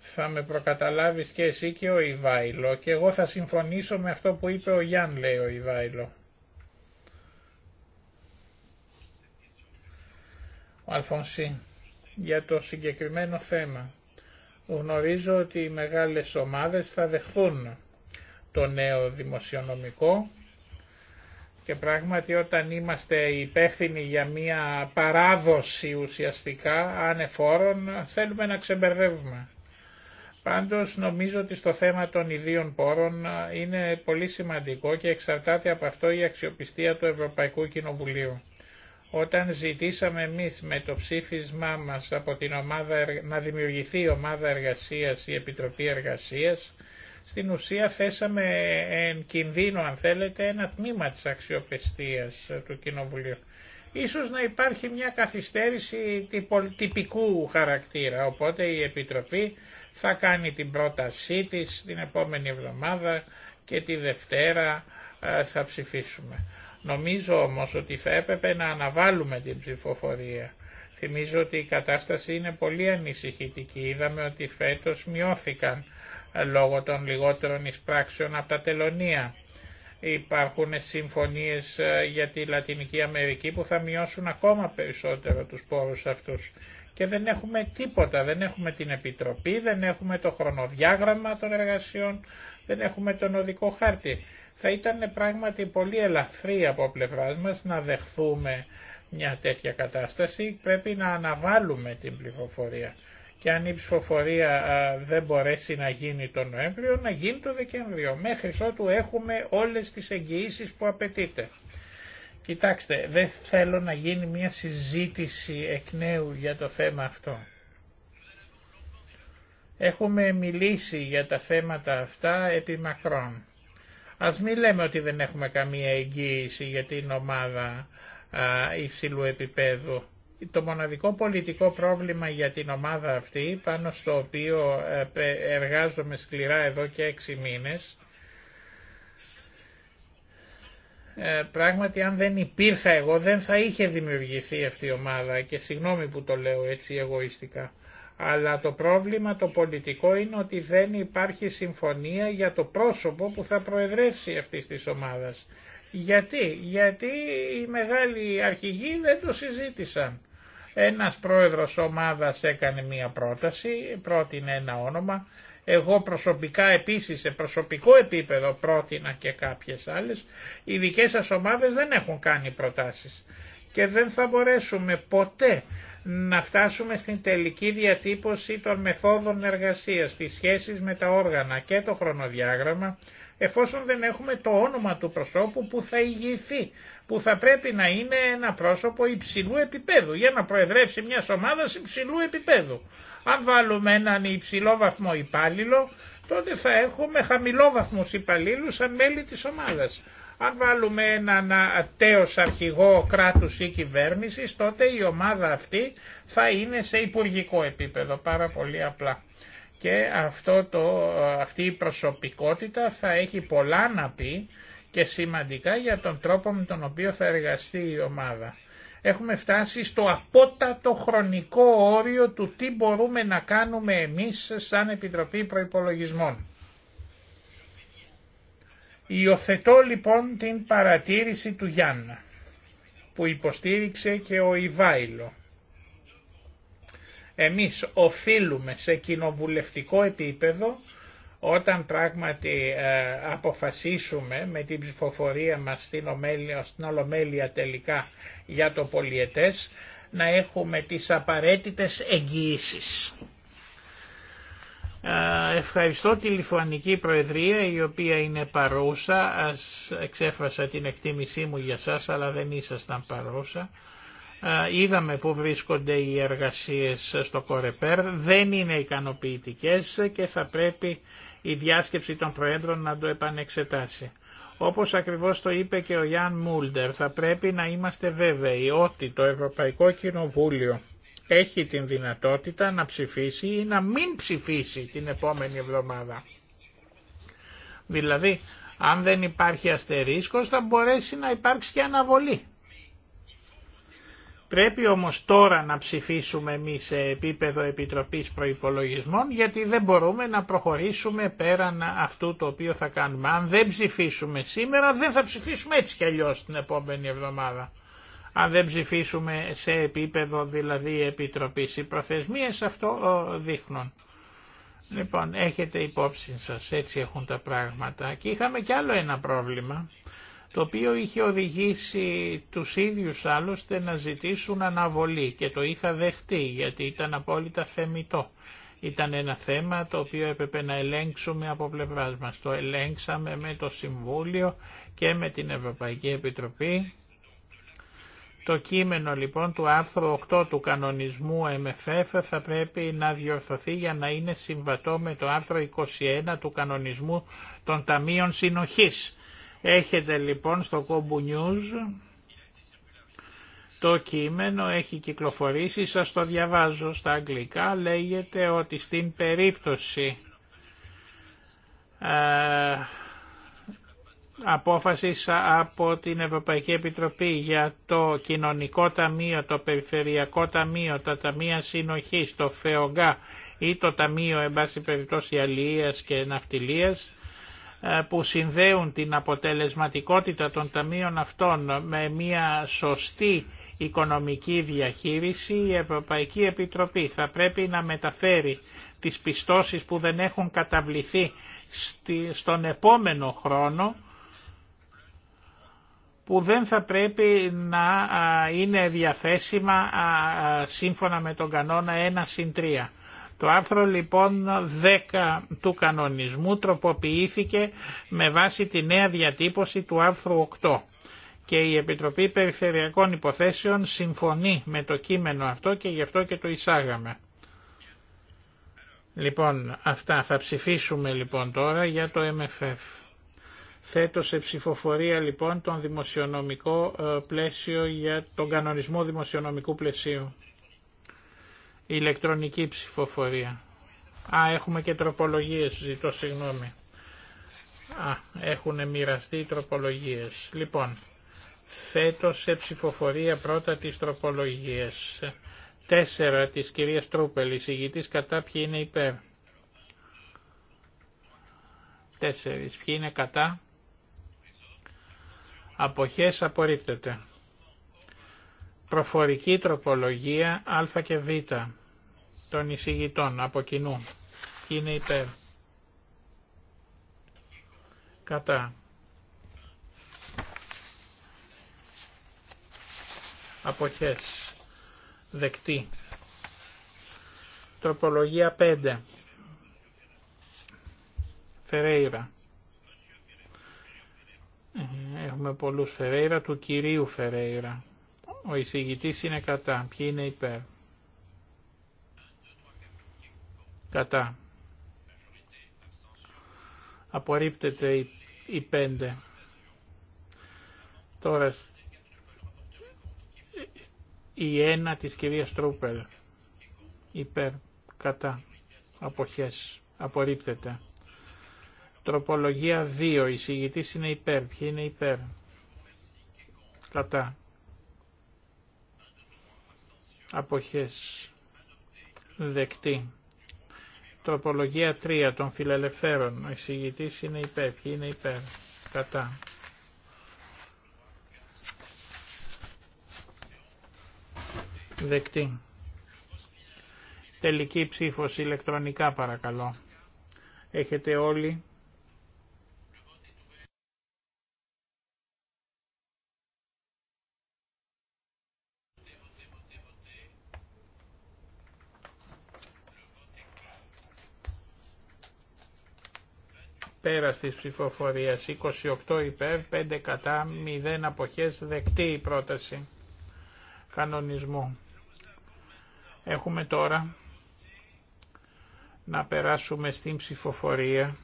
θα με προκαταλάβεις και εσύ και ο Ιβάιλο και εγώ θα συμφωνήσω με αυτό που είπε ο Γιάν λέει ο Ιβάιλο. Ο Αλφονσί, για το συγκεκριμένο θέμα. Γνωρίζω ότι οι μεγάλες ομάδες θα δεχθούν το νέο δημοσιονομικό και πράγματι όταν είμαστε υπεύθυνοι για μια παράδοση ουσιαστικά ανεφόρων θέλουμε να ξεμπερδεύουμε. Πάντως νομίζω ότι στο θέμα των ιδίων πόρων είναι πολύ σημαντικό και εξαρτάται από αυτό η αξιοπιστία του Ευρωπαϊκού Κοινοβουλίου. Όταν ζητήσαμε εμείς με το ψήφισμά μας από την ομάδα, να δημιουργηθεί η ομάδα εργασίας, η Επιτροπή Εργασίας, στην ουσία θέσαμε εν κινδύνο, αν θέλετε, ένα τμήμα της αξιοπιστίας του Κοινοβουλίου. Ίσως να υπάρχει μια καθυστέρηση τυπικού χαρακτήρα, οπότε η Επιτροπή θα κάνει την πρότασή της την επόμενη εβδομάδα και τη Δευτέρα ε, θα ψηφίσουμε. Νομίζω όμως ότι θα έπρεπε να αναβάλουμε την ψηφοφορία. Θυμίζω ότι η κατάσταση είναι πολύ ανησυχητική. Είδαμε ότι φέτος μειώθηκαν ε, λόγω των λιγότερων εισπράξεων από τα τελωνία. Υπάρχουν συμφωνίες ε, για τη Λατινική Αμερική που θα μειώσουν ακόμα περισσότερο τους πόρους αυτούς και δεν έχουμε τίποτα, δεν έχουμε την επιτροπή, δεν έχουμε το χρονοδιάγραμμα των εργασιών, δεν έχουμε τον οδικό χάρτη. Θα ήταν πράγματι πολύ ελαφρύ από πλευρά μας να δεχθούμε μια τέτοια κατάσταση, πρέπει να αναβάλουμε την πληροφορία. Και αν η ψηφοφορία δεν μπορέσει να γίνει τον Νοέμβριο, να γίνει το Δεκέμβριο, μέχρι ότου έχουμε όλες τις εγγυήσεις που απαιτείται. Κοιτάξτε, δεν θέλω να γίνει μια συζήτηση εκ νέου για το θέμα αυτό. Έχουμε μιλήσει για τα θέματα αυτά επί μακρόν. Ας μην λέμε ότι δεν έχουμε καμία εγγύηση για την ομάδα α, υψηλού επίπεδου. Το μοναδικό πολιτικό πρόβλημα για την ομάδα αυτή, πάνω στο οποίο ε, εργάζομαι σκληρά εδώ και έξι μήνες, Ε, πράγματι αν δεν υπήρχα εγώ δεν θα είχε δημιουργηθεί αυτή η ομάδα και συγγνώμη που το λέω έτσι εγωιστικά. Αλλά το πρόβλημα το πολιτικό είναι ότι δεν υπάρχει συμφωνία για το πρόσωπο που θα προεδρεύσει αυτής της ομάδας. Γιατί, γιατί οι μεγάλοι αρχηγοί δεν το συζήτησαν. Ένας πρόεδρος ομάδας έκανε μία πρόταση, πρότεινε ένα όνομα, εγώ προσωπικά επίσης σε προσωπικό επίπεδο πρότεινα και κάποιες άλλες. Οι δικές σας ομάδες δεν έχουν κάνει προτάσεις και δεν θα μπορέσουμε ποτέ να φτάσουμε στην τελική διατύπωση των μεθόδων εργασίας, τις σχέσεις με τα όργανα και το χρονοδιάγραμμα, εφόσον δεν έχουμε το όνομα του προσώπου που θα ηγηθεί, που θα πρέπει να είναι ένα πρόσωπο υψηλού επίπεδου, για να προεδρεύσει μια ομάδα υψηλού επίπεδου. Αν βάλουμε έναν υψηλό βαθμό υπάλληλο, τότε θα έχουμε χαμηλό βαθμό υπαλλήλου σαν μέλη της ομάδας. Αν βάλουμε έναν τέος αρχηγό κράτους ή κυβέρνησης, τότε η ομάδα αυτή θα είναι σε υπουργικό επίπεδο, πάρα πολύ απλά. Και αυτό το, αυτή η προσωπικότητα θα έχει πολλά να πει και σημαντικά για τον τρόπο με τον οποίο θα εργαστεί η ομάδα έχουμε φτάσει στο απότατο χρονικό όριο του τι μπορούμε να κάνουμε εμείς σαν Επιτροπή Προϋπολογισμών. Υιοθετώ λοιπόν την παρατήρηση του Γιάννα που υποστήριξε και ο Ιβάιλο. Εμείς οφείλουμε σε κοινοβουλευτικό επίπεδο όταν πράγματι ε, αποφασίσουμε με την ψηφοφορία μας στην Ολομέλεια, στην Ολομέλεια τελικά για το πολιετές να έχουμε τις απαραίτητες εγγυήσεις. Ε, ευχαριστώ τη Λιθουανική Προεδρία η οποία είναι παρούσα, ας εξέφρασα την εκτίμησή μου για σας αλλά δεν ήσασταν παρούσα. Ε, είδαμε που βρίσκονται οι εργασίες στο Κορεπέρ, δεν είναι ικανοποιητικές και θα πρέπει η διάσκεψη των Προέδρων να το επανεξετάσει. Όπως ακριβώς το είπε και ο Γιάν Μούλτερ θα πρέπει να είμαστε βέβαιοι ότι το Ευρωπαϊκό Κοινοβούλιο έχει την δυνατότητα να ψηφίσει ή να μην ψηφίσει την επόμενη εβδομάδα. Δηλαδή, αν δεν υπάρχει αστερίσκος θα μπορέσει να υπάρξει και αναβολή. Πρέπει όμως τώρα να ψηφίσουμε εμεί σε επίπεδο Επιτροπής Προϋπολογισμών γιατί δεν μπορούμε να προχωρήσουμε πέραν αυτού το οποίο θα κάνουμε. Αν δεν ψηφίσουμε σήμερα δεν θα ψηφίσουμε έτσι κι αλλιώς την επόμενη εβδομάδα. Αν δεν ψηφίσουμε σε επίπεδο δηλαδή Επιτροπής οι προθεσμίες αυτό δείχνουν. Λοιπόν έχετε υπόψη σας έτσι έχουν τα πράγματα και είχαμε κι άλλο ένα πρόβλημα το οποίο είχε οδηγήσει τους ίδιους άλλωστε να ζητήσουν αναβολή και το είχα δεχτεί γιατί ήταν απόλυτα θεμητό. Ήταν ένα θέμα το οποίο έπρεπε να ελέγξουμε από πλευρά μας. Το ελέγξαμε με το Συμβούλιο και με την Ευρωπαϊκή Επιτροπή. Το κείμενο λοιπόν του άρθρου 8 του κανονισμού MFF θα πρέπει να διορθωθεί για να είναι συμβατό με το άρθρο 21 του κανονισμού των Ταμείων Συνοχής Έχετε λοιπόν στο Κόμπου News το κείμενο έχει κυκλοφορήσει, σας το διαβάζω στα αγγλικά, λέγεται ότι στην περίπτωση ε, απόφασης από την Ευρωπαϊκή Επιτροπή για το Κοινωνικό Ταμείο, το Περιφερειακό Ταμείο, τα Ταμεία Συνοχής, το ΦΕΟΓΑ ή το Ταμείο, εν πάση περιπτώσει, Αλληλείας και Ναυτιλίας, ε, που συνδέουν την αποτελεσματικότητα των ταμείων αυτών με μια σωστή οικονομική διαχείριση, η Ευρωπαϊκή Επιτροπή θα πρέπει να μεταφέρει τις πιστώσεις που δεν έχουν καταβληθεί στον επόμενο χρόνο, που δεν θα πρέπει να ε, είναι διαθέσιμα ε, σύμφωνα με τον κανόνα 1 συν 3. Το άρθρο λοιπόν 10 του κανονισμού τροποποιήθηκε με βάση τη νέα διατύπωση του άρθρου 8 και η Επιτροπή Περιφερειακών Υποθέσεων συμφωνεί με το κείμενο αυτό και γι' αυτό και το εισάγαμε. Λοιπόν, αυτά θα ψηφίσουμε λοιπόν τώρα για το MFF. Θέτω σε ψηφοφορία λοιπόν τον δημοσιονομικό ε, πλαίσιο για τον κανονισμό δημοσιονομικού πλαισίου ηλεκτρονική ψηφοφορία. Α, έχουμε και τροπολογίες, ζητώ συγγνώμη. Α, έχουν μοιραστεί τροπολογίες. Λοιπόν, θέτω σε ψηφοφορία πρώτα τις τροπολογίες. Τέσσερα της κυρίας Τρούπελ, εισηγητής κατά ποιοι είναι υπέρ. Τέσσερις, ποιοι είναι κατά. Αποχές απορρίπτεται. Προφορική τροπολογία α και β των εισηγητών από κοινού. Είναι υπέρ. Κατά. Αποχές. Δεκτή. Τροπολογία 5. Φερέιρα. Ε, έχουμε πολλούς Φερέιρα του κυρίου Φερέιρα. Ο εισηγητής είναι κατά. Ποιοι είναι υπέρ. κατά απορρίπτεται η, πέντε τώρα η ένα της κυρίας Τρούπελ υπέρ κατά αποχές απορρίπτεται τροπολογία 2 η συγητής είναι υπέρ ποιοι είναι υπέρ κατά αποχές δεκτή Τροπολογία 3 των φιλελευθέρων. Ο είναι υπέρ. Ποιοι είναι υπέρ. Κατά. Δεκτή. Τελική ψήφος ηλεκτρονικά παρακαλώ. Έχετε όλοι πέρας της ψηφοφορίας 28 υπέρ, 5 κατά, 0 αποχές, δεκτή η πρόταση κανονισμού. Έχουμε τώρα να περάσουμε στην ψηφοφορία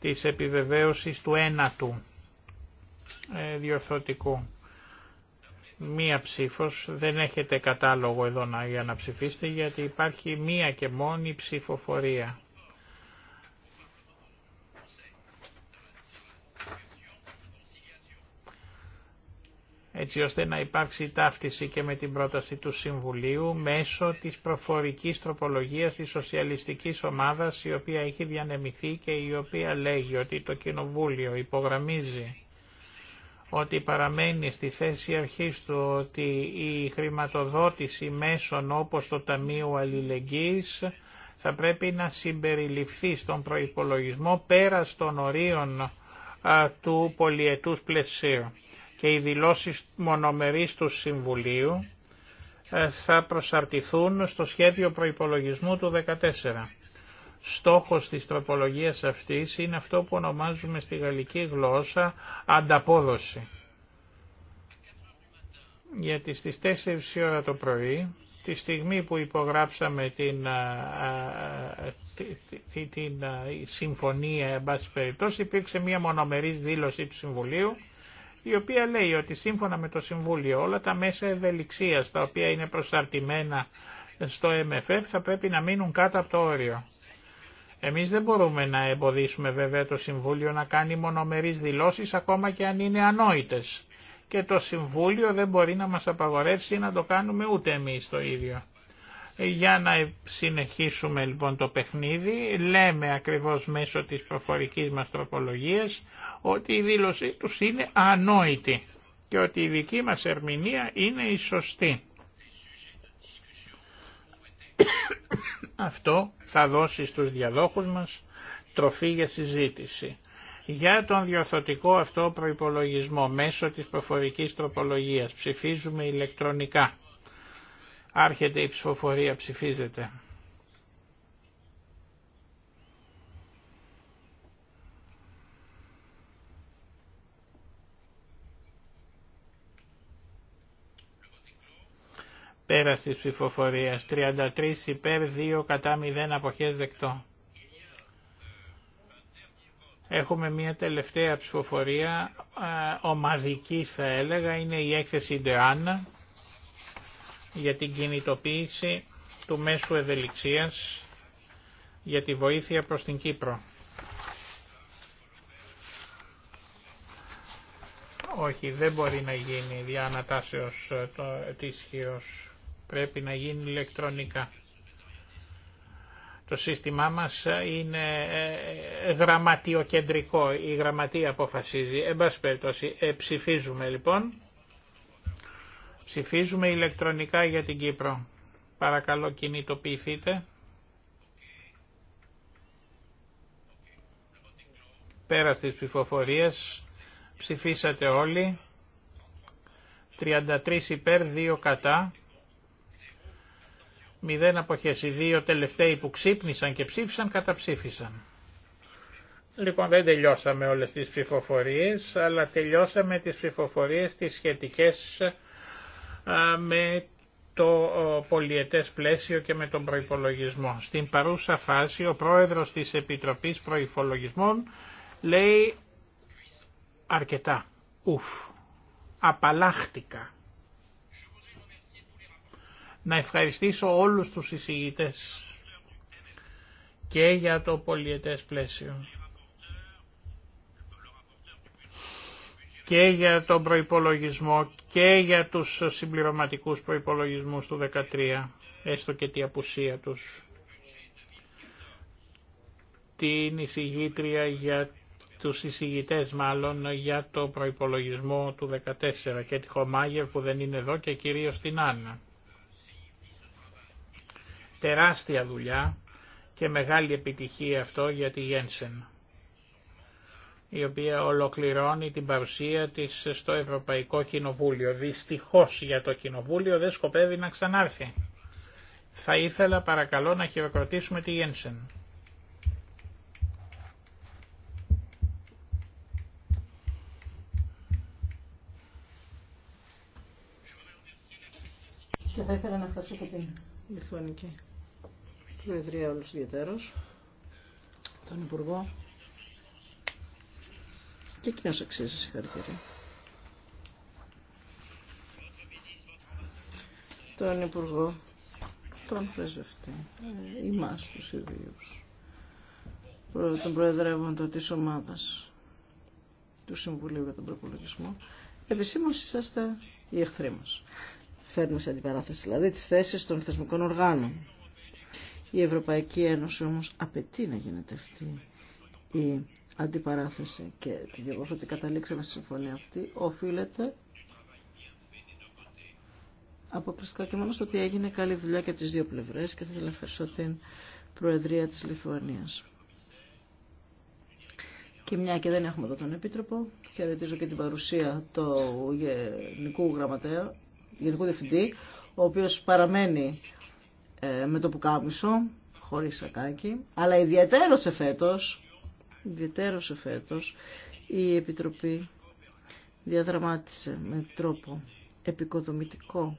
της επιβεβαίωσης του ένατου ε, διορθωτικού. Μία ψήφος, δεν έχετε κατάλογο εδώ να, για να ψηφίσετε γιατί υπάρχει μία και μόνη ψηφοφορία. έτσι ώστε να υπάρξει ταύτιση και με την πρόταση του Συμβουλίου μέσω της προφορικής τροπολογίας της σοσιαλιστικής ομάδας η οποία έχει διανεμηθεί και η οποία λέγει ότι το Κοινοβούλιο υπογραμμίζει ότι παραμένει στη θέση αρχής του ότι η χρηματοδότηση μέσων όπως το Ταμείο Αλληλεγγύης θα πρέπει να συμπεριληφθεί στον προϋπολογισμό πέρα των ορίων του πολιετούς πλαισίου και οι δηλώσεις μονομερής του Συμβουλίου ε, θα προσαρτηθούν στο σχέδιο προϋπολογισμού του 2014. Στόχος της τροπολογίας αυτής είναι αυτό που ονομάζουμε στη γαλλική γλώσσα ανταπόδοση. Γιατί στις 4 ώρα το πρωί, τη στιγμή που υπογράψαμε την, ε, ε, την συμφωνία, εν πάση περιπτώσει, υπήρξε μια μονομερής δήλωση του Συμβουλίου, η οποία λέει ότι σύμφωνα με το Συμβούλιο όλα τα μέσα ευελιξίας τα οποία είναι προσαρτημένα στο MFF θα πρέπει να μείνουν κάτω από το όριο. Εμείς δεν μπορούμε να εμποδίσουμε βέβαια το Συμβούλιο να κάνει μονομερείς δηλώσεις ακόμα και αν είναι ανόητες. Και το Συμβούλιο δεν μπορεί να μας απαγορεύσει να το κάνουμε ούτε εμείς το ίδιο. Για να συνεχίσουμε λοιπόν το παιχνίδι, λέμε ακριβώς μέσω της προφορικής μας τροπολογίας ότι η δήλωσή τους είναι ανόητη και ότι η δική μας ερμηνεία είναι η σωστή. Αυτό θα δώσει στους διαδόχους μας τροφή για συζήτηση. Για τον διορθωτικό αυτό προϋπολογισμό μέσω της προφορικής τροπολογίας ψηφίζουμε ηλεκτρονικά. Άρχεται η ψηφοφορία, ψηφίζεται. Πέρας της ψηφοφορίας, 33 υπέρ, 2 κατά 0 αποχές δεκτό. Έχουμε μια τελευταία ψηφοφορία, ε, ομαδική θα έλεγα, είναι η έκθεση Ντεάννα για την κινητοποίηση του μέσου ευελιξίας για τη βοήθεια προς την Κύπρο. Όχι, δεν μπορεί να γίνει δια ανατάσεως ε, το Πρέπει να γίνει ηλεκτρονικά. Το σύστημά μας ε, είναι ε, γραμματιοκεντρικό. Η γραμματεία αποφασίζει. Εν πάση ψηφίζουμε λοιπόν. Ψηφίζουμε ηλεκτρονικά για την Κύπρο. Παρακαλώ κινητοποιηθείτε. Πέρα στις ψηφοφορίες ψηφίσατε όλοι. 33 υπέρ, 2 κατά. 0 αποχές. Οι δύο τελευταίοι που ξύπνησαν και ψήφισαν καταψήφισαν. Λοιπόν δεν τελειώσαμε όλες τις ψηφοφορίες, αλλά τελειώσαμε τις ψηφοφορίες τις σχετικές με το πολιετές πλαίσιο και με τον προϋπολογισμό. Στην παρούσα φάση ο πρόεδρος της Επιτροπής Προϋπολογισμών λέει αρκετά. Ουφ. Απαλλάχτηκα. Να ευχαριστήσω όλους τους εισηγητές και για το πολιετές πλαίσιο και για τον προϋπολογισμό και για τους συμπληρωματικούς προϋπολογισμούς του 2013, έστω και τη απουσία τους. Την εισηγήτρια για τους εισηγητές μάλλον για το προϋπολογισμό του 14 και τη Χωμάγερ που δεν είναι εδώ και κυρίως την Άννα. Τεράστια δουλειά και μεγάλη επιτυχία αυτό για τη Γένσεν η οποία ολοκληρώνει την παρουσία της στο Ευρωπαϊκό Κοινοβούλιο. Δυστυχώς για το Κοινοβούλιο δεν σκοπεύει να ξανάρθει. Θα ήθελα παρακαλώ να χειροκροτήσουμε τη Γένσεν. Και θα ήθελα να ευχαριστήσω και την Λιθουανική Προεδρία όλους ιδιαίτερως, τον Υπουργό και εκείνο αξίζει συγχαρητήρια. Τον Υπουργό, τον Πρεσβευτή, ε, εμάς τους ιδίους, τον Προεδρεύοντα της ομάδας του Συμβουλίου για τον Προπολογισμό, επισήμως είσαστε οι εχθροί μας. Φέρνουμε σε αντιπαράθεση δηλαδή τις θέσεις των θεσμικών οργάνων. Η Ευρωπαϊκή Ένωση όμως απαιτεί να γίνεται αυτή η αντιπαράθεση και τη γεγονό ότι καταλήξαμε στη συμφωνία αυτή οφείλεται αποκλειστικά και μόνο στο ότι έγινε καλή δουλειά και από τις δύο πλευρές και θα ήθελα να ευχαριστώ την Προεδρία της Λιθουανίας. Και μια και δεν έχουμε εδώ τον Επίτροπο, χαιρετίζω και την παρουσία του Γενικού Γραμματέα, Γενικού Διευθυντή, ο οποίος παραμένει ε, με το πουκάμισο, χωρίς σακάκι, αλλά σε εφέτος, ιδιαίτερος εφέτος, η Επιτροπή διαδραμάτισε με τρόπο επικοδομητικό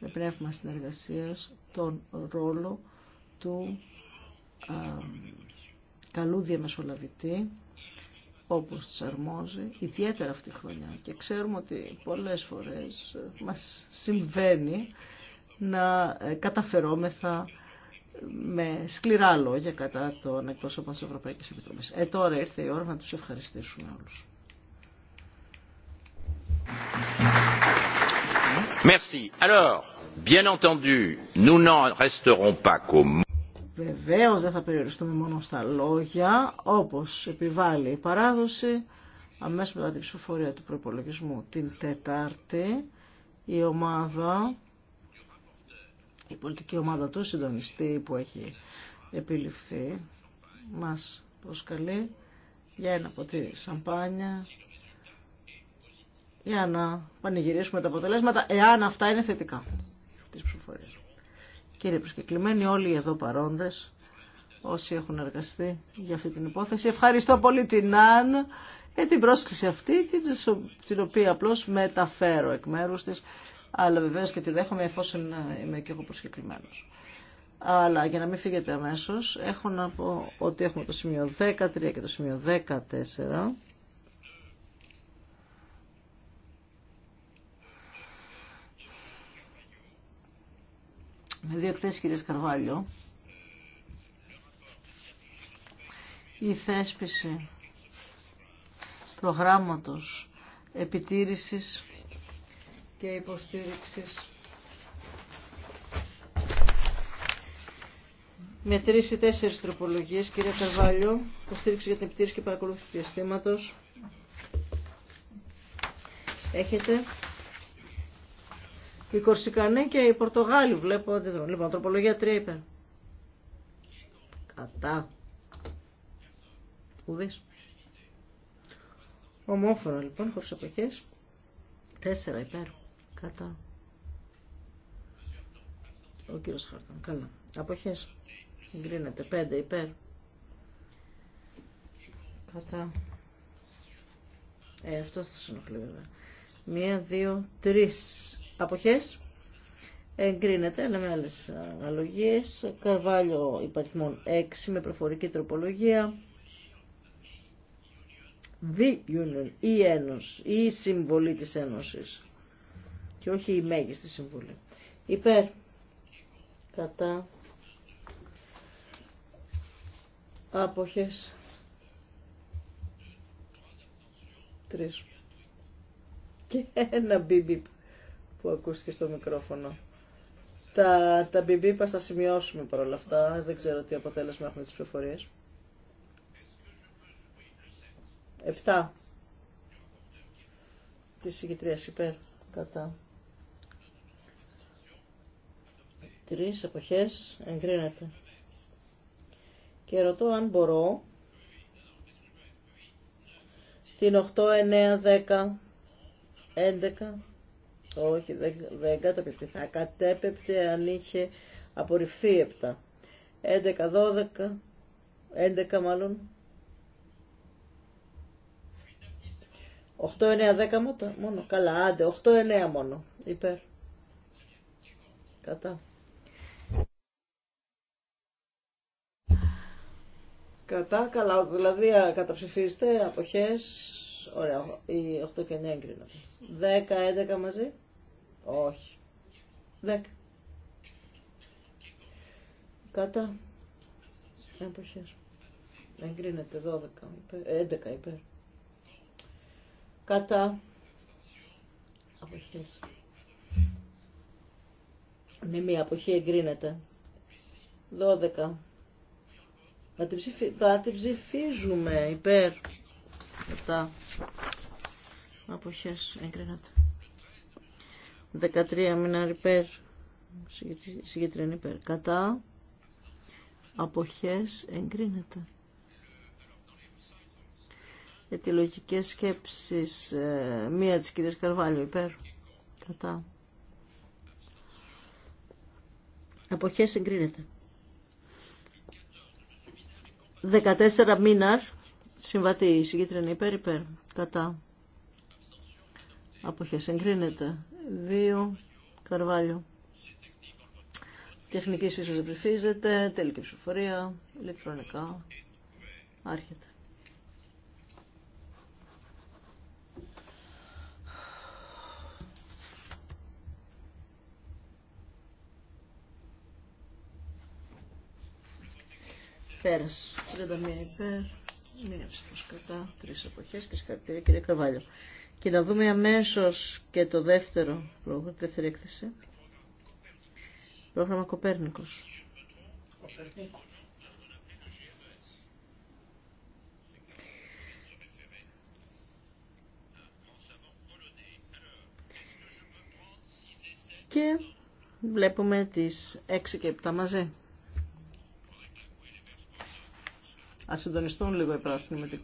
με πνεύμα συνεργασίας τον ρόλο του α, καλού διαμεσολαβητή όπως της αρμόζει, ιδιαίτερα αυτή τη χρονιά. Και ξέρουμε ότι πολλές φορές μας συμβαίνει να ε, καταφερόμεθα με σκληρά λόγια κατά τον εκπρόσωπων της Ευρωπαϊκής Επιτροπής. Ε, τώρα ήρθε η ώρα να τους ευχαριστήσουμε όλους. Merci. Alors, bien entendu, nous n'en resterons pas Βεβαίω δεν θα περιοριστούμε μόνο στα λόγια, όπω επιβάλλει η παράδοση. αμέσω μετά την ψηφοφορία του προπολογισμού την Τετάρτη, η ομάδα η πολιτική ομάδα του συντονιστή που έχει επιληφθεί μας προσκαλεί για ένα ποτήρι σαμπάνια για να πανηγυρίσουμε τα αποτελέσματα εάν αυτά είναι θετικά της ψηφοφορίας. Κύριε Προσκεκλημένοι, όλοι εδώ παρόντες, όσοι έχουν εργαστεί για αυτή την υπόθεση, ευχαριστώ πολύ την Άν για την πρόσκληση αυτή, την οποία απλώς μεταφέρω εκ μέρους της αλλά βεβαίω και τη δέχομαι εφόσον ε, είμαι και εγώ προσκεκλημένο. Αλλά για να μην φύγετε αμέσω, έχω να πω ότι έχουμε το σημείο 13 και το σημείο 14. Με δύο εκθέσεις κυρίες Καρβάλιο, η θέσπιση προγράμματος επιτήρησης και υποστήριξης. Με τρεις ή τέσσερις τροπολογίες, κύριε Καρβάλιο, υποστήριξη για την επιτήρηση και παρακολούθηση του διαστήματο. Έχετε. Οι Κορσικανοί ναι, και οι Πορτογάλοι βλέπω αντιδρούν. Λοιπόν, τροπολογία 3 υπέρ. Κατά. Ουδής. Ομόφωνα λοιπόν, χωρίς αποχές. Τέσσερα υπέρ. Κατά. Ο κύριος Χάρτον. Καλά. Αποχές. Γκρίνεται. πέντε υπέρ. Κατά. Ε, αυτό θα συνοχλεί βέβαια. Μία, δύο, τρεις αποχές. Εγκρίνεται, να με άλλες αναλογίες. Καρβάλιο υπαριθμών 6 με προφορική τροπολογία. The Union, η Ένωση, η Συμβολή της Ένωσης και όχι η μέγιστη συμβουλή. Υπέρ. Κατά. Άποχες. Τρεις. Και ένα μπιμπιπ που ακούστηκε στο μικρόφωνο. Τα, τα θα σημειώσουμε παρόλα αυτά. Δεν ξέρω τι αποτέλεσμα έχουμε τις πληροφορίες. Επτά. Τη συγκητρία υπέρ κατά. τρεις εποχές εγκρίνεται. Και ρωτώ αν μπορώ την 8, 9, 10, 11, όχι, δεν καταπίπτει. Θα κατέπεπτε αν είχε απορριφθεί 7. 11, 12, 11 μάλλον. 8, 9, 10 μόνο. Καλά, άντε, 8, 9 μόνο. Υπέρ. Κατά. Κατά, καλά, δηλαδή καταψηφίστε, αποχές, ωραία, οι 8 και 9 εγκρίνονται. 10, 11 μαζί, όχι, 10. Κατά, Αποχέ. εγκρίνεται 12, 11 υπέρ. Κατά, αποχές. Με μία αποχή εγκρίνεται. 12. Μα την, ψηφίζουμε υπέρ. Κατά. Αποχές εγκρίνεται. 13 μήνα υπέρ. Συγκεκριμένη υπέρ. Κατά. Αποχές εγκρίνεται. Ετυλογικές σκέψεις. Ε, μία της κυρίας Καρβάλιου υπέρ. Κατά. Αποχές εγκρίνεται. 14 μήναρ, συμβατή η συγκίτρινη υπέρ υπέρ, κατά. Αποχές συγκρίνεται 2. Καρβάλιο. Τεχνική φύση δεν Τελική ψηφοφορία. Ηλεκτρονικά. Άρχεται. Πέρας. 31 υπέρ. Μία ψήφος κατά. Τρεις εποχές και συγχαρητήρια κύριε Καβάλιο. Και να δούμε αμέσως και το δεύτερο πρόγραμμα, τη δεύτερη έκθεση. Πρόγραμμα Κοπέρνικος. Και βλέπουμε τις 6 και 7 μαζί. Α συντονιστούν λίγο οι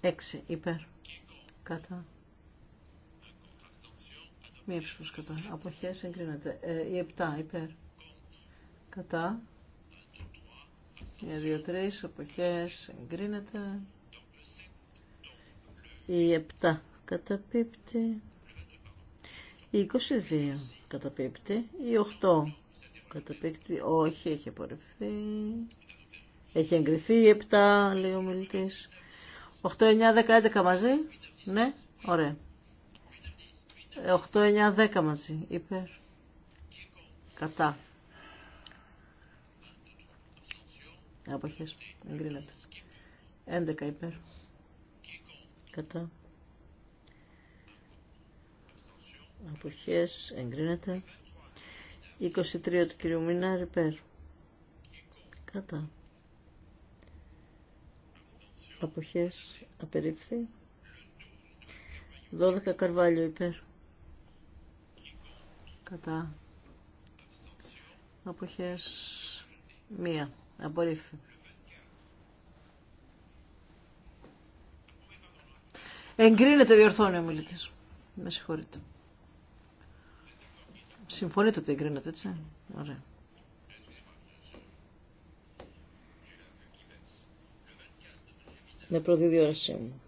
6 υπέρ. Κατά. Μία ψήφο κατά. Αποχέ ε, εγκρίνεται. Η 7 υπέρ. Κατά. 1, 2, 3. Αποχέ εγκρίνεται. Η 7 κατά πίπτη. Η 22 κατά πίπτη. Η 8. Καταπίκτη. Όχι, έχει απορριφθεί. Έχει εγκριθεί 7, λέει ο μιλητή. 8, 9, 10, 11 μαζί. Ναι, ωραία. 8, 9, 10 μαζί. Υπέρ. Κατά. Αποχές. Εγκρίνεται. 11 υπέρ. Κατά. Αποχές. Εγκρίνεται. 23 του κυρίου Μινάρη, υπέρ. Κατά. Αποχές απερίφθη. 12 καρβάλιο υπέρ. Κατά. Αποχές μία. Απορρίφθη. Εγκρίνεται διορθώνει ο μιλητής. Με συγχωρείτε. Συμφωνείτε ότι εγκρίνεται, έτσι. Ωραία. Με όρασή μου.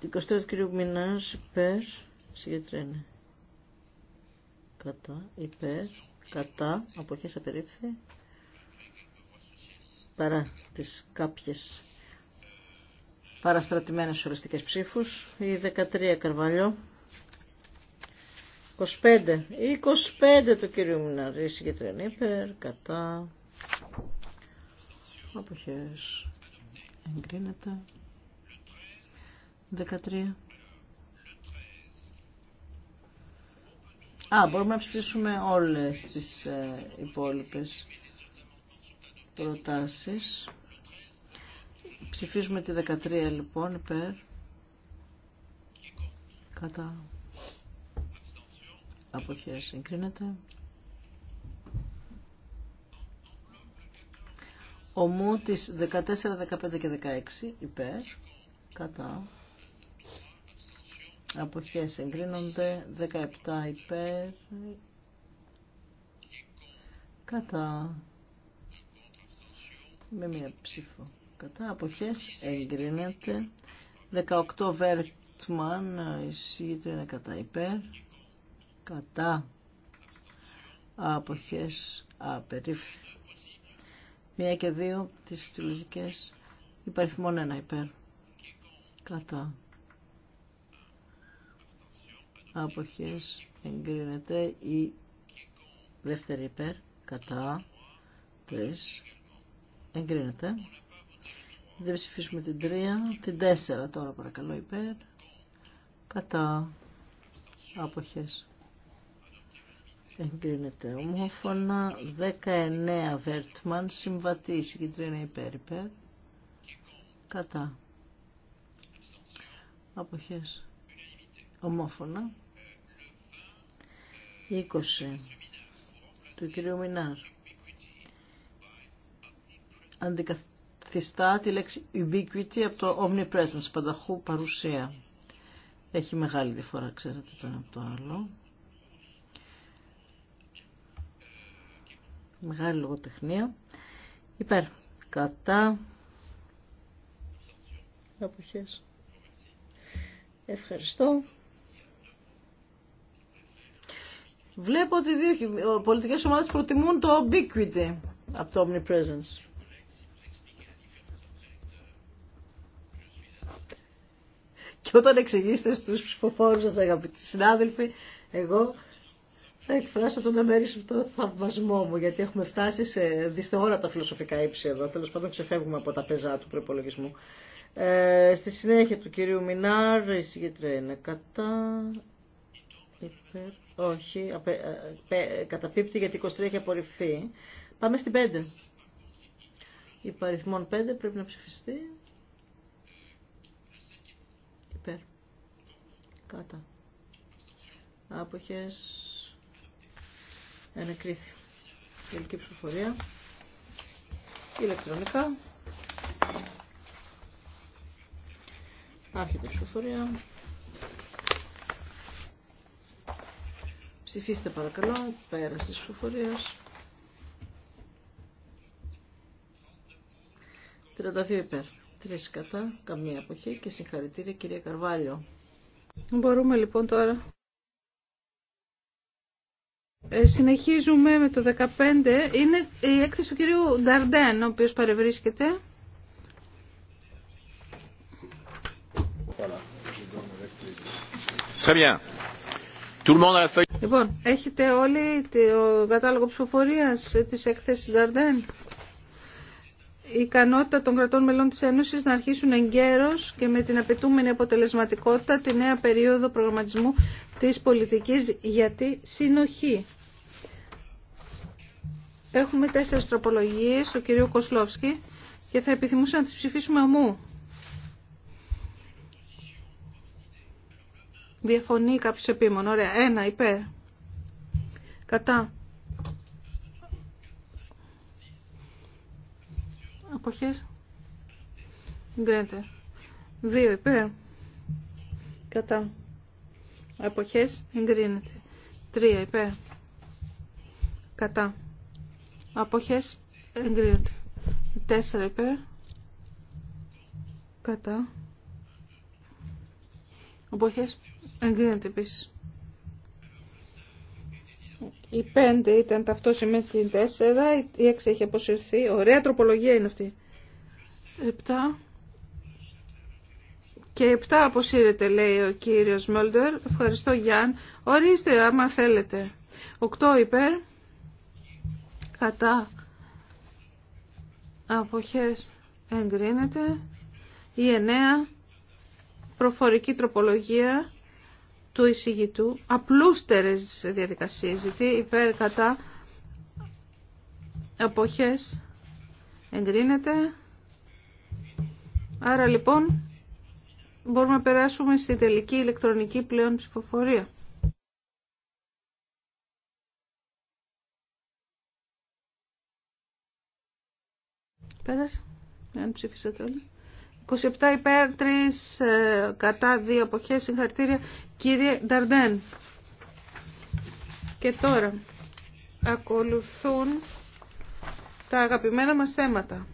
Την 23 του κυρίου Μινάς υπέρ, Κατά, υπέρ, κατά, αποχές απερίφθη. Παρά τις κάποιες παραστρατημένες οριστικές ψήφους. Η 13 Καρβαλιό. 25. 25 το κύριο ρίσει και υπέρ, κατά. Αποχές. Εγκρίνεται. 13. Α, μπορούμε να ψηφίσουμε όλες τις ε, υπόλοιπες προτάσεις. Ψηφίζουμε τη 13 λοιπόν υπέρ. Κατά. Αποχέ εγκρίνεται. Ομού της 14, 15 και 16 υπέρ, κατά, αποχές εγκρίνονται, 17 υπέρ, κατά, με μία ψήφο, κατά, αποχές εγκρίνεται, 18 Βέρτμαν, η είναι κατά υπέρ, κατά αποχές απερίφθη. Μία και δύο τις συλλογικές υπαριθμών ένα υπέρ. Κατά. Αποχές εγκρίνεται η δεύτερη υπέρ. Κατά. Τρεις. Εγκρίνεται. Δεν ψηφίσουμε την τρία. Την τέσσερα τώρα παρακαλώ υπέρ. Κατά. Αποχές Εγκρίνεται ομόφωνα. 19 Βέρτμαν. Συμβατή. Η υπέρ υπέρ. Κατά. Αποχές. Ομόφωνα. 20 του κυρίου Μινάρ. Αντικαθιστά τη λέξη ubiquity από το omnipresence, πανταχού παρουσία. Έχει μεγάλη διαφορά, ξέρετε, το ένα από το άλλο. μεγάλη λογοτεχνία, υπέρ, κατά, αποχές. Ευχαριστώ. Βλέπω ότι οι δύο πολιτικές ομάδες προτιμούν το ubiquity από το omnipresence. Και όταν εξηγήσετε στους ψηφοφόρους σας αγαπητοί συνάδελφοι, εγώ θα εκφράσω τον αμέριστο θαυμασμό μου, γιατί έχουμε φτάσει σε δυσθεώρατα φιλοσοφικά ύψη εδώ. Τέλο πάντων, ξεφεύγουμε από τα πεζά του προπολογισμού. Ε, στη συνέχεια του κυρίου Μινάρ, η συγκεντρία είναι κατά. Υπέρ, όχι, απε, ε, καταπίπτει γιατί 23 έχει απορριφθεί. Πάμε στην 5. Υπαριθμόν 5 πρέπει να ψηφιστεί. Υπέρ. Κατά. Άποχες Ενεκρίθη. Τελική ψηφοφορία. Ηλεκτρονικά. Άρχεται η ψηφοφορία. Ψηφίστε παρακαλώ, πέρα της ψηφοφορίας. 32 υπέρ, 3 κατά, καμία αποχή και συγχαρητήρια κυρία Καρβάλιο. Μπορούμε λοιπόν τώρα ε, συνεχίζουμε με το 15. Είναι η έκθεση του κυρίου Νταρντέν, ο οποίος παρευρίσκεται. λοιπόν, έχετε όλοι το κατάλογο ψηφοφορία τη έκθεση Νταρντέν. Η ικανότητα των κρατών μελών τη Ένωση να αρχίσουν εγκαίρω και με την απαιτούμενη αποτελεσματικότητα τη νέα περίοδο προγραμματισμού τη πολιτική για τη συνοχή. Έχουμε τέσσερις τροπολογίες του κυρίου Κοσλόφσκι και θα επιθυμούσα να τις ψηφίσουμε ομού. Διαφωνεί κάποιος επίμονο. Ωραία. Ένα υπέρ. Κατά. Αποχέ. Γκρέτε. Δύο υπέρ. Κατά. Αποχές εγκρίνεται. Τρία υπέρ. Κατά. Αποχές εγκρίνεται. Τέσσερα υπέρ. Κατά. Αποχές εγκρίνεται επίσης. Η πέντε ήταν ταυτόση με την τέσσερα. Η έξι έχει αποσυρθεί. Ωραία τροπολογία είναι αυτή. Επτά. Και επτά αποσύρεται λέει ο κύριος Μόλτερ. Ευχαριστώ Γιάν. Ορίστε άμα θέλετε. Οκτώ υπέρ κατά αποχές εγκρίνεται η εννέα προφορική τροπολογία του εισηγητού απλούστερες διαδικασίες ζητεί υπέρ κατά αποχές εγκρίνεται άρα λοιπόν μπορούμε να περάσουμε στη τελική ηλεκτρονική πλέον ψηφοφορία Πέρασε. Αν ψηφίσατε όλοι. 27 υπέρ, 3 ε, κατά, 2 αποχές. Συγχαρητήρια κύριε Νταρντέν. Και τώρα ακολουθούν τα αγαπημένα μας θέματα.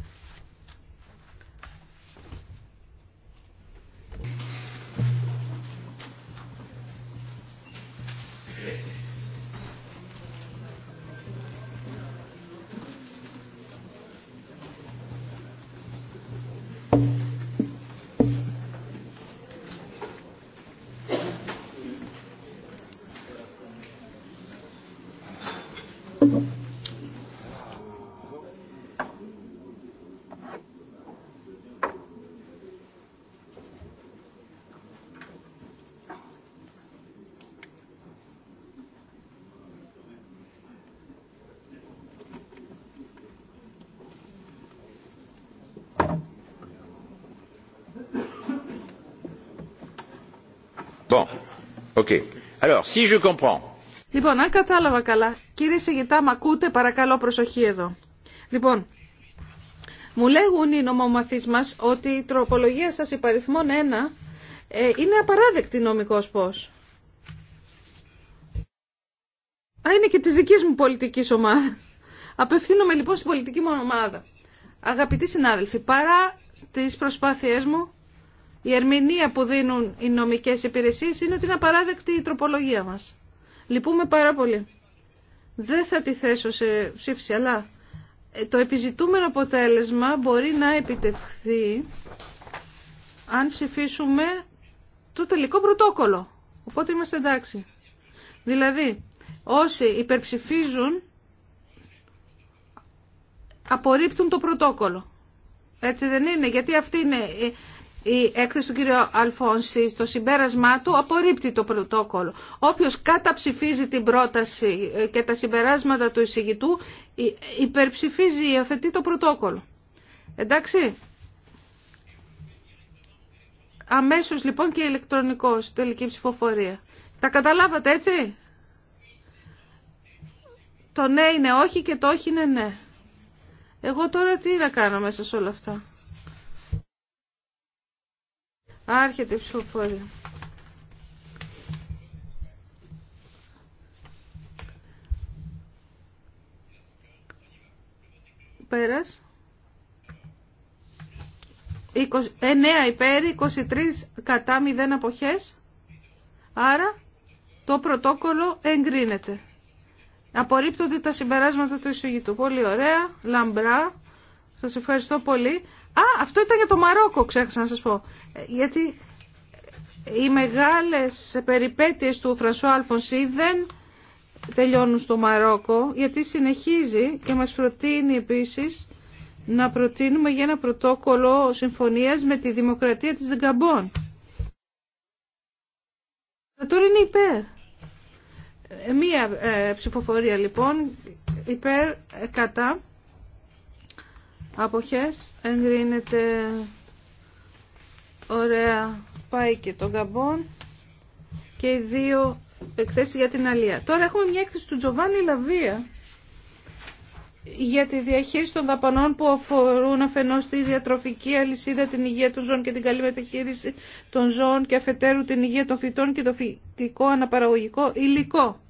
Λοιπόν, αν κατάλαβα καλά, κύριε Σεγητά, μ' ακούτε, παρακαλώ προσοχή εδώ. Λοιπόν, μου λέγουν οι νομομαθείς μας ότι η τροπολογία σας υπαριθμών 1 ε, είναι απαράδεκτη νομικός πώς. Α, είναι και της δικής μου πολιτικής ομάδα. Απευθύνομαι λοιπόν στην πολιτική μου ομάδα. Αγαπητοί συνάδελφοι, παρά τις προσπάθειές μου η ερμηνεία που δίνουν οι νομικές υπηρεσίες είναι ότι είναι απαράδεκτη η τροπολογία μας. Λυπούμε πάρα πολύ. Δεν θα τη θέσω σε ψήφιση, αλλά ε, το επιζητούμενο αποτέλεσμα μπορεί να επιτευχθεί αν ψηφίσουμε το τελικό πρωτόκολλο. Οπότε είμαστε εντάξει. Δηλαδή, όσοι υπερψηφίζουν απορρίπτουν το πρωτόκολλο. Έτσι δεν είναι, γιατί αυτή είναι ε, η έκθεση του κ. Αλφόνση στο συμπέρασμά του απορρίπτει το πρωτόκολλο. Όποιος καταψηφίζει την πρόταση ε, και τα συμπεράσματα του εισηγητού ε, υπερψηφίζει, υιοθετεί το πρωτόκολλο. Εντάξει. Αμέσως λοιπόν και ηλεκτρονικός τελική ψηφοφορία. Τα καταλάβατε έτσι. Το ναι είναι όχι και το όχι είναι ναι. Εγώ τώρα τι να κάνω μέσα σε όλα αυτά. Άρχεται η ψηφοφορία. Πέρας. 9 ε, υπέρ, 23 κατά 0 αποχές. Άρα το πρωτόκολλο εγκρίνεται. Απορρίπτονται τα συμπεράσματα του εισηγητού. Πολύ ωραία, λαμπρά. Σας ευχαριστώ πολύ. Α, αυτό ήταν για το Μαρόκο, ξέχασα να σας πω. Ε, γιατί οι μεγάλες περιπέτειες του Φρανσουά Αλφονσί δεν τελειώνουν στο Μαρόκο, γιατί συνεχίζει και μας προτείνει επίσης να προτείνουμε για ένα πρωτόκολλο συμφωνίας με τη δημοκρατία της Γκαμπών. Ε, τώρα είναι υπέρ. Ε, μία ψηφοφορία λοιπόν υπέρ κατά Αποχές εγκρίνεται ωραία πάει και το καμπόν και οι δύο εκθέσεις για την Αλία. Τώρα έχουμε μια έκθεση του Τζοβάνι Λαβία για τη διαχείριση των δαπανών που αφορούν αφενός τη διατροφική αλυσίδα, την υγεία των ζώων και την καλή μεταχείριση των ζώων και αφετέρου την υγεία των φυτών και το φυτικό αναπαραγωγικό υλικό.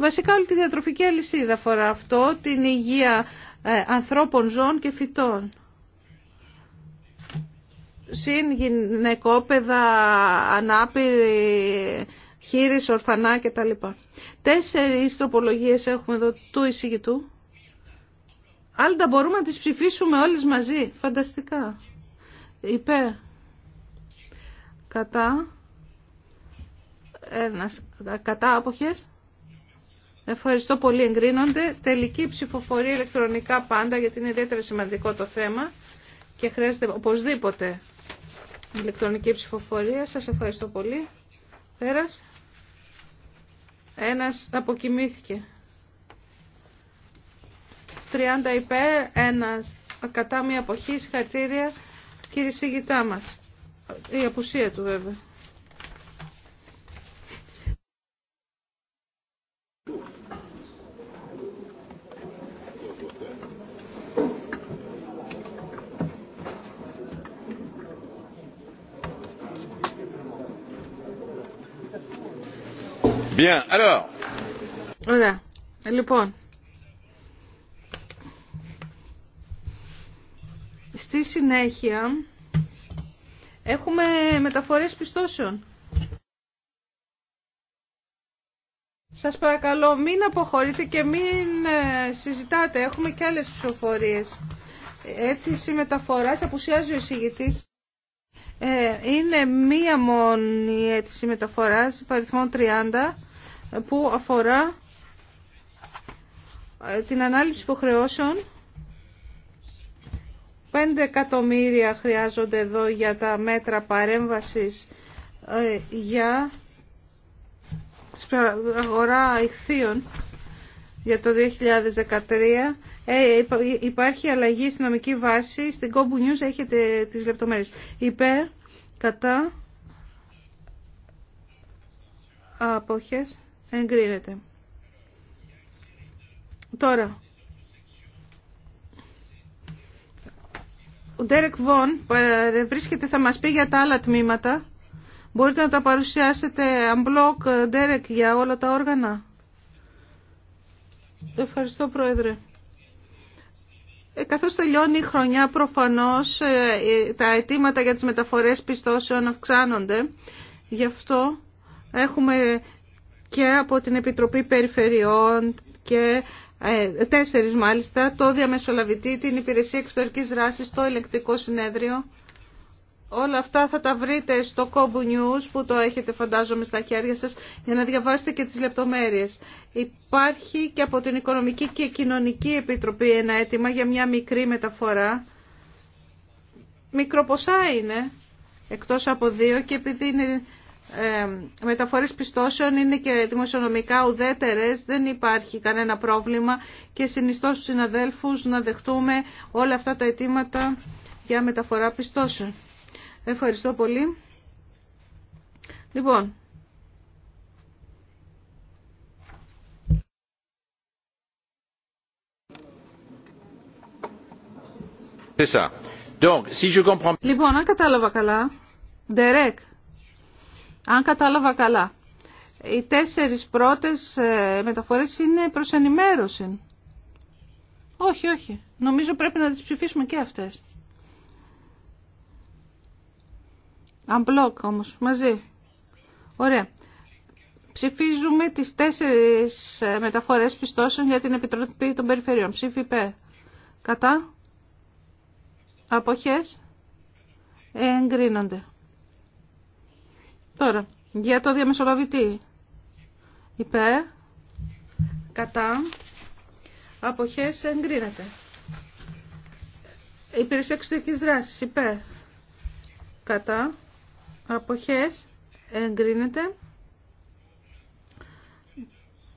Βασικά όλη τη διατροφική αλυσίδα αφορά αυτό, την υγεία ε, ανθρώπων, ζώων και φυτών. Συν γυναικόπαιδα, ανάπηροι, χείρις, ορφανά κτλ. Τέσσερις τροπολογίες έχουμε εδώ του εισηγητού. Άλλα μπορούμε να τις ψηφίσουμε όλες μαζί. Φανταστικά. Υπέ Κατά. Ένας. Κατά άποχες. Ευχαριστώ πολύ. Εγκρίνονται. Τελική ψηφοφορία ηλεκτρονικά πάντα, γιατί είναι ιδιαίτερα σημαντικό το θέμα και χρειάζεται οπωσδήποτε ηλεκτρονική ψηφοφορία. Σας ευχαριστώ πολύ. Πέρας. Ένας αποκοιμήθηκε. 30 υπέρ, ένας κατά μία αποχή, συγχαρητήρια κύριε Σιγητά μας. Η απουσία του βέβαια. Bien, alors. Ωραία. Ε, λοιπόν, στη συνέχεια έχουμε μεταφορές πιστώσεων. Σας παρακαλώ μην αποχωρείτε και μην ε, συζητάτε. Έχουμε και άλλες ψηφοφορίες. Έτσι, η μεταφοράς απουσιάζει ο εισηγητής. Ε, είναι μία μόνη αίτηση μεταφοράς, παριθμόν 30 που αφορά ε, την ανάληψη υποχρεώσεων 5 εκατομμύρια χρειάζονται εδώ για τα μέτρα παρέμβασης ε, για αγορά ηχθείων για το 2013. Ε, υπάρχει αλλαγή στην νομική βάση. Στην Κόμπου News έχετε τις λεπτομέρειες. Υπέρ, κατά, αποχές. Εγκρίνεται. Τώρα. Ο Ντέρεκ Βον βρίσκεται, θα μας πει για τα άλλα τμήματα. Μπορείτε να τα παρουσιάσετε unblock, Ντέρεκ, για όλα τα όργανα. Ευχαριστώ, Πρόεδρε. Ε, καθώς τελειώνει η χρονιά, προφανώς ε, ε, τα αιτήματα για τις μεταφορές πιστώσεων αυξάνονται. Γι' αυτό έχουμε και από την Επιτροπή Περιφερειών και ε, τέσσερις μάλιστα, το διαμεσολαβητή, την Υπηρεσία Εξωτερικής Δράσης, το Ελεκτικό Συνέδριο. Όλα αυτά θα τα βρείτε στο Κόμπου News που το έχετε φαντάζομαι στα χέρια σας για να διαβάσετε και τις λεπτομέρειες. Υπάρχει και από την Οικονομική και Κοινωνική Επιτροπή ένα αίτημα για μια μικρή μεταφορά. Μικροποσά είναι, εκτός από δύο και επειδή είναι ε, μεταφορές πιστώσεων είναι και δημοσιονομικά ουδέτερες, δεν υπάρχει κανένα πρόβλημα και συνιστώ στους συναδέλφους να δεχτούμε όλα αυτά τα αιτήματα για μεταφορά πιστώσεων. Ευχαριστώ πολύ. Λοιπόν, Donc, si je comprends... Λοιπόν, αν κατάλαβα καλά, αν κατάλαβα καλά. Οι τέσσερις πρώτες ε, μεταφορές είναι προς ενημέρωση. Όχι, όχι. Νομίζω πρέπει να τις ψηφίσουμε και αυτές. Αμπλοκ όμως, μαζί. Ωραία. Ψηφίζουμε τις τέσσερις ε, μεταφορές πιστώσεων για την Επιτροπή των Περιφερειών. Ψήφι Κατά. Αποχές. Εγκρίνονται. Τώρα, για το διαμεσολαβητή. Υπέρ, κατά, αποχές εγκρίνεται. Υπηρεσία εξωτερικής δράσης, υπέρ, κατά, αποχές εγκρίνεται.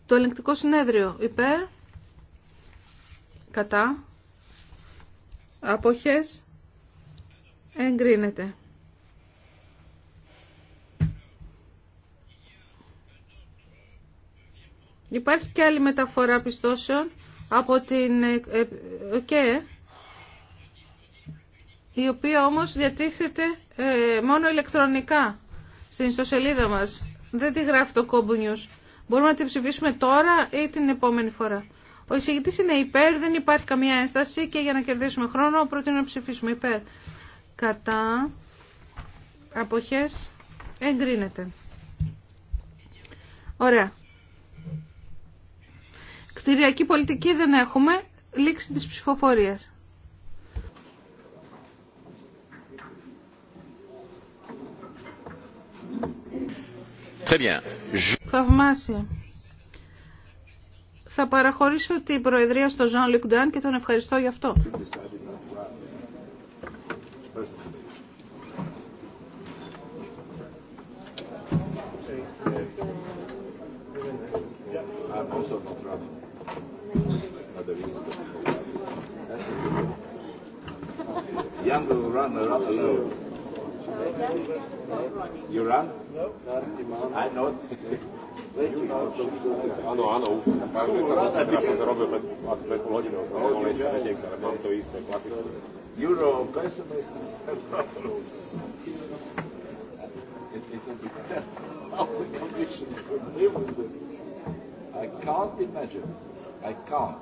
Το ελεγκτικό συνέδριο, υπέρ, κατά, αποχές εγκρίνεται. Υπάρχει και άλλη μεταφορά πιστώσεων από την ε, ε, ΟΚΕ, η οποία όμως διατίθεται ε, μόνο ηλεκτρονικά στην ιστοσελίδα μας. Δεν τη γράφει το κόμπου News. Μπορούμε να την ψηφίσουμε τώρα ή την επόμενη φορά. Ο εισηγητή είναι υπέρ, δεν υπάρχει καμία ένσταση και για να κερδίσουμε χρόνο προτείνω να ψηφίσουμε υπέρ. Κατά αποχές εγκρίνεται. Ωραία. Κτηριακή πολιτική δεν έχουμε. Λήξη της ψηφοφορίας. Θαυμάσια. Θα παραχωρήσω την Προεδρία στον Ζαν Λουκντάν και τον ευχαριστώ γι' αυτό. Ah, Young will run alone. You run? No. I not. Áno, áno, sa mám to Euro pessimists and It I can't imagine. I can't.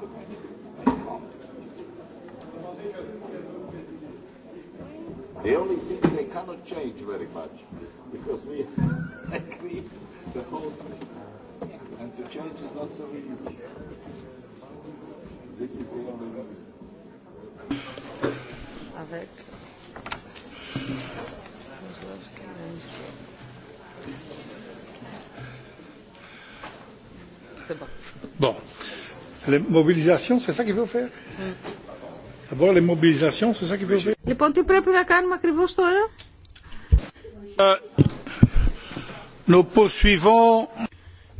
I can't. The only thing they cannot change very much because we agree the whole thing. And to change is not so easy. This is the only reason. Bon Λοιπόν, τι πρέπει να κάνουμε ακριβώ τώρα. Ε,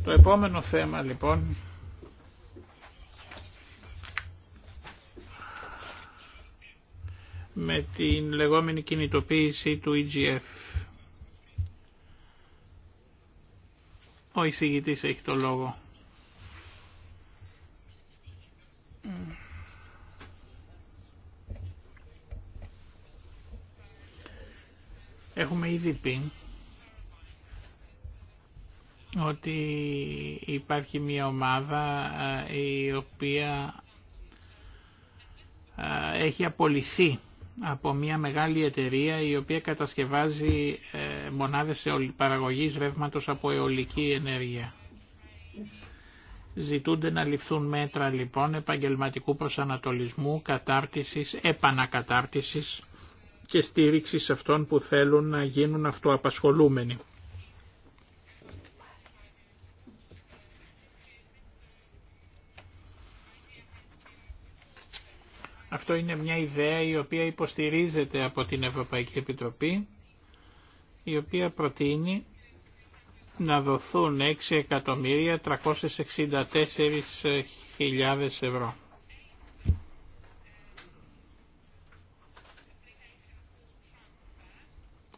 το επόμενο θέμα λοιπόν με την λεγόμενη κινητοποίηση του EGF. Ο εισηγητής έχει το λόγο. Έχουμε ήδη πει ότι υπάρχει μια ομάδα ε, η οποία ε, έχει απολυθεί από μια μεγάλη εταιρεία η οποία κατασκευάζει ε, μονάδες παραγωγής ρεύματος από αιωλική ενέργεια. Ζητούνται να ληφθούν μέτρα λοιπόν επαγγελματικού προσανατολισμού, κατάρτισης, επανακατάρτισης και στήριξη σε αυτών που θέλουν να γίνουν αυτοαπασχολούμενοι. Αυτό είναι μια ιδέα η οποία υποστηρίζεται από την Ευρωπαϊκή Επιτροπή, η οποία προτείνει να δοθούν 6.364.000 ευρώ.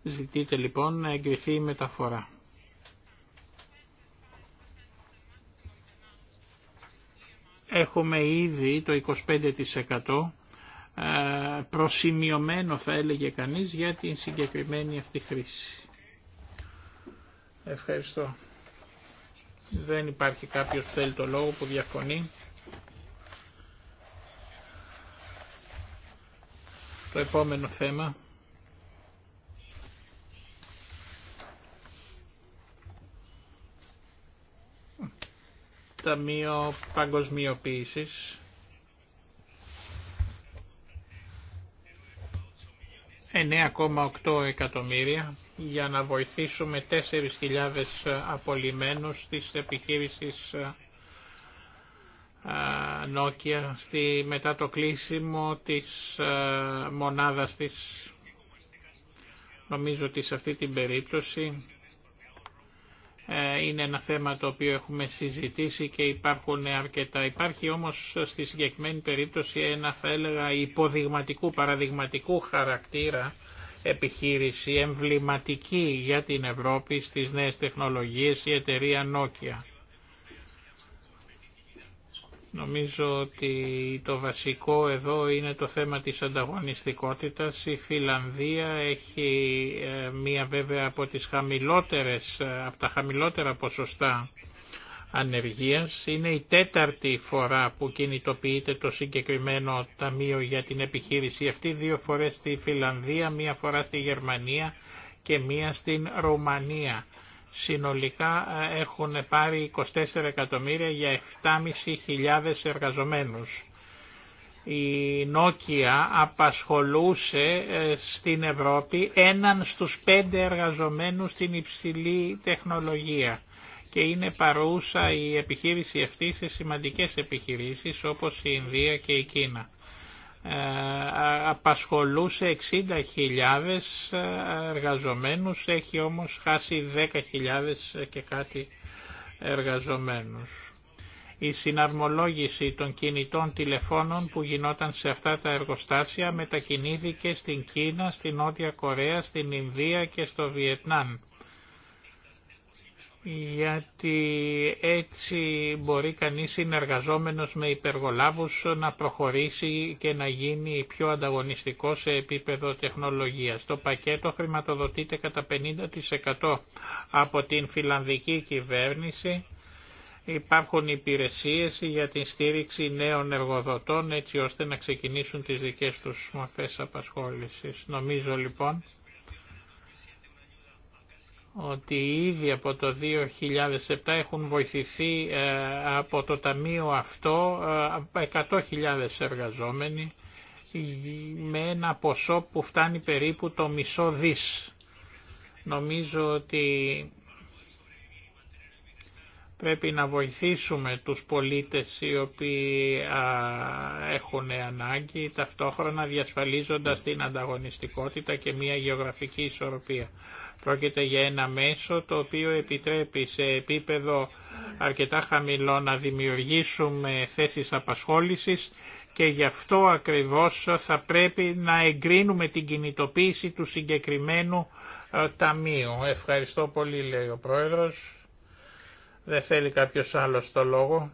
Ζητείτε λοιπόν να εγκριθεί η μεταφορά. Έχουμε ήδη το 25% ε, προσημειωμένο θα έλεγε κανείς για την συγκεκριμένη αυτή χρήση. Ευχαριστώ. Δεν υπάρχει κάποιος που θέλει το λόγο που διαφωνεί. Το επόμενο θέμα Ταμείο Παγκοσμιοποίησης 9,8 εκατομμύρια για να βοηθήσουμε 4.000 απολυμμένους της επιχείρησης Nokia στη, μετά το κλείσιμο της μονάδας της. Νομίζω ότι σε αυτή την περίπτωση ε, είναι ένα θέμα το οποίο έχουμε συζητήσει και υπάρχουν αρκετά. Υπάρχει όμως στη συγκεκριμένη περίπτωση ένα θα έλεγα υποδειγματικού, παραδειγματικού χαρακτήρα επιχείρηση εμβληματική για την Ευρώπη στις νέες τεχνολογίες η εταιρεία Nokia. Νομίζω ότι το βασικό εδώ είναι το θέμα της ανταγωνιστικότητας. Η Φιλανδία έχει ε, μία βέβαια από, τις χαμηλότερες, ε, από τα χαμηλότερα ποσοστά ανεργίας. Είναι η τέταρτη φορά που κινητοποιείται το συγκεκριμένο ταμείο για την επιχείρηση αυτή, δύο φορές στη Φιλανδία, μία φορά στη Γερμανία και μία στην Ρουμανία συνολικά ε, έχουν πάρει 24 εκατομμύρια για 7.500 εργαζομένους. Η Νόκια απασχολούσε ε, στην Ευρώπη έναν στους πέντε εργαζομένους στην υψηλή τεχνολογία και είναι παρούσα η επιχείρηση αυτή σε σημαντικές επιχειρήσεις όπως η Ινδία και η Κίνα. Ε, απασχολούσε 60.000 ε, εργαζομένους, έχει όμως χάσει 10.000 και κάτι εργαζομένους. Η συναρμολόγηση των κινητών τηλεφώνων που γινόταν σε αυτά τα εργοστάσια μετακινήθηκε στην Κίνα, στην Νότια Κορέα, στην Ινδία και στο Βιετνάμ γιατί έτσι μπορεί κανείς συνεργαζόμενος με υπεργολάβους να προχωρήσει και να γίνει πιο ανταγωνιστικό σε επίπεδο τεχνολογίας. Το πακέτο χρηματοδοτείται κατά 50% από την φιλανδική κυβέρνηση. Υπάρχουν υπηρεσίες για την στήριξη νέων εργοδοτών έτσι ώστε να ξεκινήσουν τις δικές τους μορφές απασχόλησης. Νομίζω λοιπόν ότι ήδη από το 2007 έχουν βοηθηθεί ε, από το Ταμείο αυτό 100.000 ε, εργαζόμενοι με ένα ποσό που φτάνει περίπου το μισό δις. Νομίζω ότι πρέπει να βοηθήσουμε τους πολίτες οι οποίοι έχουν ανάγκη ταυτόχρονα διασφαλίζοντας την ανταγωνιστικότητα και μια γεωγραφική ισορροπία. Πρόκειται για ένα μέσο το οποίο επιτρέπει σε επίπεδο αρκετά χαμηλό να δημιουργήσουμε θέσεις απασχόλησης και γι' αυτό ακριβώς θα πρέπει να εγκρίνουμε την κινητοποίηση του συγκεκριμένου ε, ταμείου. Ευχαριστώ πολύ λέει ο Πρόεδρος. Δεν θέλει κάποιος άλλος το λόγο.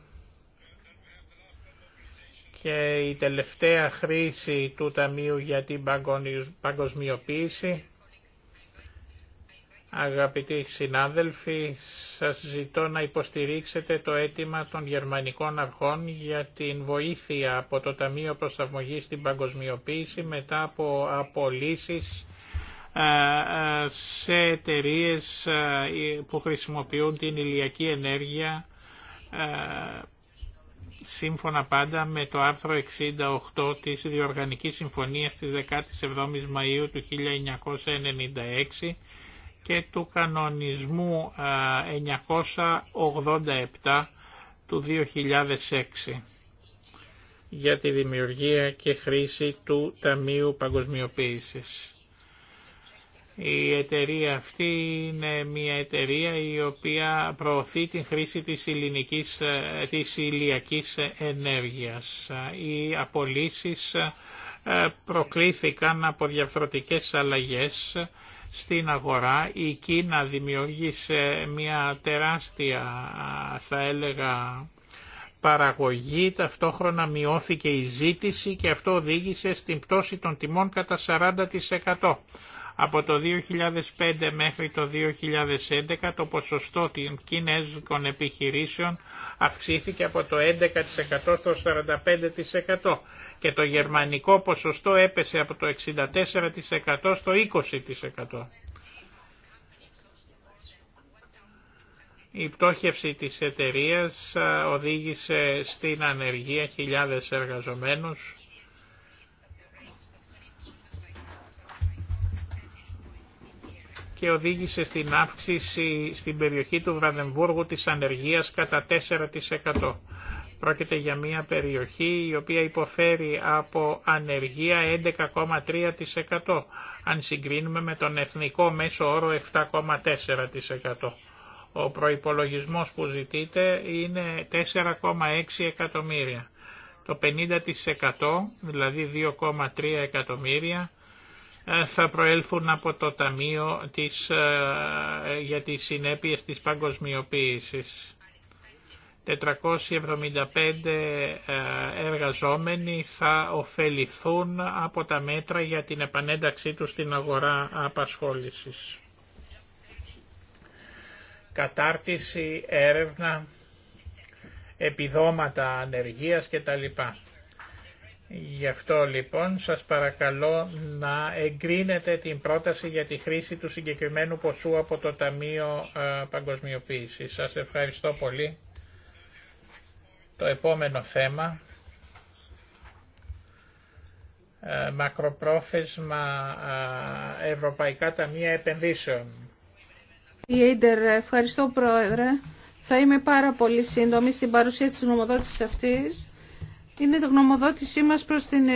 Και η τελευταία χρήση του Ταμείου για την παγκοσμιοποίηση Αγαπητοί συνάδελφοι, σας ζητώ να υποστηρίξετε το αίτημα των γερμανικών αρχών για την βοήθεια από το Ταμείο Προσαρμογής στην Παγκοσμιοποίηση μετά από απολύσεις ε, σε εταιρείε ε, που χρησιμοποιούν την ηλιακή ενέργεια ε, σύμφωνα πάντα με το άρθρο 68 της Διοργανικής Συμφωνίας της 17ης Μαΐου του 1996 και του κανονισμού 987 του 2006 για τη δημιουργία και χρήση του Ταμείου Παγκοσμιοποίησης. Η εταιρεία αυτή είναι μια εταιρεία η οποία προωθεί την χρήση της, ελληνικής, ε, της ηλιακής ενέργειας. Οι απολύσεις ε, προκλήθηκαν από διαφορετικές αλλαγές στην αγορά. Η Κίνα δημιούργησε μια τεράστια θα έλεγα παραγωγή, ταυτόχρονα μειώθηκε η ζήτηση και αυτό οδήγησε στην πτώση των τιμών κατά 40%. Από το 2005 μέχρι το 2011 το ποσοστό των κινέζικων επιχειρήσεων αυξήθηκε από το 11% στο 45% και το γερμανικό ποσοστό έπεσε από το 64% στο 20%. Η πτώχευση της εταιρείας οδήγησε στην ανεργία χιλιάδες εργαζομένους και οδήγησε στην αύξηση στην περιοχή του Βραδεμβούργου της ανεργίας κατά 4%. Πρόκειται για μια περιοχή η οποία υποφέρει από ανεργία 11,3% αν συγκρίνουμε με τον εθνικό μέσο όρο 7,4%. Ο προϋπολογισμός που ζητείτε είναι 4,6 εκατομμύρια. Το 50% δηλαδή 2,3 εκατομμύρια ε, θα προέλθουν από το Ταμείο της, ε, ε, για τις συνέπειες της παγκοσμιοποίησης. 475 εργαζόμενοι θα ωφεληθούν από τα μέτρα για την επανένταξή τους στην αγορά απασχόλησης. Κατάρτιση, έρευνα, επιδόματα ανεργίας κτλ. Γι' αυτό λοιπόν σας παρακαλώ να εγκρίνετε την πρόταση για τη χρήση του συγκεκριμένου ποσού από το Ταμείο ε, Παγκοσμιοποίησης. Σας ευχαριστώ πολύ. Το επόμενο θέμα, ε, μακροπρόθεσμα ε, Ευρωπαϊκά Ταμεία Επενδύσεων. ευχαριστώ Πρόεδρε. Θα είμαι πάρα πολύ σύντομη στην παρουσία της νομοδότησης αυτής είναι το γνωμοδότησή μας προς την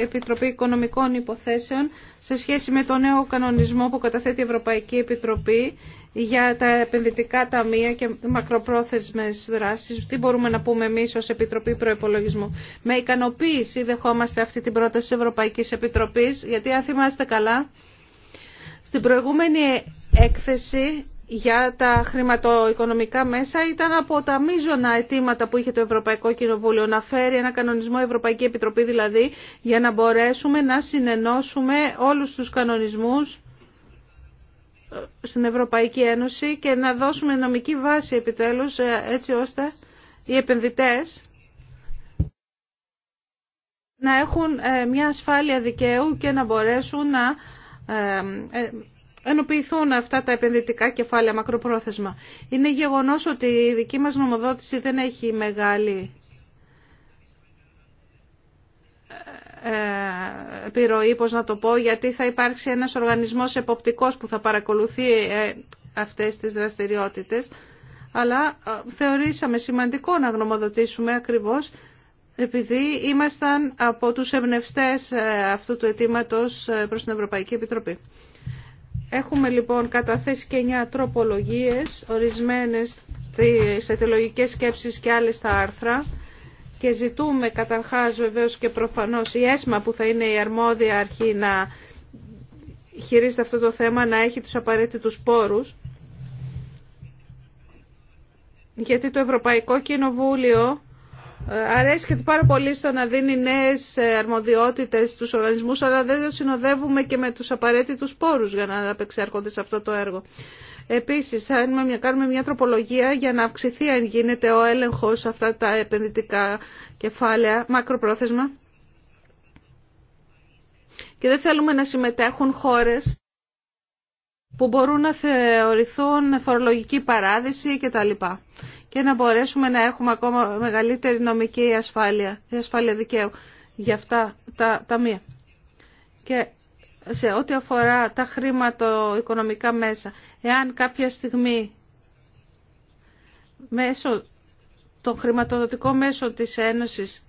Επιτροπή Οικονομικών Υποθέσεων σε σχέση με το νέο κανονισμό που καταθέτει η Ευρωπαϊκή Επιτροπή για τα επενδυτικά ταμεία και μακροπρόθεσμες δράσεις. Τι μπορούμε να πούμε εμείς ως Επιτροπή Προϋπολογισμού. Με ικανοποίηση δεχόμαστε αυτή την πρόταση της Ευρωπαϊκής Επιτροπής, γιατί αν θυμάστε καλά, στην προηγούμενη έκθεση για τα χρηματοοικονομικά μέσα ήταν από τα μείζωνα αιτήματα που είχε το Ευρωπαϊκό Κοινοβούλιο να φέρει ένα κανονισμό Ευρωπαϊκή Επιτροπή δηλαδή για να μπορέσουμε να συνενώσουμε όλους τους κανονισμούς ε, στην Ευρωπαϊκή Ένωση και να δώσουμε νομική βάση επιτέλους ε, έτσι ώστε οι επενδυτές να έχουν ε, μια ασφάλεια δικαίου και να μπορέσουν να ενοποιηθούν αυτά τα επενδυτικά κεφάλαια μακροπρόθεσμα. Είναι γεγονός ότι η δική μας νομοδότηση δεν έχει μεγάλη ε, επιρροή, πώς να το πω, γιατί θα υπάρξει ένας οργανισμός εποπτικός που θα παρακολουθεί ε, αυτές τις δραστηριότητες, αλλά ε, θεωρήσαμε σημαντικό να γνωμοδοτήσουμε ακριβώς επειδή ήμασταν από τους εμπνευστές αυτού του αιτήματος προς την Ευρωπαϊκή Επιτροπή. Έχουμε λοιπόν καταθέσει και εννιά τροπολογίες, ορισμένες στις αιτιολογικές σκέψεις και άλλες στα άρθρα και ζητούμε καταρχάς βεβαίως και προφανώς η ΕΣΜΑ που θα είναι η αρμόδια αρχή να χειρίζεται αυτό το θέμα, να έχει τους απαραίτητους πόρους. Γιατί το Ευρωπαϊκό Κοινοβούλιο ε, αρέσκεται πάρα πολύ στο να δίνει νέες ε, αρμοδιότητες στους οργανισμούς, αλλά δεν το συνοδεύουμε και με τους απαραίτητους πόρους για να απεξέρχονται σε αυτό το έργο. Επίσης, αν κάνουμε μια τροπολογία για να αυξηθεί, αν γίνεται, ο έλεγχος αυτά τα επενδυτικά κεφάλαια, μακροπρόθεσμα. Και δεν θέλουμε να συμμετέχουν χώρες που μπορούν να θεωρηθούν φορολογική παράδειση κτλ και να μπορέσουμε να έχουμε ακόμα μεγαλύτερη νομική ασφάλεια, ασφάλεια δικαίου για αυτά τα ταμεία. Και σε ό,τι αφορά τα χρήματα οικονομικά μέσα, εάν κάποια στιγμή μέσω το χρηματοδοτικό μέσο της Ένωσης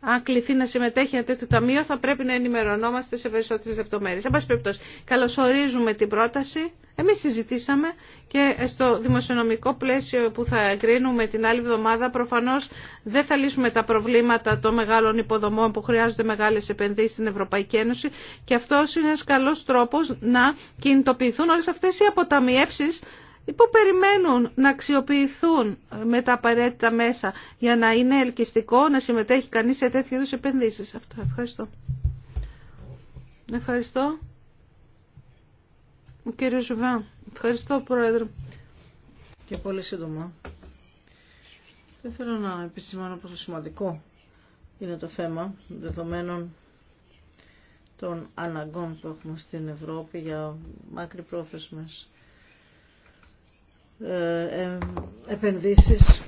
αν κληθεί να συμμετέχει ένα τέτοιο ταμείο, θα πρέπει να ενημερωνόμαστε σε περισσότερε λεπτομέρειε. Εν πάση περιπτώσει, καλωσορίζουμε την πρόταση. Εμεί συζητήσαμε και στο δημοσιονομικό πλαίσιο που θα εγκρίνουμε την άλλη εβδομάδα προφανώ δεν θα λύσουμε τα προβλήματα των μεγάλων υποδομών που χρειάζονται μεγάλε επενδύσει στην Ευρωπαϊκή Ένωση και αυτό είναι ένα καλό τρόπο να κινητοποιηθούν όλε αυτέ οι αποταμιεύσει που περιμένουν να αξιοποιηθούν με τα απαραίτητα μέσα για να είναι ελκυστικό να συμμετέχει κανείς σε τέτοιου είδους επενδύσεις. Αυτό. Ευχαριστώ. Ευχαριστώ. Ο Ευχαριστώ, Πρόεδρε. Και πολύ σύντομα. Δεν θέλω να επισημάνω πόσο σημαντικό είναι το θέμα δεδομένων των αναγκών που έχουμε στην Ευρώπη για μάκρυ πρόθεσμες ε, ε, επενδύσεις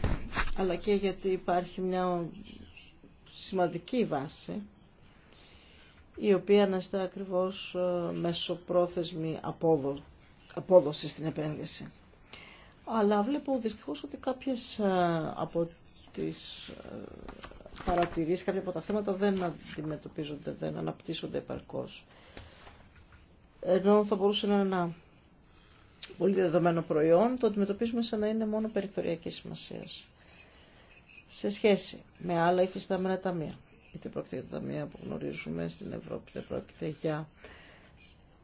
αλλά και γιατί υπάρχει μια σημαντική βάση η οποία να είστε ακριβώς ε, μεσοπρόθεσμη απόδο, απόδοση στην επένδυση. Αλλά βλέπω δυστυχώς ότι κάποιες ε, από τις ε, παρατηρήσεις, κάποια από τα θέματα δεν αντιμετωπίζονται, δεν αναπτύσσονται επαρκώς. Ενώ θα μπορούσε να είναι ένα πολύ δεδομένο προϊόν, το αντιμετωπίζουμε σαν να είναι μόνο περιφερειακή σημασία. Σε σχέση με άλλα υφιστάμενα ταμεία είτε πρόκειται για τα ταμεία που γνωρίζουμε στην Ευρώπη, είτε πρόκειται για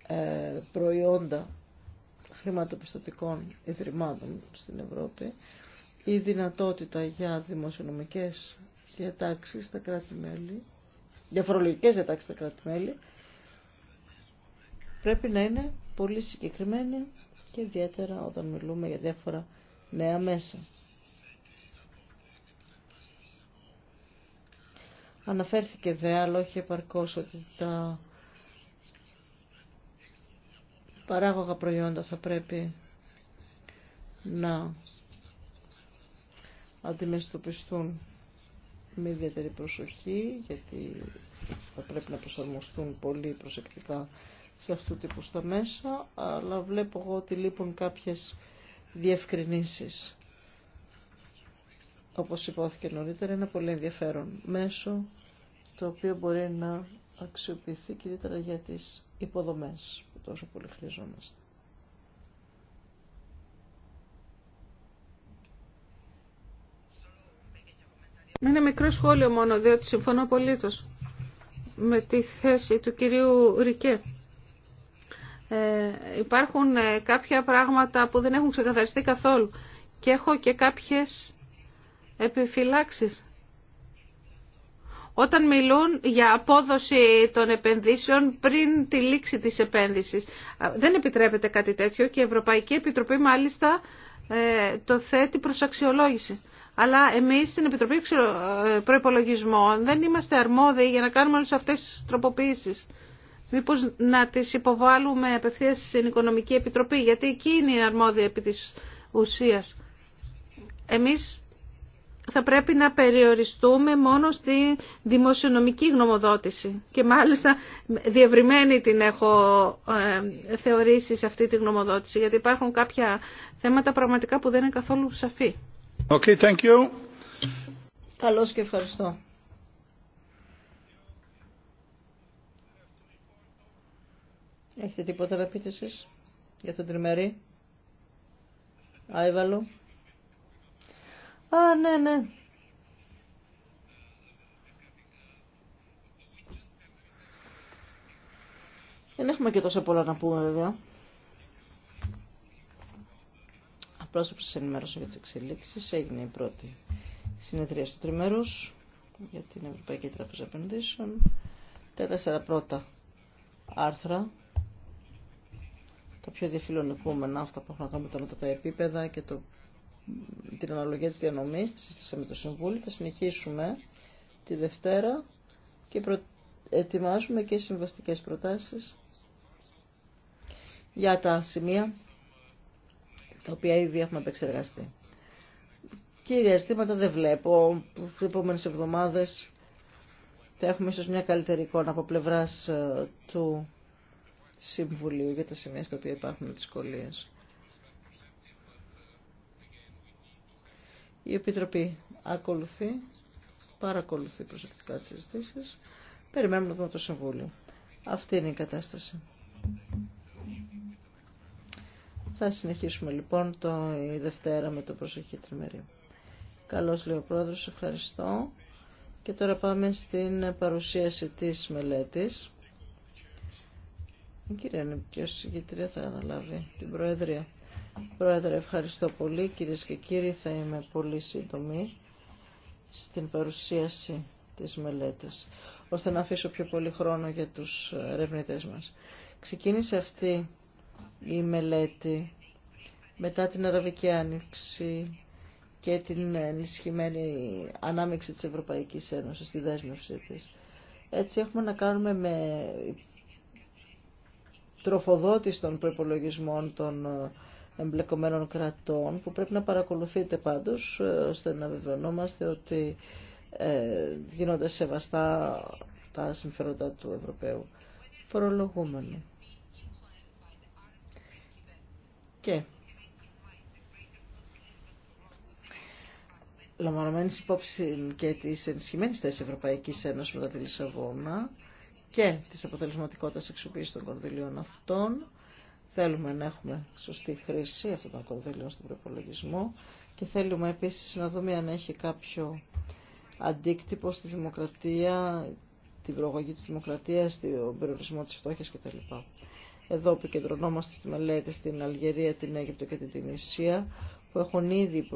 ε, προϊόντα χρηματοπιστωτικών ιδρυμάτων στην Ευρώπη, η δυνατότητα για δημοσιονομικές διατάξεις στα κράτη-μέλη, διαφορολογικές διατάξεις στα κράτη-μέλη, πρέπει να είναι πολύ συγκεκριμένη και ιδιαίτερα όταν μιλούμε για διάφορα νέα μέσα. Αναφέρθηκε δε, αλλά όχι επαρκώς, ότι τα παράγωγα προϊόντα θα πρέπει να αντιμετωπιστούν με ιδιαίτερη προσοχή, γιατί θα πρέπει να προσαρμοστούν πολύ προσεκτικά σε αυτού τύπου στα μέσα, αλλά βλέπω εγώ ότι λείπουν κάποιες διευκρινήσεις όπως υπόθηκε νωρίτερα, ένα πολύ ενδιαφέρον μέσο το οποίο μπορεί να αξιοποιηθεί κυρίτερα για τις υποδομές που τόσο πολύ χρειαζόμαστε. Με ένα μικρό σχόλιο μόνο, διότι συμφωνώ απολύτως με τη θέση του κυρίου Ρικέ. Ε, υπάρχουν ε, κάποια πράγματα που δεν έχουν ξεκαθαριστεί καθόλου και έχω και κάποιες επιφυλάξεις. Όταν μιλούν για απόδοση των επενδύσεων πριν τη λήξη της επένδυσης. Δεν επιτρέπεται κάτι τέτοιο και η Ευρωπαϊκή Επιτροπή μάλιστα ε, το θέτει προς αξιολόγηση. Αλλά εμείς στην Επιτροπή ε, Προϋπολογισμών δεν είμαστε αρμόδιοι για να κάνουμε όλες αυτές τις τροποποίησεις. Μήπως να τις υποβάλουμε απευθείας στην Οικονομική Επιτροπή, γιατί εκεί είναι αρμόδια επί της ουσίας. Εμείς θα πρέπει να περιοριστούμε μόνο στη δημοσιονομική γνωμοδότηση. Και μάλιστα διευρυμένη την έχω ε, θεωρήσει σε αυτή τη γνωμοδότηση, γιατί υπάρχουν κάποια θέματα πραγματικά που δεν είναι καθόλου σαφή. Okay, thank you. Καλώς και ευχαριστώ. Έχετε τίποτα να πείτε εσείς για τον τριμερή. Άιβαλο. Α, ναι, ναι. Δεν έχουμε και τόσο πολλά να πούμε βέβαια. Απλώς σα για τις εξελίξεις. Έγινε η πρώτη συνεδρία στο τριμερούς για την Ευρωπαϊκή Τράπεζα Επενδύσεων. Τα τέσσερα πρώτα άρθρα, τα πιο διαφιλονικούμενα, αυτά που έχουν να κάνουν με τα επίπεδα και το την αναλογία της διανομής, τη με το Συμβούλιο, θα συνεχίσουμε τη Δευτέρα και προ... ετοιμάζουμε και συμβαστικές προτάσεις για τα σημεία τα οποία ήδη έχουμε επεξεργαστεί. Κύριες, αισθήματα δεν βλέπω. Τι επόμενε εβδομάδε θα έχουμε ίσως μια καλύτερη εικόνα από πλευράς ε, του Συμβουλίου για τα σημεία στα οποία υπάρχουν δυσκολίε. Η Επιτροπή ακολουθεί, παρακολουθεί προσεκτικά τις συζητήσεις. Περιμένουμε να δούμε το Συμβούλιο. Αυτή είναι η κατάσταση. Θα συνεχίσουμε λοιπόν το, η Δευτέρα με το προσοχή τριμερή. Καλώς λέει ο Πρόεδρος, ευχαριστώ. Και τώρα πάμε στην παρουσίαση της μελέτης. Η κυρία Νεπικιώση, η θα αναλάβει την Προεδρία. Πρόεδρε, ευχαριστώ πολύ. Κυρίες και κύριοι, θα είμαι πολύ σύντομη στην παρουσίαση της μελέτης, ώστε να αφήσω πιο πολύ χρόνο για τους ερευνητές μας. Ξεκίνησε αυτή η μελέτη μετά την Αραβική Άνοιξη και την ενισχυμένη ανάμειξη της Ευρωπαϊκής Ένωσης, τη δέσμευσή της. Έτσι έχουμε να κάνουμε με τροφοδότηση των προπολογισμών των εμπλεκομένων κρατών που πρέπει να παρακολουθείτε πάντως ε, ώστε να βεβαιωνόμαστε ότι ε, γίνονται σεβαστά τα συμφέροντα του Ευρωπαίου φορολογούμενου. Και λαμβανωμένη υπόψη και τη ενισχυμένη θέση Ευρωπαϊκή Ένωση μετά τη Λισαβόνα και τη αποτελεσματικότητα εξοπλίση των κονδυλίων αυτών, Θέλουμε να έχουμε σωστή χρήση αυτών των κονδύλων στον προπολογισμό και θέλουμε επίσης να δούμε αν έχει κάποιο αντίκτυπο στη δημοκρατία, την προογωγή της δημοκρατίας, τον περιορισμό της φτώχειας κτλ. Εδώ επικεντρωνόμαστε στη μελέτη στην Αλγερία, την Αίγυπτο και την Τινησία, που έχουν ήδη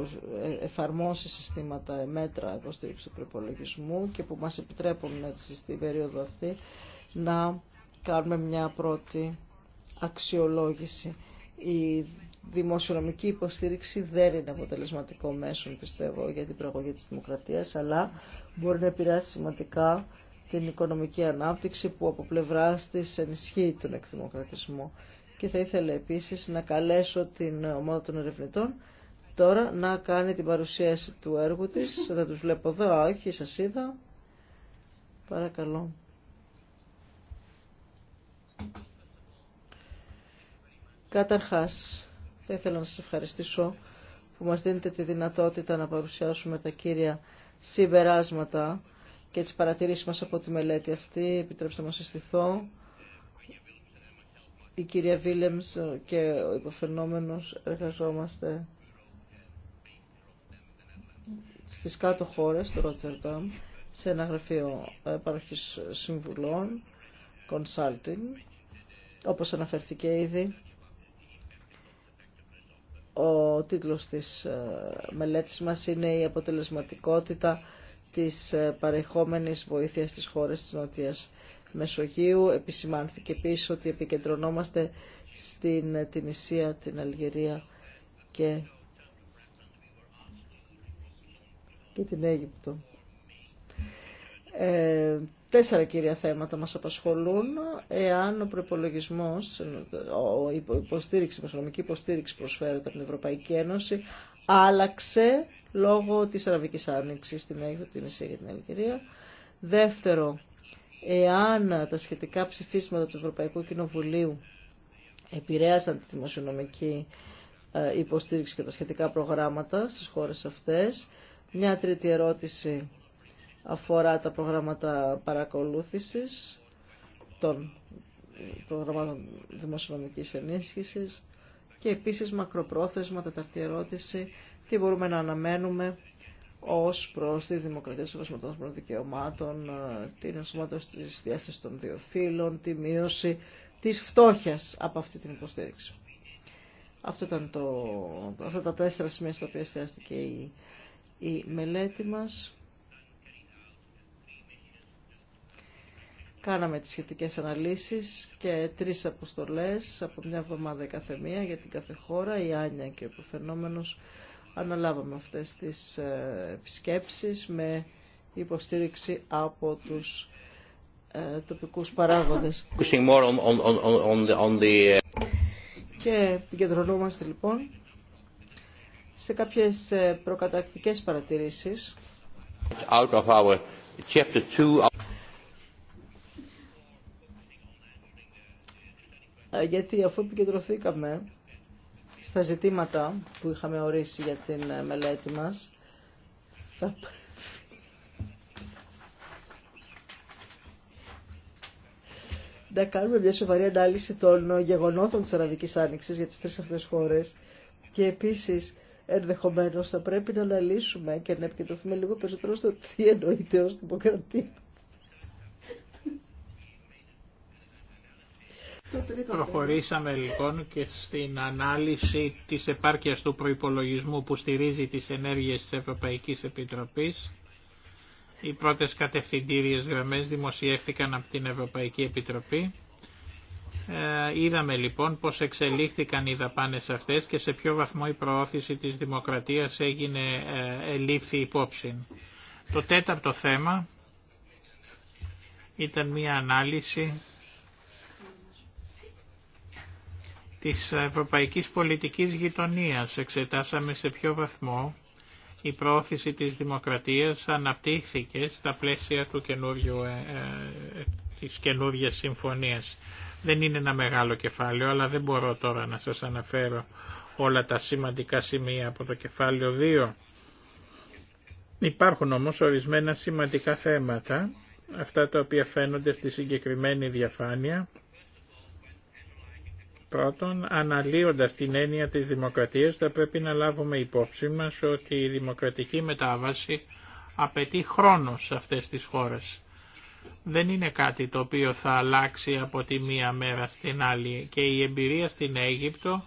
ε, εφαρμόσει συστήματα ε, μέτρα υποστήριξη του προπολογισμού και που μας επιτρέπουν έτσι, στην περίοδο αυτή να κάνουμε μια πρώτη αξιολόγηση. Η δημοσιονομική υποστήριξη δεν είναι αποτελεσματικό μέσο, πιστεύω, για την προαγωγή της δημοκρατίας, αλλά μπορεί να επηρεάσει σημαντικά την οικονομική ανάπτυξη που από πλευρά τη ενισχύει τον εκδημοκρατισμό. Και θα ήθελα επίσης να καλέσω την ομάδα των ερευνητών τώρα να κάνει την παρουσίαση του έργου της. Θα τους βλέπω εδώ, όχι, σας είδα. Παρακαλώ. Καταρχάς, θα ήθελα να σας ευχαριστήσω που μας δίνετε τη δυνατότητα να παρουσιάσουμε τα κύρια συμπεράσματα και τις παρατηρήσεις μας από τη μελέτη αυτή. Επιτρέψτε μας συστηθώ. Η κυρία Βίλεμς και ο υποφαινόμενος εργαζόμαστε στις κάτω χώρες του Ρότζερταμ σε ένα γραφείο ε, παροχής συμβουλών, consulting, όπως αναφέρθηκε ήδη ο τίτλος της ε, μελέτης μας είναι η αποτελεσματικότητα της ε, παρεχόμενης βοήθειας της χώρας της Νότιας Μεσογείου. Επισημάνθηκε επίση ότι επικεντρωνόμαστε στην ε, την Ισία, την Αλγερία και, και την Αίγυπτο. Ε, τέσσερα κύρια θέματα μας απασχολούν. Εάν ο προπολογισμό, η υποστήριξη, η οικονομική υποστήριξη προσφέρεται από την Ευρωπαϊκή Ένωση, άλλαξε λόγω της Αραβικής Άνοιξης στην Αίγυπτο, την Ισία και την Αλγερία. Δεύτερο, εάν τα σχετικά ψηφίσματα του Ευρωπαϊκού Κοινοβουλίου επηρέασαν τη δημοσιονομική ε, υποστήριξη και τα σχετικά προγράμματα στις χώρες αυτές. Μια τρίτη ερώτηση αφορά τα προγράμματα παρακολούθησης των προγραμμάτων δημοσιονομικής ενίσχυσης και επίσης μακροπρόθεσμα, τεταρτή ερώτηση, τι μπορούμε να αναμένουμε ως προς τη δημοκρατία των βασιμοτών δικαιωμάτων, την ενσωμάτωση της διάστασης των δύο φύλων, τη μείωση της φτώχειας από αυτή την υποστήριξη. Αυτό το, αυτά τα τέσσερα σημεία στα οποία εστιάστηκε η, η μελέτη μας. Κάναμε τις σχετικές αναλύσεις και τρεις αποστολές από μια εβδομάδα κάθε μία για την κάθε χώρα, η Άνια και ο προφαινόμενος αναλάβαμε αυτές τις ε, επισκέψεις με υποστήριξη από τους ε, τοπικούς παράγοντες. Και επικεντρωνόμαστε λοιπόν σε κάποιες ε, προκατακτικές παρατηρήσεις. Out of our chapter Ε, γιατί αφού επικεντρωθήκαμε στα ζητήματα που είχαμε ορίσει για την ε, μελέτη μας, θα να κάνουμε μια σοβαρή ανάλυση των γεγονότων της Αραβικής Άνοιξης για τις τρεις αυτές χώρες και επίσης ενδεχομένως θα πρέπει να αναλύσουμε και να επικεντρωθούμε λίγο περισσότερο στο τι εννοείται ως δημοκρατία. Προχωρήσαμε λοιπόν και στην ανάλυση της επάρκειας του προϋπολογισμού που στηρίζει τις ενέργειες της Ευρωπαϊκής Επιτροπής. Οι πρώτες κατευθυντήριες γραμμές δημοσιεύθηκαν από την Ευρωπαϊκή Επιτροπή. Ε, είδαμε λοιπόν πώς εξελίχθηκαν οι δαπάνες αυτές και σε ποιο βαθμό η προώθηση της δημοκρατίας έγινε ε, ελήφθη υπόψη. Το τέταρτο θέμα ήταν μια ανάλυση της ευρωπαϊκής πολιτικής γειτονίας εξετάσαμε σε ποιο βαθμό η πρόθεση της δημοκρατίας αναπτύχθηκε στα πλαίσια του καινούριου, ε, ε, της καινούργιας συμφωνίας. Δεν είναι ένα μεγάλο κεφάλαιο, αλλά δεν μπορώ τώρα να σας αναφέρω όλα τα σημαντικά σημεία από το κεφάλαιο 2. Υπάρχουν όμως ορισμένα σημαντικά θέματα, αυτά τα οποία φαίνονται στη συγκεκριμένη διαφάνεια, Πρώτον, αναλύοντας την έννοια της δημοκρατίας θα πρέπει να λάβουμε υπόψη μας ότι η δημοκρατική μετάβαση απαιτεί χρόνο σε αυτές τις χώρες. Δεν είναι κάτι το οποίο θα αλλάξει από τη μία μέρα στην άλλη και η εμπειρία στην Αίγυπτο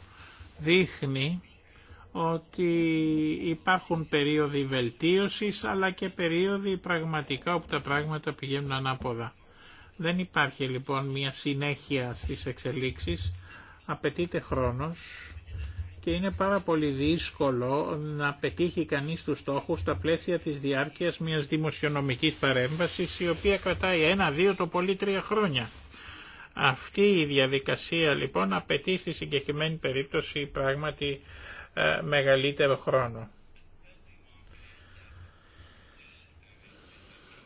δείχνει ότι υπάρχουν περίοδοι βελτίωσης αλλά και περίοδοι πραγματικά όπου τα πράγματα πηγαίνουν ανάποδα. Δεν υπάρχει λοιπόν μια συνέχεια στις εξελίξεις απαιτείται χρόνος και είναι πάρα πολύ δύσκολο να πετύχει κανείς τους στόχους στα πλαίσια της διάρκειας μιας δημοσιονομικής παρέμβασης η οποία κρατάει ένα, δύο, το πολύ τρία χρόνια. Αυτή η διαδικασία λοιπόν απαιτεί στη συγκεκριμένη περίπτωση πράγματι ε, μεγαλύτερο χρόνο.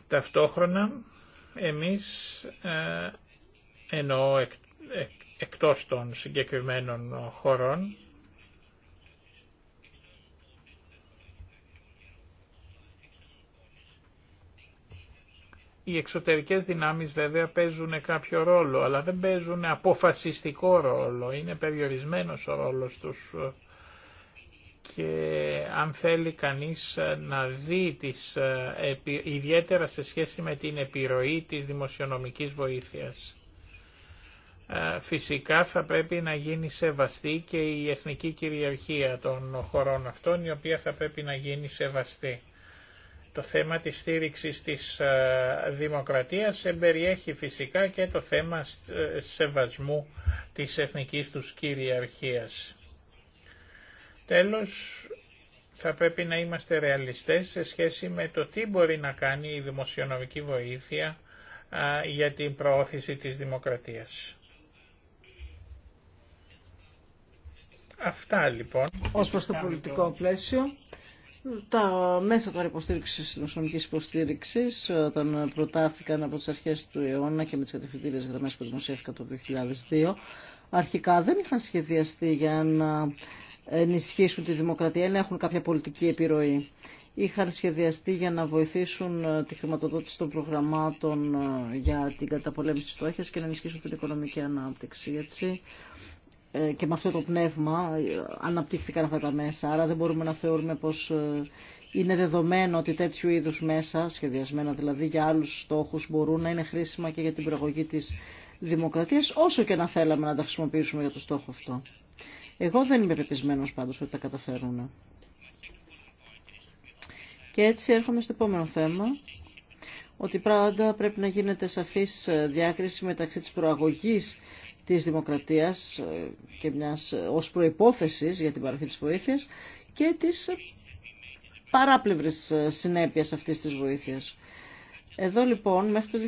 Ταυτόχρονα εμείς ε, εννοώ εκ, εκτός των συγκεκριμένων χωρών. Οι εξωτερικές δυνάμεις βέβαια παίζουν κάποιο ρόλο, αλλά δεν παίζουν αποφασιστικό ρόλο, είναι περιορισμένος ο ρόλος τους και αν θέλει κανείς να δει τις, ε, ιδιαίτερα σε σχέση με την επιρροή της δημοσιονομικής βοήθειας. Ε, φυσικά θα πρέπει να γίνει σεβαστή και η εθνική κυριαρχία των χωρών αυτών, η οποία θα πρέπει να γίνει σεβαστή. Το θέμα της στήριξης της ε, δημοκρατίας εμπεριέχει φυσικά και το θέμα ε, σεβασμού της εθνικής τους κυριαρχίας. Τέλος, θα πρέπει να είμαστε ρεαλιστές σε σχέση με το τι μπορεί να κάνει η δημοσιονομική βοήθεια για την προώθηση της δημοκρατίας. Αυτά λοιπόν. Ως προς το πολιτικό πλαίσιο, τα μέσα τώρα υποστήριξη τη υποστήριξη, ε, όταν προτάθηκαν από τι αρχέ του αιώνα και με τι κατευθυντήριε γραμμέ που δημοσιεύτηκαν το 2002, αρχικά δεν είχαν σχεδιαστεί για να ενισχύσουν τη δημοκρατία, να έχουν κάποια πολιτική επιρροή. Είχαν σχεδιαστεί για να βοηθήσουν ε, τη χρηματοδότηση των προγραμμάτων ε, για την καταπολέμηση τη φτώχεια και να ενισχύσουν την οικονομική ανάπτυξη. Έτσι, και με αυτό το πνεύμα ε, αναπτύχθηκαν αυτά τα μέσα. Άρα δεν μπορούμε να θεωρούμε πως ε, είναι δεδομένο ότι τέτοιου είδους μέσα, σχεδιασμένα δηλαδή για άλλους στόχους, μπορούν να είναι χρήσιμα και για την προαγωγή της δημοκρατίας, όσο και να θέλαμε να τα χρησιμοποιήσουμε για το στόχο αυτό. Εγώ δεν είμαι πεπισμένος πάντως ότι τα καταφέρουν. Και έτσι έρχομαι στο επόμενο θέμα, ότι πράγματα πρέπει να γίνεται σαφής ε, διάκριση μεταξύ της προαγωγής της δημοκρατίας ε, και μιας ε, ως προϋπόθεσης για την παροχή της βοήθειας και της παράπλευρης ε, συνέπειας αυτής της βοήθειας. Εδώ λοιπόν μέχρι το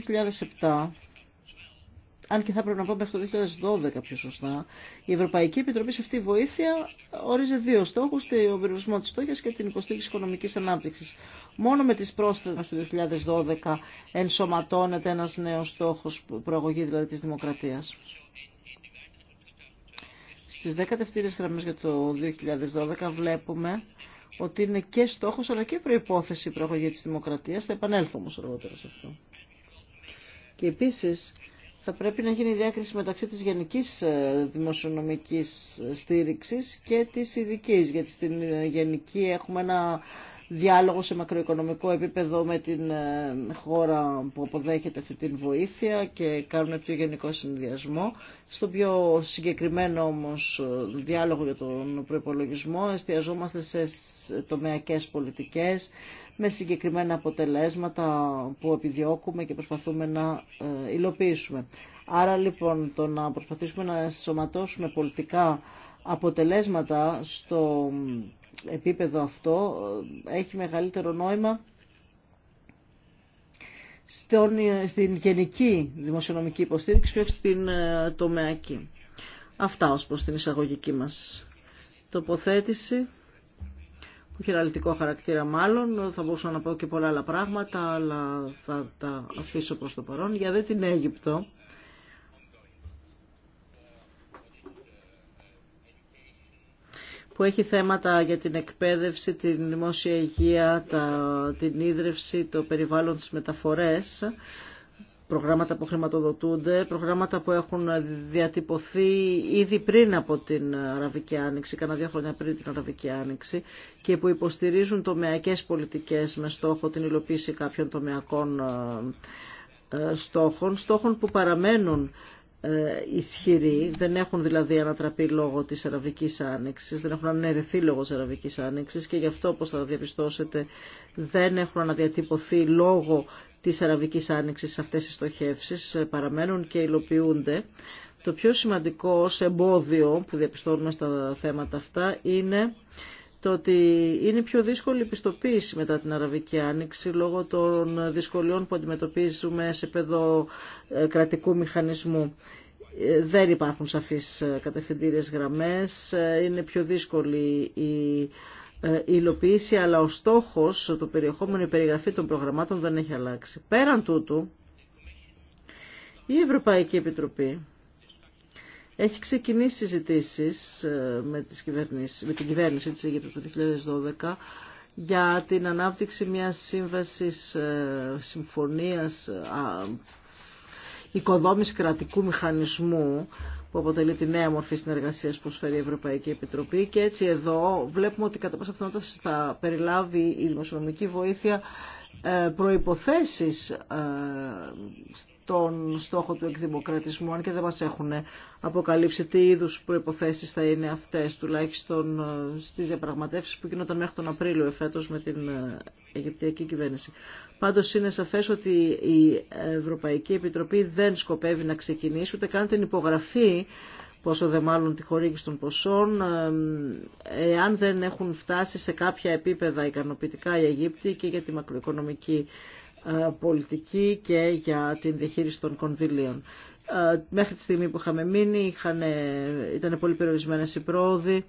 2007, αν και θα πρέπει να πω μέχρι το 2012 πιο σωστά, η Ευρωπαϊκή Επιτροπή σε αυτή τη βοήθεια ορίζει δύο στόχους, τον περιορισμό της στόχιας και την υποστήριξη οικονομικής ανάπτυξης. Μόνο με τις πρόσθετες του 2012 ενσωματώνεται ένας νέος στόχος προαγωγή δηλαδή της δημοκρατίας. Στις 10 δευτερίες γραμμές για το 2012 βλέπουμε ότι είναι και στόχος αλλά και προϋπόθεση η προαγωγή της δημοκρατίας. Θα επανέλθω όμως αργότερα σε αυτό. Και επίσης θα πρέπει να γίνει η διάκριση μεταξύ της γενικής ε, δημοσιονομικής ε, στήριξης και της ειδική, γιατί στην ε, γενική έχουμε ένα διάλογο σε μακροοικονομικό επίπεδο με την ε, χώρα που αποδέχεται αυτή την βοήθεια και κάνουν πιο γενικό συνδυασμό. στο πιο συγκεκριμένο όμως ε, διάλογο για τον προπολογισμό εστιαζόμαστε σε τομεακές πολιτικές με συγκεκριμένα αποτελέσματα που επιδιώκουμε και προσπαθούμε να ε, υλοποιήσουμε. Άρα λοιπόν το να προσπαθήσουμε να σωματώσουμε πολιτικά αποτελέσματα στο επίπεδο αυτό ε, έχει μεγαλύτερο νόημα στον, ε, στην γενική δημοσιονομική υποστήριξη και όχι στην ε, τομεακή. Αυτά ως προς την εισαγωγική μας τοποθέτηση που έχει αναλυτικό χαρακτήρα μάλλον. Θα μπορούσα να πω και πολλά άλλα πράγματα, αλλά θα τα αφήσω προς το παρόν. Για δε την Αίγυπτο. που έχει θέματα για την εκπαίδευση, την δημόσια υγεία, την ίδρυυση, το περιβάλλον, τις μεταφορές, προγράμματα που χρηματοδοτούνται, προγράμματα που έχουν διατυπωθεί ήδη πριν από την Αραβική Άνοιξη, κανένα δύο χρόνια πριν την Αραβική Άνοιξη και που υποστηρίζουν τομεακές πολιτικές με στόχο την υλοποίηση κάποιων τομεακών ε, στόχων, στόχων που παραμένουν ε, ισχυροί, δεν έχουν δηλαδή ανατραπεί λόγω της Αραβικής Άνοιξης, δεν έχουν αναιρεθεί λόγω της Αραβικής Άνοιξης και γι' αυτό όπως θα διαπιστώσετε δεν έχουν αναδιατυπωθεί λόγω της Αραβικής Άνοιξης αυτές οι στοχεύσεις, ε, παραμένουν και υλοποιούνται. Το πιο σημαντικό ως εμπόδιο που διαπιστώνουμε στα θέματα αυτά είναι το ότι είναι πιο δύσκολη η πιστοποίηση μετά την Αραβική Άνοιξη λόγω των δυσκολιών που αντιμετωπίζουμε σε πεδίο ε, κρατικού μηχανισμού. Ε, δεν υπάρχουν σαφείς ε, κατευθυντήριες γραμμές, είναι πιο δύσκολη η υλοποίηση, αλλά ο στόχος, το περιεχόμενο, η περιγραφή των προγραμμάτων δεν έχει αλλάξει. Πέραν τούτου, η Ευρωπαϊκή Επιτροπή έχει ξεκινήσει συζητήσεις ε, με, τις με την κυβέρνηση της Αιγύπτου το 2012 για την ανάπτυξη μιας σύμβασης ε, συμφωνίας ε, οικοδόμηση κρατικού μηχανισμού που αποτελεί τη νέα μορφή συνεργασίας που προσφέρει η Ευρωπαϊκή Επιτροπή και έτσι εδώ βλέπουμε ότι κατά πάσα πιθανότητα θα περιλάβει η δημοσιονομική βοήθεια ε, προϋποθέσεις ε, στον στόχο του εκδημοκρατισμού αν και δεν μας έχουν αποκαλύψει τι είδους προϋποθέσεις θα είναι αυτές τουλάχιστον ε, στις διαπραγματεύσεις που γίνονταν μέχρι τον Απρίλιο εφέτος με την Αιγυπτιακή κυβέρνηση. Πάντως είναι σαφέ ότι η Ευρωπαϊκή Επιτροπή δεν σκοπεύει να ξεκινήσει ούτε καν την υπογραφή πόσο δε μάλλον τη χορήγηση των ποσών, ε, εάν δεν έχουν φτάσει σε κάποια επίπεδα ικανοποιητικά οι Αιγύπτιοι και για τη μακροοικονομική ε, πολιτική και για την διαχείριση των κονδυλίων. Ε, μέχρι τη στιγμή που είχαμε μείνει ήταν πολύ περιορισμένες οι πρόοδοι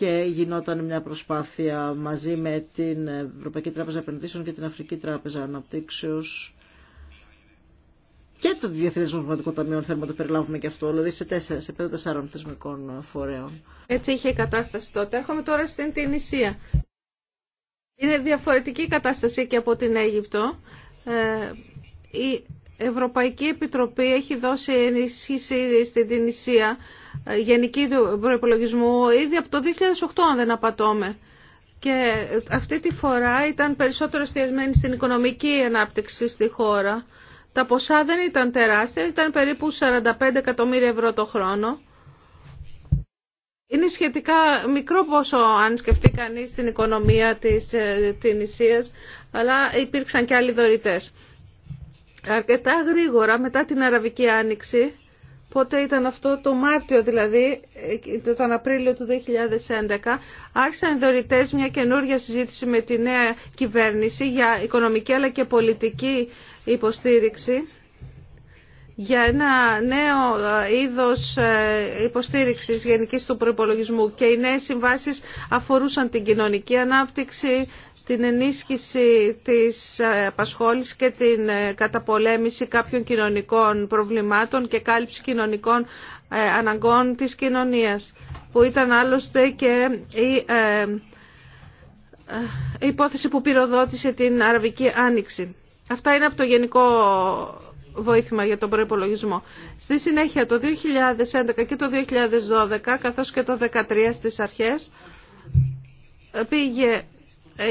και γινόταν μια προσπάθεια μαζί με την Ευρωπαϊκή Τράπεζα Επενδύσεων και την Αφρική Τράπεζα Αναπτύξεως και το Διεθνέ Νομισματικό Ταμείο, θέλουμε να το περιλάβουμε και αυτό, δηλαδή σε, τέσσερα, σε πέντε τεσσάρων θεσμικών φορέων. Έτσι είχε η κατάσταση τότε. Έρχομαι τώρα στην Τινησία. Είναι διαφορετική η κατάσταση και από την Αίγυπτο. Ε, η Ευρωπαϊκή Επιτροπή έχει δώσει ενίσχυση στην Τινησία ε, γενική του προπολογισμού ήδη από το 2008 αν δεν απατώμε. Και αυτή τη φορά ήταν περισσότερο εστιασμένη στην οικονομική ανάπτυξη στη χώρα. Τα ποσά δεν ήταν τεράστια, ήταν περίπου 45 εκατομμύρια ευρώ το χρόνο. Είναι σχετικά μικρό πόσο αν σκεφτεί κανείς την οικονομία της ε, Τινησίας, αλλά υπήρξαν και άλλοι δωρητές αρκετά γρήγορα μετά την Αραβική Άνοιξη, πότε ήταν αυτό το Μάρτιο δηλαδή, ε, τον Απρίλιο του 2011, άρχισαν οι δωρητές μια καινούργια συζήτηση με τη νέα κυβέρνηση για οικονομική αλλά και πολιτική υποστήριξη για ένα νέο ε, είδος ε, υποστήριξης γενικής του προϋπολογισμού και οι νέες συμβάσεις αφορούσαν την κοινωνική ανάπτυξη, την ενίσχυση της απασχόλησης και την ε, καταπολέμηση κάποιων κοινωνικών προβλημάτων και κάλυψη κοινωνικών ε, αναγκών της κοινωνίας, που ήταν άλλωστε και ε, η υπόθεση που πυροδότησε την Αραβική Άνοιξη. Αυτά είναι από το γενικό βοήθημα για τον προϋπολογισμό. Στη συνέχεια το 2011 και το 2012, καθώς και το 2013 στις αρχές, πήγε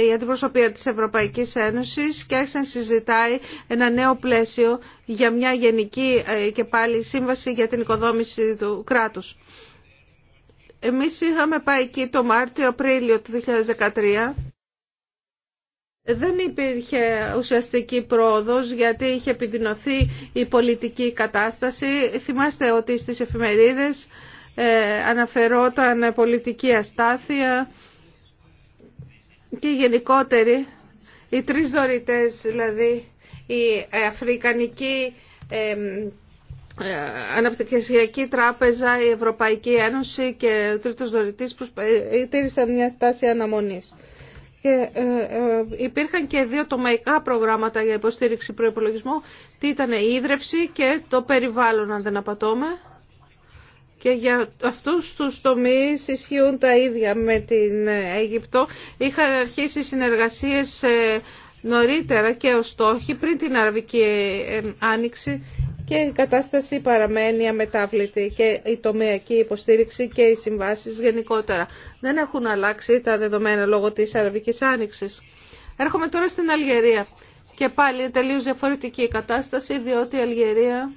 η αντιπροσωπεία της Ευρωπαϊκής Ένωσης και άρχισε να συζητάει ένα νέο πλαίσιο για μια γενική ε, και πάλι σύμβαση για την οικοδόμηση του κράτους. Εμείς είχαμε πάει εκεί το Μάρτιο-Απρίλιο του 2013. Δεν υπήρχε ουσιαστική πρόοδος γιατί είχε επιδεινωθεί η πολιτική κατάσταση. Θυμάστε ότι στις εφημερίδες ε, αναφερόταν πολιτική αστάθεια, και γενικότεροι, οι τρεις δωρητές, δηλαδή η ε, Αφρικανική ε, Αναπτυξιακή Τράπεζα, η Ευρωπαϊκή Ένωση και ο τρίτος δωρητής τήρησαν μια στάση αναμονής. Και, ε, υπήρχαν και δύο τομαϊκά προγράμματα για υποστήριξη προϋπολογισμού. Τι ήταν η ίδρυυση και το περιβάλλον, αν δεν απατώμε και για αυτούς τους τομείς ισχύουν τα ίδια με την Αίγυπτο. Είχαν αρχίσει συνεργασίες ε, νωρίτερα και ως στόχοι πριν την Αραβική ε, Άνοιξη και η κατάσταση παραμένει αμετάβλητη και η τομεακή υποστήριξη και οι συμβάσεις γενικότερα. Δεν έχουν αλλάξει τα δεδομένα λόγω της Αραβικής Άνοιξης. Έρχομαι τώρα στην Αλγερία και πάλι τελείως διαφορετική η κατάσταση διότι η Αλγερία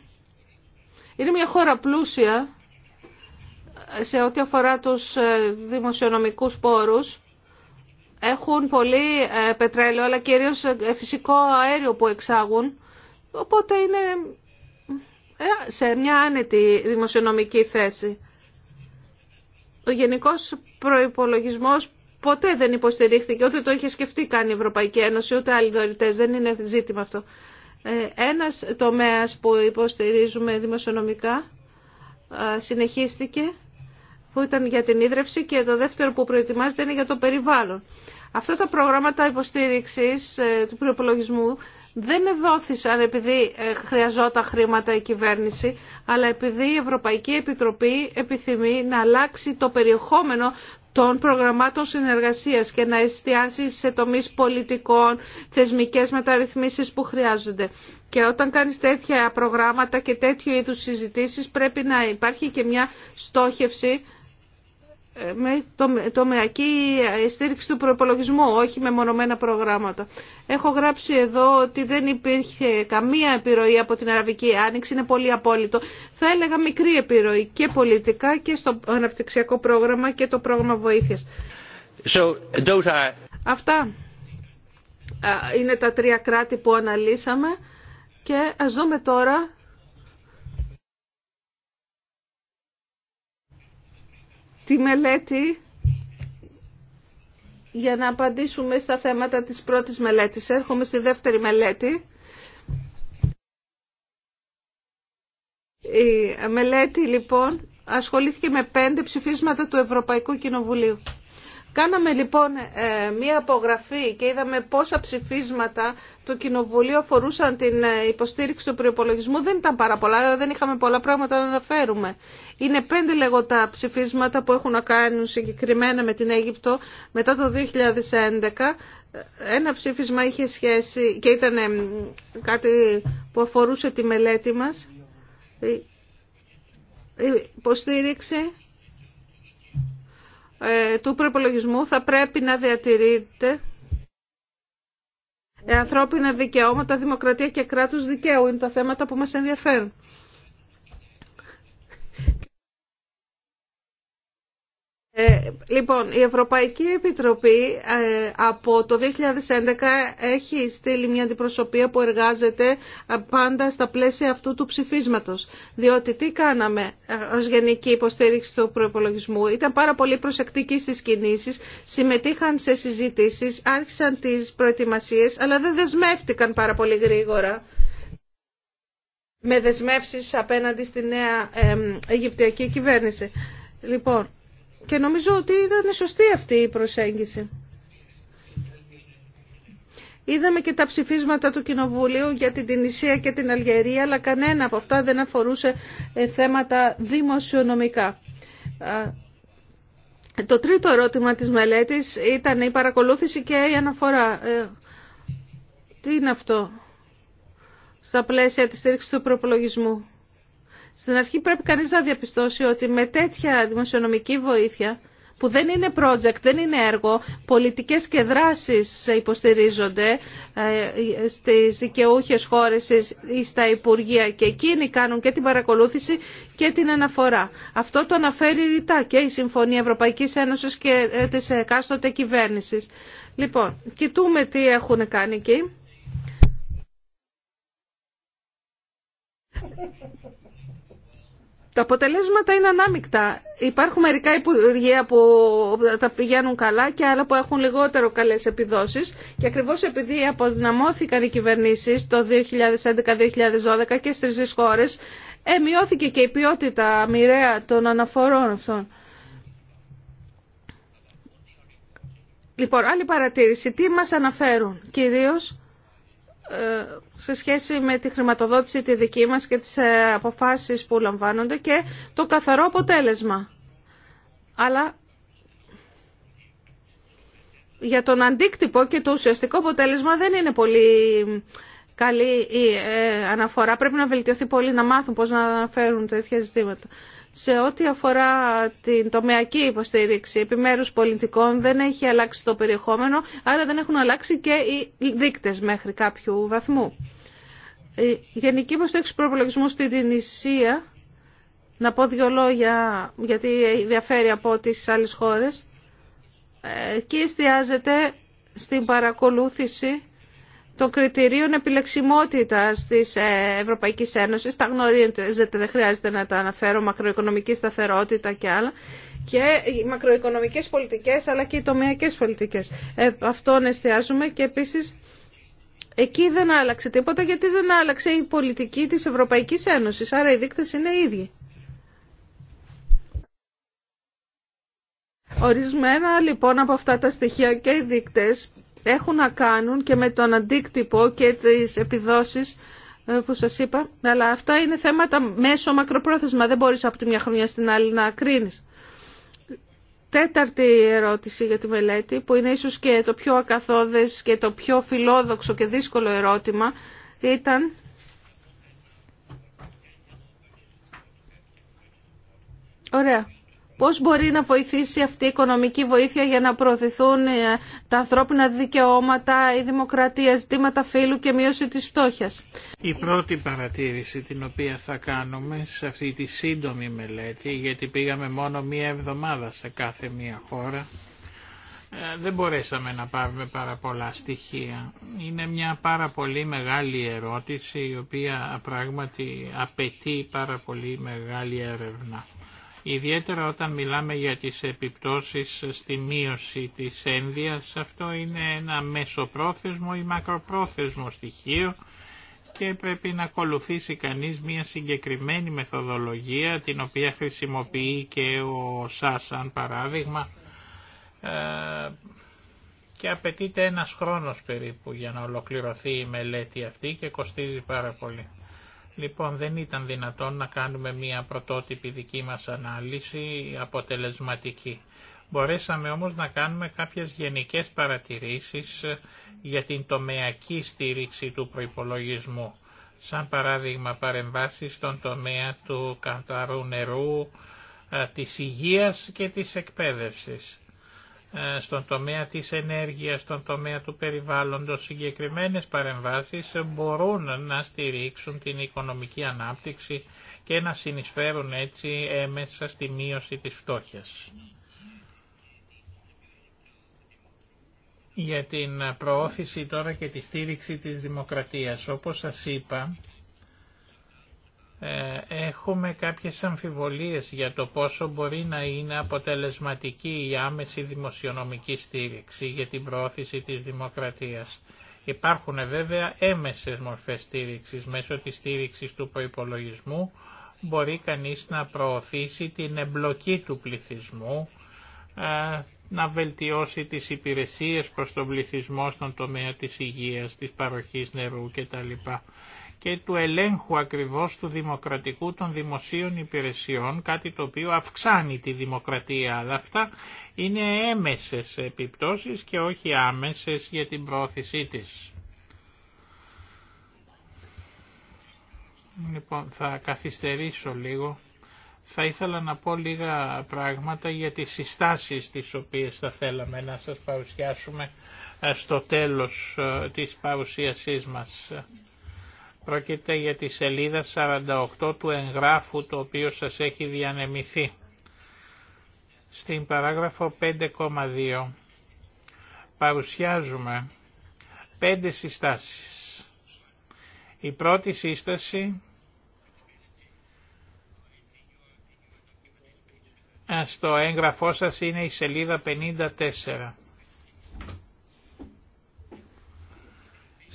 είναι μια χώρα πλούσια σε ό,τι αφορά τους ε, δημοσιονομικούς πόρους έχουν πολύ ε, πετρέλαιο αλλά κυρίως ε, φυσικό αέριο που εξάγουν οπότε είναι σε μια άνετη δημοσιονομική θέση. Ο γενικός προϋπολογισμός ποτέ δεν υποστηρίχθηκε, ούτε το είχε σκεφτεί καν η Ευρωπαϊκή Ένωση, ούτε άλλοι δωρητές, δεν είναι ζήτημα αυτό. Ένας τομέας που υποστηρίζουμε δημοσιονομικά συνεχίστηκε που ήταν για την ίδρυψη και το δεύτερο που προετοιμάζεται είναι για το περιβάλλον. Αυτά τα προγράμματα υποστήριξης ε, του προπολογισμού δεν εδόθησαν επειδή ε, χρειαζόταν χρήματα η κυβέρνηση, αλλά επειδή η Ευρωπαϊκή Επιτροπή επιθυμεί να αλλάξει το περιεχόμενο των προγραμμάτων συνεργασίας και να εστιάσει σε τομείς πολιτικών, θεσμικές μεταρρυθμίσεις που χρειάζονται. Και όταν κάνεις τέτοια προγράμματα και τέτοιου είδους συζητήσεις πρέπει να υπάρχει και μια στόχευση με τομεακή στήριξη του προπολογισμού, όχι με μονομένα προγράμματα. Έχω γράψει εδώ ότι δεν υπήρχε καμία επιρροή από την Αραβική Άνοιξη, είναι πολύ απόλυτο. Θα έλεγα μικρή επιρροή και πολιτικά και στο αναπτυξιακό πρόγραμμα και το πρόγραμμα βοήθειας. So, Αυτά είναι τα τρία κράτη που αναλύσαμε και ας δούμε τώρα τη μελέτη για να απαντήσουμε στα θέματα της πρώτης μελέτης. Έρχομαι στη δεύτερη μελέτη. Η μελέτη λοιπόν ασχολήθηκε με πέντε ψηφίσματα του Ευρωπαϊκού Κοινοβουλίου. Κάναμε λοιπόν ε, μία απογραφή και είδαμε πόσα ψηφίσματα του Κοινοβουλίου αφορούσαν την ε, υποστήριξη του προπολογισμού. Δεν ήταν πάρα πολλά, αλλά δεν είχαμε πολλά πράγματα να αναφέρουμε. Είναι πέντε λεγότα τα ψηφίσματα που έχουν να κάνουν συγκεκριμένα με την Αίγυπτο μετά το 2011. Ε, ένα ψήφισμα είχε σχέση και ήταν κάτι που αφορούσε τη μελέτη μας. υποστήριξη ε, του προπολογισμού θα πρέπει να διατηρείται ε, ανθρώπινα δικαιώματα, δημοκρατία και κράτους δικαίου. Είναι τα θέματα που μας ενδιαφέρουν. Ε, λοιπόν, η Ευρωπαϊκή Επιτροπή ε, από το 2011 έχει στείλει μια αντιπροσωπεία που εργάζεται ε, πάντα στα πλαίσια αυτού του ψηφίσματος. Διότι τι κάναμε ε, ως γενική υποστήριξη του προϋπολογισμού. Ήταν πάρα πολύ προσεκτικοί στις κινήσεις, συμμετείχαν σε συζητήσεις, άρχισαν τις προετοιμασίες, αλλά δεν δεσμεύτηκαν πάρα πολύ γρήγορα με δεσμεύσεις απέναντι στη νέα Αιγυπτιακή κυβέρνηση. Λοιπόν, και νομίζω ότι ήταν σωστή αυτή η προσέγγιση. Είδαμε και τα ψηφίσματα του Κοινοβουλίου για την Τινησία και την Αλγερία, αλλά κανένα από αυτά δεν αφορούσε ε, θέματα δημοσιονομικά. Το τρίτο ερώτημα της μελέτης ήταν η παρακολούθηση και η αναφορά. Ε, τι είναι αυτό στα πλαίσια της στήριξης του προπολογισμού. Στην αρχή πρέπει κανείς να διαπιστώσει ότι με τέτοια δημοσιονομική βοήθεια που δεν είναι project, δεν είναι έργο, πολιτικές και δράσεις υποστηρίζονται ε, στις δικαιούχες χώρες ή στα Υπουργεία και εκείνοι κάνουν και την παρακολούθηση και την αναφορά. Αυτό το αναφέρει ρητά και η Συμφωνία Ευρωπαϊκής Ένωσης και ε, της εκάστοτε κυβέρνησης. Λοιπόν, κοιτούμε τι έχουν κάνει εκεί. Τα αποτελέσματα είναι ανάμεικτα. Υπάρχουν μερικά υπουργεία που τα πηγαίνουν καλά και άλλα που έχουν λιγότερο καλές επιδόσεις και ακριβώς επειδή αποδυναμώθηκαν οι κυβερνήσεις το 2011-2012 και στις τρει χώρε ε, μειώθηκε και η ποιότητα μοιραία των αναφορών αυτών. Λοιπόν, άλλη παρατήρηση. Τι μας αναφέρουν κυρίως σε σχέση με τη χρηματοδότηση τη δική μας και τις ε, αποφάσεις που λαμβάνονται και το καθαρό αποτέλεσμα. Αλλά για τον αντίκτυπο και το ουσιαστικό αποτέλεσμα δεν είναι πολύ καλή η ε, αναφορά. Πρέπει να βελτιωθεί πολύ να μάθουν πώς να αναφέρουν τέτοια ζητήματα σε ό,τι αφορά την τομεακή υποστήριξη επιμέρους πολιτικών δεν έχει αλλάξει το περιεχόμενο, άρα δεν έχουν αλλάξει και οι δείκτες μέχρι κάποιου βαθμού. Η Γενική Υποστήριξη Προπολογισμού στην Δινησία, να πω δύο λόγια γιατί διαφέρει από τις άλλες χώρες, ε, εκεί εστιάζεται στην παρακολούθηση των κριτηρίων επιλεξιμότητας της ε, Ευρωπαϊκής Ένωσης. Τα γνωρίζετε, δεν χρειάζεται να τα αναφέρω, μακροοικονομική σταθερότητα και άλλα. Και οι μακροοικονομικές πολιτικές αλλά και οι πολιτικές. Ε, αυτόν εστιάζουμε και επίσης εκεί δεν άλλαξε τίποτα γιατί δεν άλλαξε η πολιτική της Ευρωπαϊκής Ένωσης. Άρα οι δείκτες είναι οι ίδιοι. Ορισμένα λοιπόν από αυτά τα στοιχεία και οι δείκτες έχουν να κάνουν και με τον αντίκτυπο και τις επιδόσεις ε, που σας είπα, αλλά αυτά είναι θέματα μέσω μακροπρόθεσμα, δεν μπορείς από τη μια χρονιά στην άλλη να κρίνεις. Τέταρτη ερώτηση για τη μελέτη, που είναι ίσως και το πιο ακαθόδες και το πιο φιλόδοξο και δύσκολο ερώτημα, ήταν Ωραία. Πώς μπορεί να βοηθήσει αυτή η οικονομική βοήθεια για να προωθηθούν ε, τα ανθρώπινα δικαιώματα, η δημοκρατία, ζητήματα φύλου και μείωση της φτώχειας. Η πρώτη παρατήρηση την οποία θα κάνουμε σε αυτή τη σύντομη μελέτη, γιατί πήγαμε μόνο μία εβδομάδα σε κάθε μία χώρα, ε, δεν μπορέσαμε να πάρουμε πάρα πολλά στοιχεία. Είναι μια πάρα πολύ μεγάλη ερώτηση η οποία πράγματι απαιτεί πάρα πολύ μεγάλη έρευνα. Ιδιαίτερα όταν μιλάμε για τις επιπτώσεις στη μείωση της ένδυας, αυτό είναι ένα μεσοπρόθεσμο ή μακροπρόθεσμο στοιχείο και πρέπει να ακολουθήσει κανείς μια συγκεκριμένη μεθοδολογία την οποία χρησιμοποιεί και ο ΣΑΣΑΝ παράδειγμα ε, και απαιτείται ένας χρόνος περίπου για να ολοκληρωθεί η μελέτη αυτή και κοστίζει πάρα πολύ. Λοιπόν, δεν ήταν δυνατόν να κάνουμε μία πρωτότυπη δική μας ανάλυση αποτελεσματική. Μπορέσαμε όμως να κάνουμε κάποιες γενικές παρατηρήσεις ε, για την τομεακή στήριξη του προϋπολογισμού. Σαν παράδειγμα παρεμβάσεις στον τομέα του καθαρού νερού, ε, της υγείας και της εκπαίδευσης. Ε, στον τομέα της ενέργειας, στον τομέα του περιβάλλοντος, συγκεκριμένες παρεμβάσεις μπορούν να στηρίξουν την οικονομική ανάπτυξη και να συνεισφέρουν έτσι έμεσα στη μείωση της φτώχειας. Για την προώθηση τώρα και τη στήριξη της δημοκρατίας, όπως σας είπα, ε, έχουμε κάποιες αμφιβολίες για το πόσο μπορεί να είναι αποτελεσματική η άμεση δημοσιονομική στήριξη για την προώθηση της δημοκρατίας. Υπάρχουν βέβαια έμεσες μορφές στήριξης. Μέσω της στήριξης του προϋπολογισμού μπορεί κανείς να προωθήσει την εμπλοκή του πληθυσμού, ε, να βελτιώσει τις υπηρεσίες προς τον πληθυσμό στον τομέα της υγείας, της παροχής νερού κτλ και του ελέγχου ακριβώς του δημοκρατικού των δημοσίων υπηρεσιών, κάτι το οποίο αυξάνει τη δημοκρατία, αλλά αυτά είναι έμεσες επιπτώσεις και όχι άμεσες για την πρόθεσή της. Λοιπόν, θα καθυστερήσω λίγο. Θα ήθελα να πω λίγα πράγματα για τις συστάσεις τις οποίες θα θέλαμε να σας παρουσιάσουμε ε, στο τέλος ε, της παρουσίασής μας. Πρόκειται για τη σελίδα 48 του εγγράφου το οποίο σας έχει διανεμηθεί. Στην παράγραφο 5,2 παρουσιάζουμε πέντε συστάσεις. Η πρώτη σύσταση στο έγγραφό σας είναι η σελίδα 54.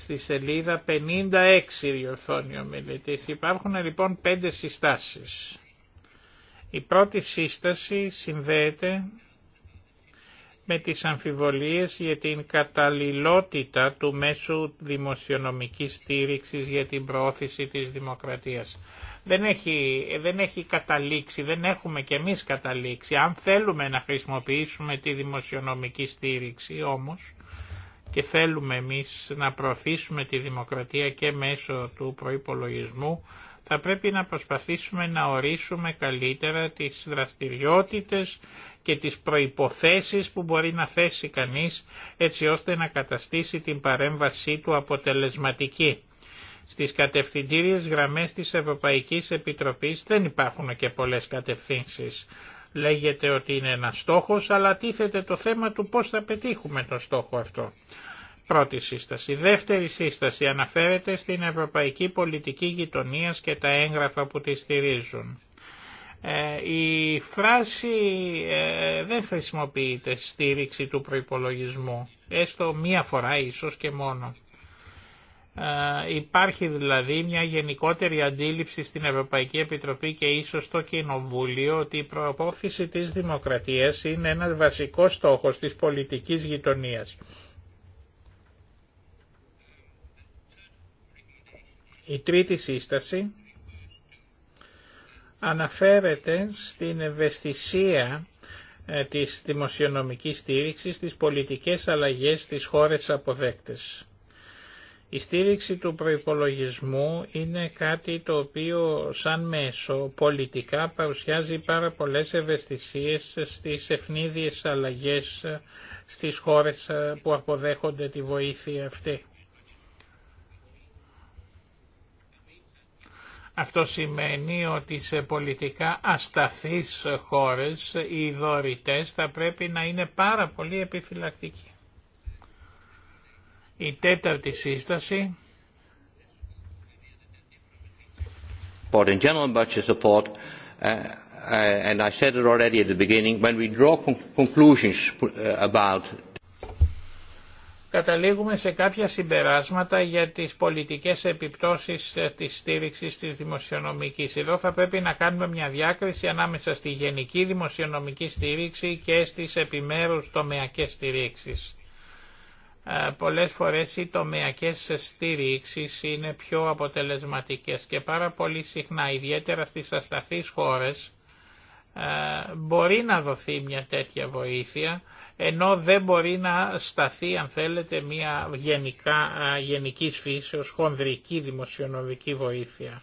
στη σελίδα 56 διορθώνει ο μιλητής. Υπάρχουν λοιπόν πέντε συστάσεις. Η πρώτη σύσταση συνδέεται με τις αμφιβολίες για την καταλληλότητα του μέσου δημοσιονομικής στήριξης για την προώθηση της δημοκρατίας. Δεν έχει, δεν έχει καταλήξει, δεν έχουμε και εμείς καταλήξει. Αν θέλουμε να χρησιμοποιήσουμε τη δημοσιονομική στήριξη όμως, και θέλουμε εμείς να προωθήσουμε τη δημοκρατία και μέσω του προϋπολογισμού, θα πρέπει να προσπαθήσουμε να ορίσουμε καλύτερα τις δραστηριότητες και τις προϋποθέσεις που μπορεί να θέσει κανείς έτσι ώστε να καταστήσει την παρέμβασή του αποτελεσματική. Στις κατευθυντήριες γραμμές της Ευρωπαϊκής Επιτροπής δεν υπάρχουν και πολλές κατευθύνσεις. Λέγεται ότι είναι ένας στόχος, αλλά τίθεται το θέμα του πώς θα πετύχουμε τον στόχο αυτό. Πρώτη σύσταση. Δεύτερη σύσταση αναφέρεται στην ευρωπαϊκή πολιτική γειτονίας και τα έγγραφα που τη στηρίζουν. Ε, η φράση ε, δεν χρησιμοποιείται στήριξη του προϋπολογισμού, έστω μία φορά ίσως και μόνο. Ε, υπάρχει δηλαδή μια γενικότερη αντίληψη στην Ευρωπαϊκή Επιτροπή και ίσως στο Κοινοβούλιο ότι η προαπόφηση της δημοκρατίας είναι ένας βασικός στόχος της πολιτικής γειτονίας. Η τρίτη σύσταση αναφέρεται στην ευαισθησία ε, της δημοσιονομικής στήριξης στις πολιτικές αλλαγές στις χώρες αποδέκτες. Η στήριξη του προϋπολογισμού είναι κάτι το οποίο σαν μέσο πολιτικά παρουσιάζει πάρα πολλές ευαισθησίες στις ευνίδιες αλλαγές στις χώρες που αποδέχονται τη βοήθεια αυτή. Αυτό σημαίνει ότι σε πολιτικά ασταθείς χώρες οι δωρητές θα πρέπει να είναι πάρα πολύ επιφυλακτικοί. Η τέταρτη σύσταση Καταλήγουμε σε κάποια συμπεράσματα για τις πολιτικές επιπτώσεις ε, της στήριξης της δημοσιονομικής. Εδώ θα πρέπει να κάνουμε μια διάκριση ανάμεσα στη γενική δημοσιονομική στήριξη και στις επιμέρους τομεακές στήριξης. Ε, πολλές φορές οι τομεακές στήριξεις είναι πιο αποτελεσματικές και πάρα πολύ συχνά, ιδιαίτερα στις ασταθείς χώρες, ε, μπορεί να δοθεί μια τέτοια βοήθεια, ενώ δεν μπορεί να σταθεί, αν θέλετε, μια γενικά, ε, γενικής φύσεως χονδρική δημοσιονομική βοήθεια.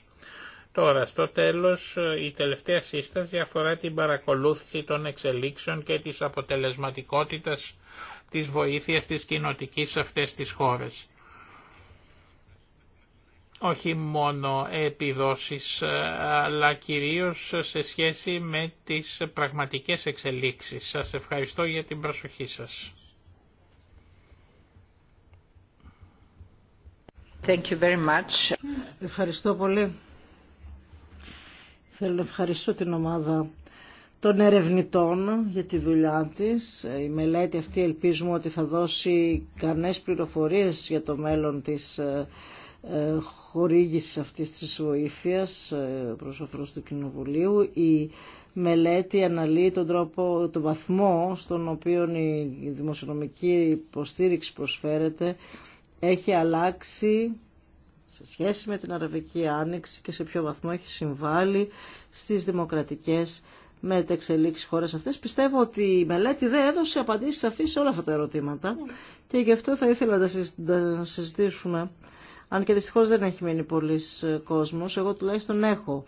Τώρα, στο τέλος, η τελευταία σύσταση αφορά την παρακολούθηση των εξελίξεων και της αποτελεσματικότητας της βοήθειας της κοινοτικής σε αυτές τις χώρες. Όχι μόνο επιδόσεις, αλλά κυρίως σε σχέση με τις πραγματικές εξελίξεις. Σας ευχαριστώ για την προσοχή σας. Thank very much. Ευχαριστώ πολύ. Θέλω να ευχαριστώ την ομάδα των ερευνητών για τη δουλειά της. Η μελέτη αυτή ελπίζουμε ότι θα δώσει κανές πληροφορίες για το μέλλον της ε, ε, χορήγησης αυτής της βοήθειας ε, προς όφελος του Κοινοβουλίου. Η μελέτη αναλύει τον, τρόπο, τον βαθμό στον οποίο η δημοσιονομική υποστήριξη προσφέρεται έχει αλλάξει σε σχέση με την Αραβική Άνοιξη και σε ποιο βαθμό έχει συμβάλει στις δημοκρατικές με τα εξελίξει χώρε αυτέ. Πιστεύω ότι η μελέτη δεν έδωσε απαντήσει σαφεί σε όλα αυτά τα ερωτήματα ναι. και γι' αυτό θα ήθελα να τα συζητήσουμε. Αν και δυστυχώ δεν έχει μείνει πολλή ε, κόσμο, εγώ τουλάχιστον έχω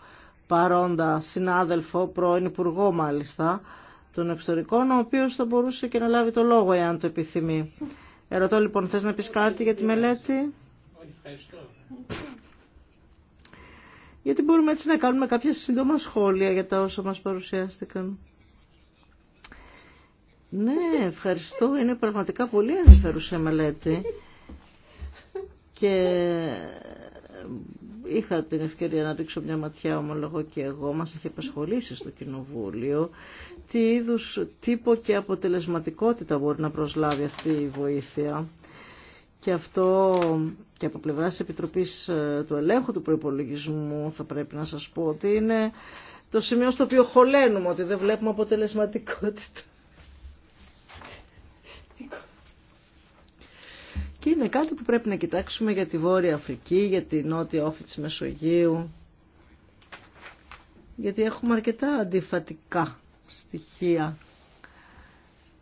παρόντα συνάδελφο, πρώην υπουργό μάλιστα, των εξωτερικών, ο οποίο θα μπορούσε και να λάβει το λόγο εάν το επιθυμεί. Ερωτώ λοιπόν, θε να πει κάτι για τη μελέτη. Όχι, γιατί μπορούμε έτσι να κάνουμε κάποια σύντομα σχόλια για τα όσα μας παρουσιάστηκαν. Ναι, ευχαριστώ. Είναι πραγματικά πολύ ενδιαφέρουσα μελέτη και είχα την ευκαιρία να ρίξω μια ματιά ομολογώ και εγώ, μας έχει απασχολήσει στο Κοινοβούλιο τι είδους τύπο και αποτελεσματικότητα μπορεί να προσλάβει αυτή η βοήθεια και αυτό και από πλευρά τη Επιτροπής ε, του Ελέγχου του Προϋπολογισμού θα πρέπει να σας πω ότι είναι το σημείο στο οποίο χωλένουμε ότι δεν βλέπουμε αποτελεσματικότητα. Και είναι κάτι που πρέπει να κοιτάξουμε για τη Βόρεια Αφρική, για τη Νότια Όφη της Μεσογείου. Γιατί έχουμε αρκετά αντιφατικά στοιχεία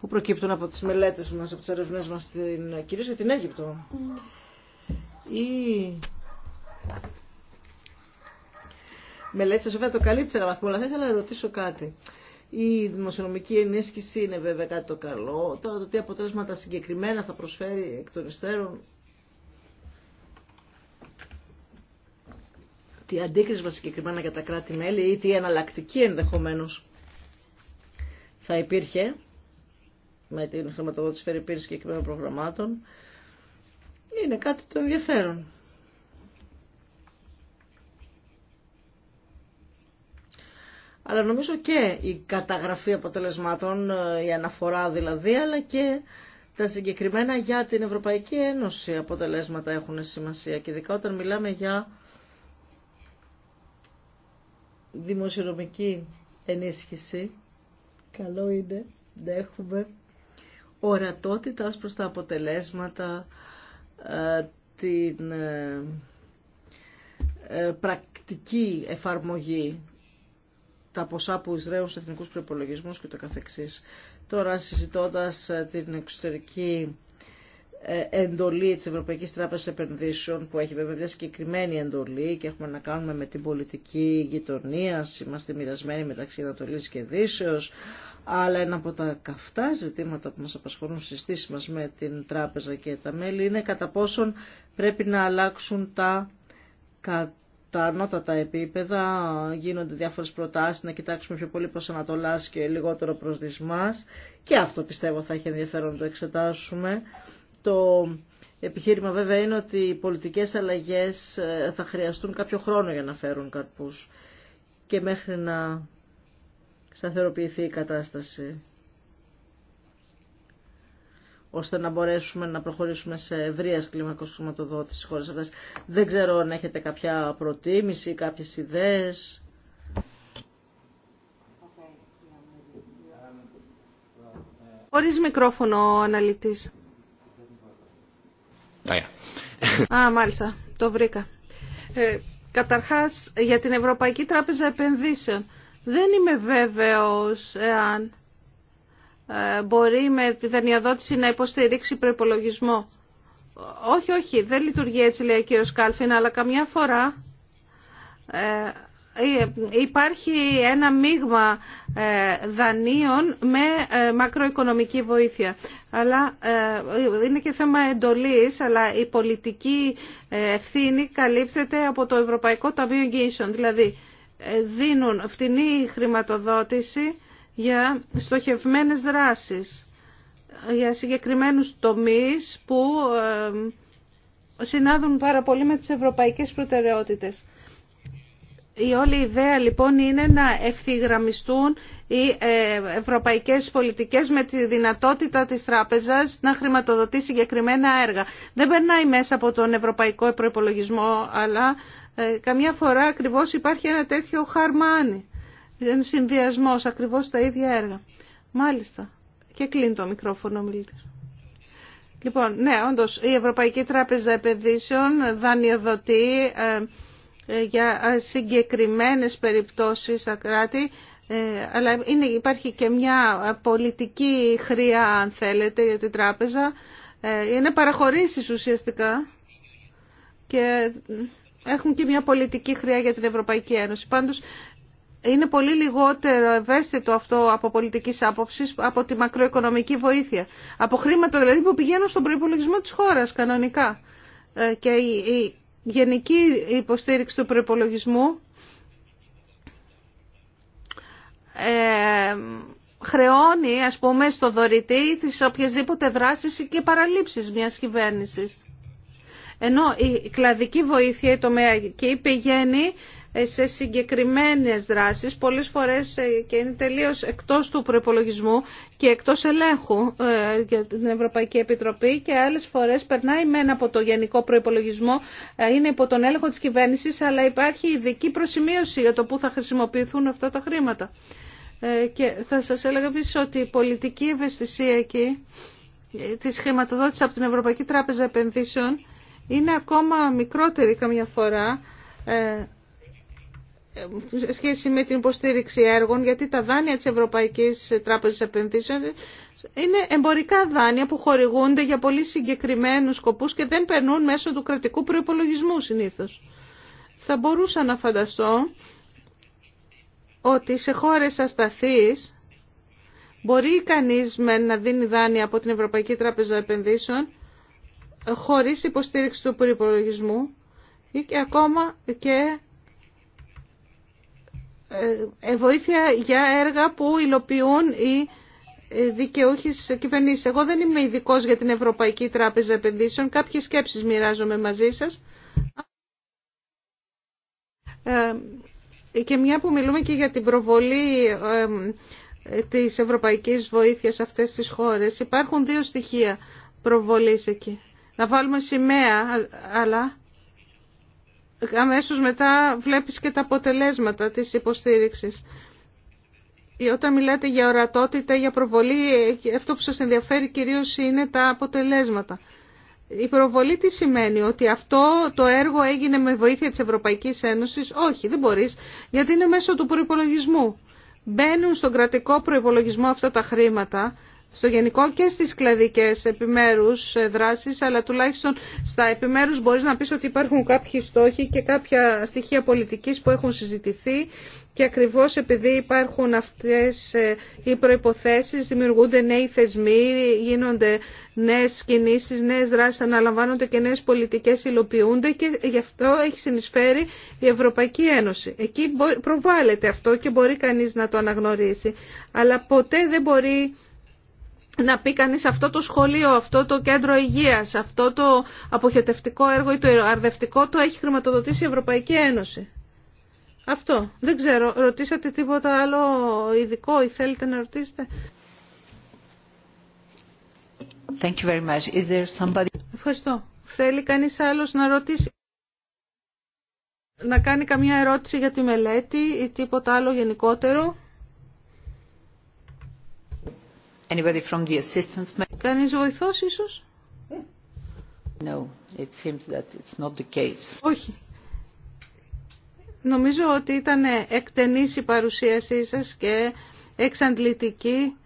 που προκύπτουν από τις μελέτες μας, από τις ερευνές μας, στην, κυρίως για την Αίγυπτο. Mm. Η... Μελέτη βέβαια το καλύπτει ένα βαθμό, αλλά θα ήθελα να ρωτήσω κάτι. Η δημοσιονομική ενίσχυση είναι βέβαια κάτι το καλό. Τώρα το τι αποτέλεσματα συγκεκριμένα θα προσφέρει εκ των υστέρων. Τι αντίκρισμα συγκεκριμένα για τα κράτη-μέλη ή τι εναλλακτική ενδεχομένως θα υπήρχε με την χρηματοδότηση και συγκεκριμένων προγραμμάτων είναι κάτι το ενδιαφέρον. Αλλά νομίζω και η καταγραφή αποτελεσμάτων, η αναφορά δηλαδή, αλλά και τα συγκεκριμένα για την Ευρωπαϊκή Ένωση αποτελέσματα έχουν σημασία. Και ειδικά όταν μιλάμε για δημοσιονομική ενίσχυση, καλό είναι να έχουμε ορατότητα ως προς τα αποτελέσματα, ε, την ε, ε, πρακτική εφαρμογή, τα ποσά που εισραίουν σε εθνικούς προϋπολογισμούς και το καθεξής. Τώρα συζητώντας την εξωτερική εντολή της Ευρωπαϊκής Τράπεζας Επενδύσεων που έχει βέβαια μια συγκεκριμένη εντολή και έχουμε να κάνουμε με την πολιτική γειτονία, είμαστε μοιρασμένοι μεταξύ Ανατολής και Δύσεως, αλλά ένα από τα καυτά ζητήματα που μας απασχολούν στις στήσεις μας με την τράπεζα και τα μέλη είναι κατά πόσον πρέπει να αλλάξουν τα τα ανώτατα επίπεδα γίνονται διάφορες προτάσεις να κοιτάξουμε πιο πολύ προς Ανατολάς και λιγότερο προς Δυσμάς και αυτό πιστεύω θα έχει ενδιαφέρον να το εξετάσουμε. Το επιχείρημα βέβαια είναι ότι οι πολιτικές αλλαγές ε, θα χρειαστούν κάποιο χρόνο για να φέρουν καρπούς και μέχρι να σταθεροποιηθεί η κατάσταση ώστε να μπορέσουμε να προχωρήσουμε σε ευρεία κλιμακός χρηματοδότηση χώρε Δεν ξέρω αν έχετε κάποια προτίμηση, κάποιε ιδέε. Χωρί μικρόφωνο ο αναλυτή. Α, μάλιστα. Το βρήκα. Ε, καταρχάς, για την Ευρωπαϊκή Τράπεζα Επενδύσεων. Δεν είμαι βέβαιος εάν ε, μπορεί με τη δανειοδότηση να υποστηρίξει προπολογισμό. Όχι, όχι, δεν λειτουργεί έτσι λέει ο κύριος Κάλφιν, αλλά καμιά φορά ε, ε, υπάρχει ένα μείγμα δανείων με μακροοικονομική βοήθεια. Αλλά είναι και θέμα εντολής, αλλά η πολιτική ευθύνη καλύπτεται από το Ευρωπαϊκό Ταμείο Εγγύησεων. Δηλαδή, δίνουν φτηνή χρηματοδότηση για στοχευμένες δράσεις, για συγκεκριμένους τομείς που ε, συνάδουν πάρα πολύ με τις ευρωπαϊκές προτεραιότητες. Η όλη ιδέα λοιπόν είναι να ευθυγραμμιστούν οι ε, ευρωπαϊκές πολιτικές με τη δυνατότητα της τράπεζας να χρηματοδοτεί συγκεκριμένα έργα. Δεν περνάει μέσα από τον ευρωπαϊκό προπολογισμό, αλλά ε, καμιά φορά ακριβώς υπάρχει ένα τέτοιο χαρμάνι, ένα συνδυασμός, ακριβώς τα ίδια έργα. Μάλιστα. Και κλείνει το μικρόφωνο ο μιλήτης. Λοιπόν, ναι, όντως η Ευρωπαϊκή Τράπεζα Επενδύσεων δανειοδοτεί ε, ε, για συγκεκριμένες περιπτώσεις στα κράτη, αλλά είναι, υπάρχει και μια πολιτική χρειά, αν θέλετε, για την τράπεζα. είναι παραχωρήσεις ουσιαστικά και έχουν και μια πολιτική χρειά για την Ευρωπαϊκή Ένωση. Πάντως είναι πολύ λιγότερο ευαίσθητο αυτό από πολιτικής άποψη από τη μακροοικονομική βοήθεια. Από χρήματα δηλαδή που πηγαίνουν στον προπολογισμό της χώρας κανονικά. Ε, και η γενική υποστήριξη του προϋπολογισμού ε, χρεώνει ας πούμε στο δωρητή τις οποιασδήποτε δράσεις και παραλήψεις μιας κυβέρνησης. Ενώ η κλαδική βοήθεια, η τομεακή, πηγαίνει σε συγκεκριμένες δράσεις, πολλές φορές ε, και είναι τελείως εκτός του προπολογισμού και εκτός ελέγχου ε, για την Ευρωπαϊκή Επιτροπή και άλλες φορές περνάει μένα από το γενικό προϋπολογισμό, ε, είναι υπό τον έλεγχο της κυβέρνησης, αλλά υπάρχει ειδική προσημείωση για το πού θα χρησιμοποιηθούν αυτά τα χρήματα. Και θα σας έλεγα επίση ότι η πολιτική ευαισθησία εκεί της χρηματοδότησης από την Ευρωπαϊκή Τράπεζα Επενδύσεων είναι ακόμα μικρότερη καμιά φορά ε, σε σχέση με την υποστήριξη έργων, γιατί τα δάνεια της Ευρωπαϊκής Τράπεζας Επενδύσεων είναι εμπορικά δάνεια που χορηγούνται για πολύ συγκεκριμένους σκοπούς και δεν περνούν μέσω του κρατικού προϋπολογισμού συνήθως. Θα μπορούσα να φανταστώ ότι σε χώρες ασταθείς μπορεί κανείς να δίνει δάνεια από την Ευρωπαϊκή Τράπεζα Επενδύσεων χωρίς υποστήριξη του προϋπολογισμού ή και ακόμα και ε, ε, βοήθεια για έργα που υλοποιούν οι ε, δικαιούχοι Κυβερνήσει, κυβερνήσεις. Εγώ δεν είμαι ειδικό για την Ευρωπαϊκή Τράπεζα Επενδύσεων. Κάποιες σκέψεις μοιράζομαι μαζί σας. Και μια που μιλούμε και για την προβολή της ευρωπαϊκής βοήθειας σε αυτές τις χώρες, υπάρχουν δύο στοιχεία προβολής εκεί να βάλουμε σημαία, αλλά αμέσως μετά βλέπεις και τα αποτελέσματα της υποστήριξης. Ε, όταν μιλάτε για ορατότητα, για προβολή, ε, αυτό που σας ενδιαφέρει κυρίως είναι τα αποτελέσματα. Η προβολή τι σημαίνει, ότι αυτό το έργο έγινε με βοήθεια της Ευρωπαϊκής Ένωσης. Όχι, δεν μπορείς, γιατί είναι μέσω του προϋπολογισμού. Μπαίνουν στον κρατικό προϋπολογισμό αυτά τα χρήματα στο γενικό και στις κλαδικές επιμέρους ε, δράσεις, αλλά τουλάχιστον στα επιμέρους μπορείς να πεις ότι υπάρχουν κάποιοι στόχοι και κάποια στοιχεία πολιτικής που έχουν συζητηθεί και ακριβώς επειδή υπάρχουν αυτές ε, οι προϋποθέσεις, δημιουργούνται νέοι θεσμοί, γίνονται νέες κινήσεις, νέες δράσεις αναλαμβάνονται και νέες πολιτικές υλοποιούνται και γι' αυτό έχει συνεισφέρει η Ευρωπαϊκή Ένωση. Εκεί προβάλλεται αυτό και μπορεί κανείς να το αναγνωρίσει. Αλλά ποτέ δεν μπορεί να πει κανείς αυτό το σχολείο, αυτό το κέντρο υγείας, αυτό το αποχετευτικό έργο ή το αρδευτικό το έχει χρηματοδοτήσει η Ευρωπαϊκή Ένωση. Αυτό. Δεν ξέρω. Ρωτήσατε τίποτα άλλο ειδικό ή θέλετε να ρωτήσετε. Thank you very much. Is there somebody... Ευχαριστώ. Θέλει κανείς άλλος να ρωτήσει. Να κάνει καμία ερώτηση για τη μελέτη ή τίποτα άλλο γενικότερο. Anybody from the assistance? Κανείς βοηθός ίσως? No, it seems that it's not the case. Όχι. Νομίζω ότι ήταν εκτενής η παρουσίασή σας και εξαντλητική,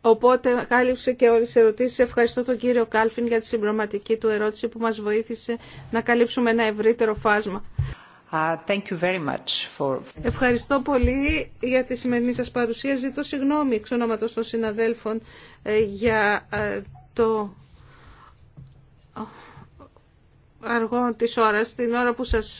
οπότε κάλυψε και όλες τις ερωτήσεις. Ευχαριστώ τον κύριο Κάλφιν για τη συμπροματική του ερώτηση που μας βοήθησε να καλύψουμε ένα ευρύτερο φάσμα. Uh, Ευχαριστώ πολύ για τη σημερινή σας παρουσία. Ζητώ συγγνώμη εξ ονόματος των συναδέλφων ε, για ε, το ε, αργό της ώρας, την ώρα που σας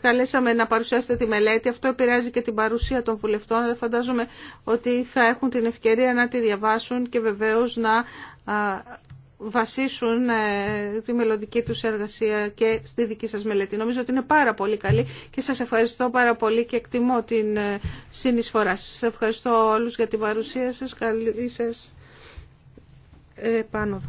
καλέσαμε να παρουσιάσετε τη μελέτη. Αυτό επηρεάζει και την παρουσία των βουλευτών, αλλά φαντάζομαι ότι θα έχουν την ευκαιρία να τη διαβάσουν και βεβαίως να βασίσουν ε, τη μελλοντική τους εργασία και στη δική σας μελέτη. Νομίζω ότι είναι πάρα πολύ καλή και σας ευχαριστώ πάρα πολύ και εκτιμώ την ε, συνεισφορά σας. Σας ευχαριστώ όλους για την παρουσία σας. Καλή σας ε, επάνωδο.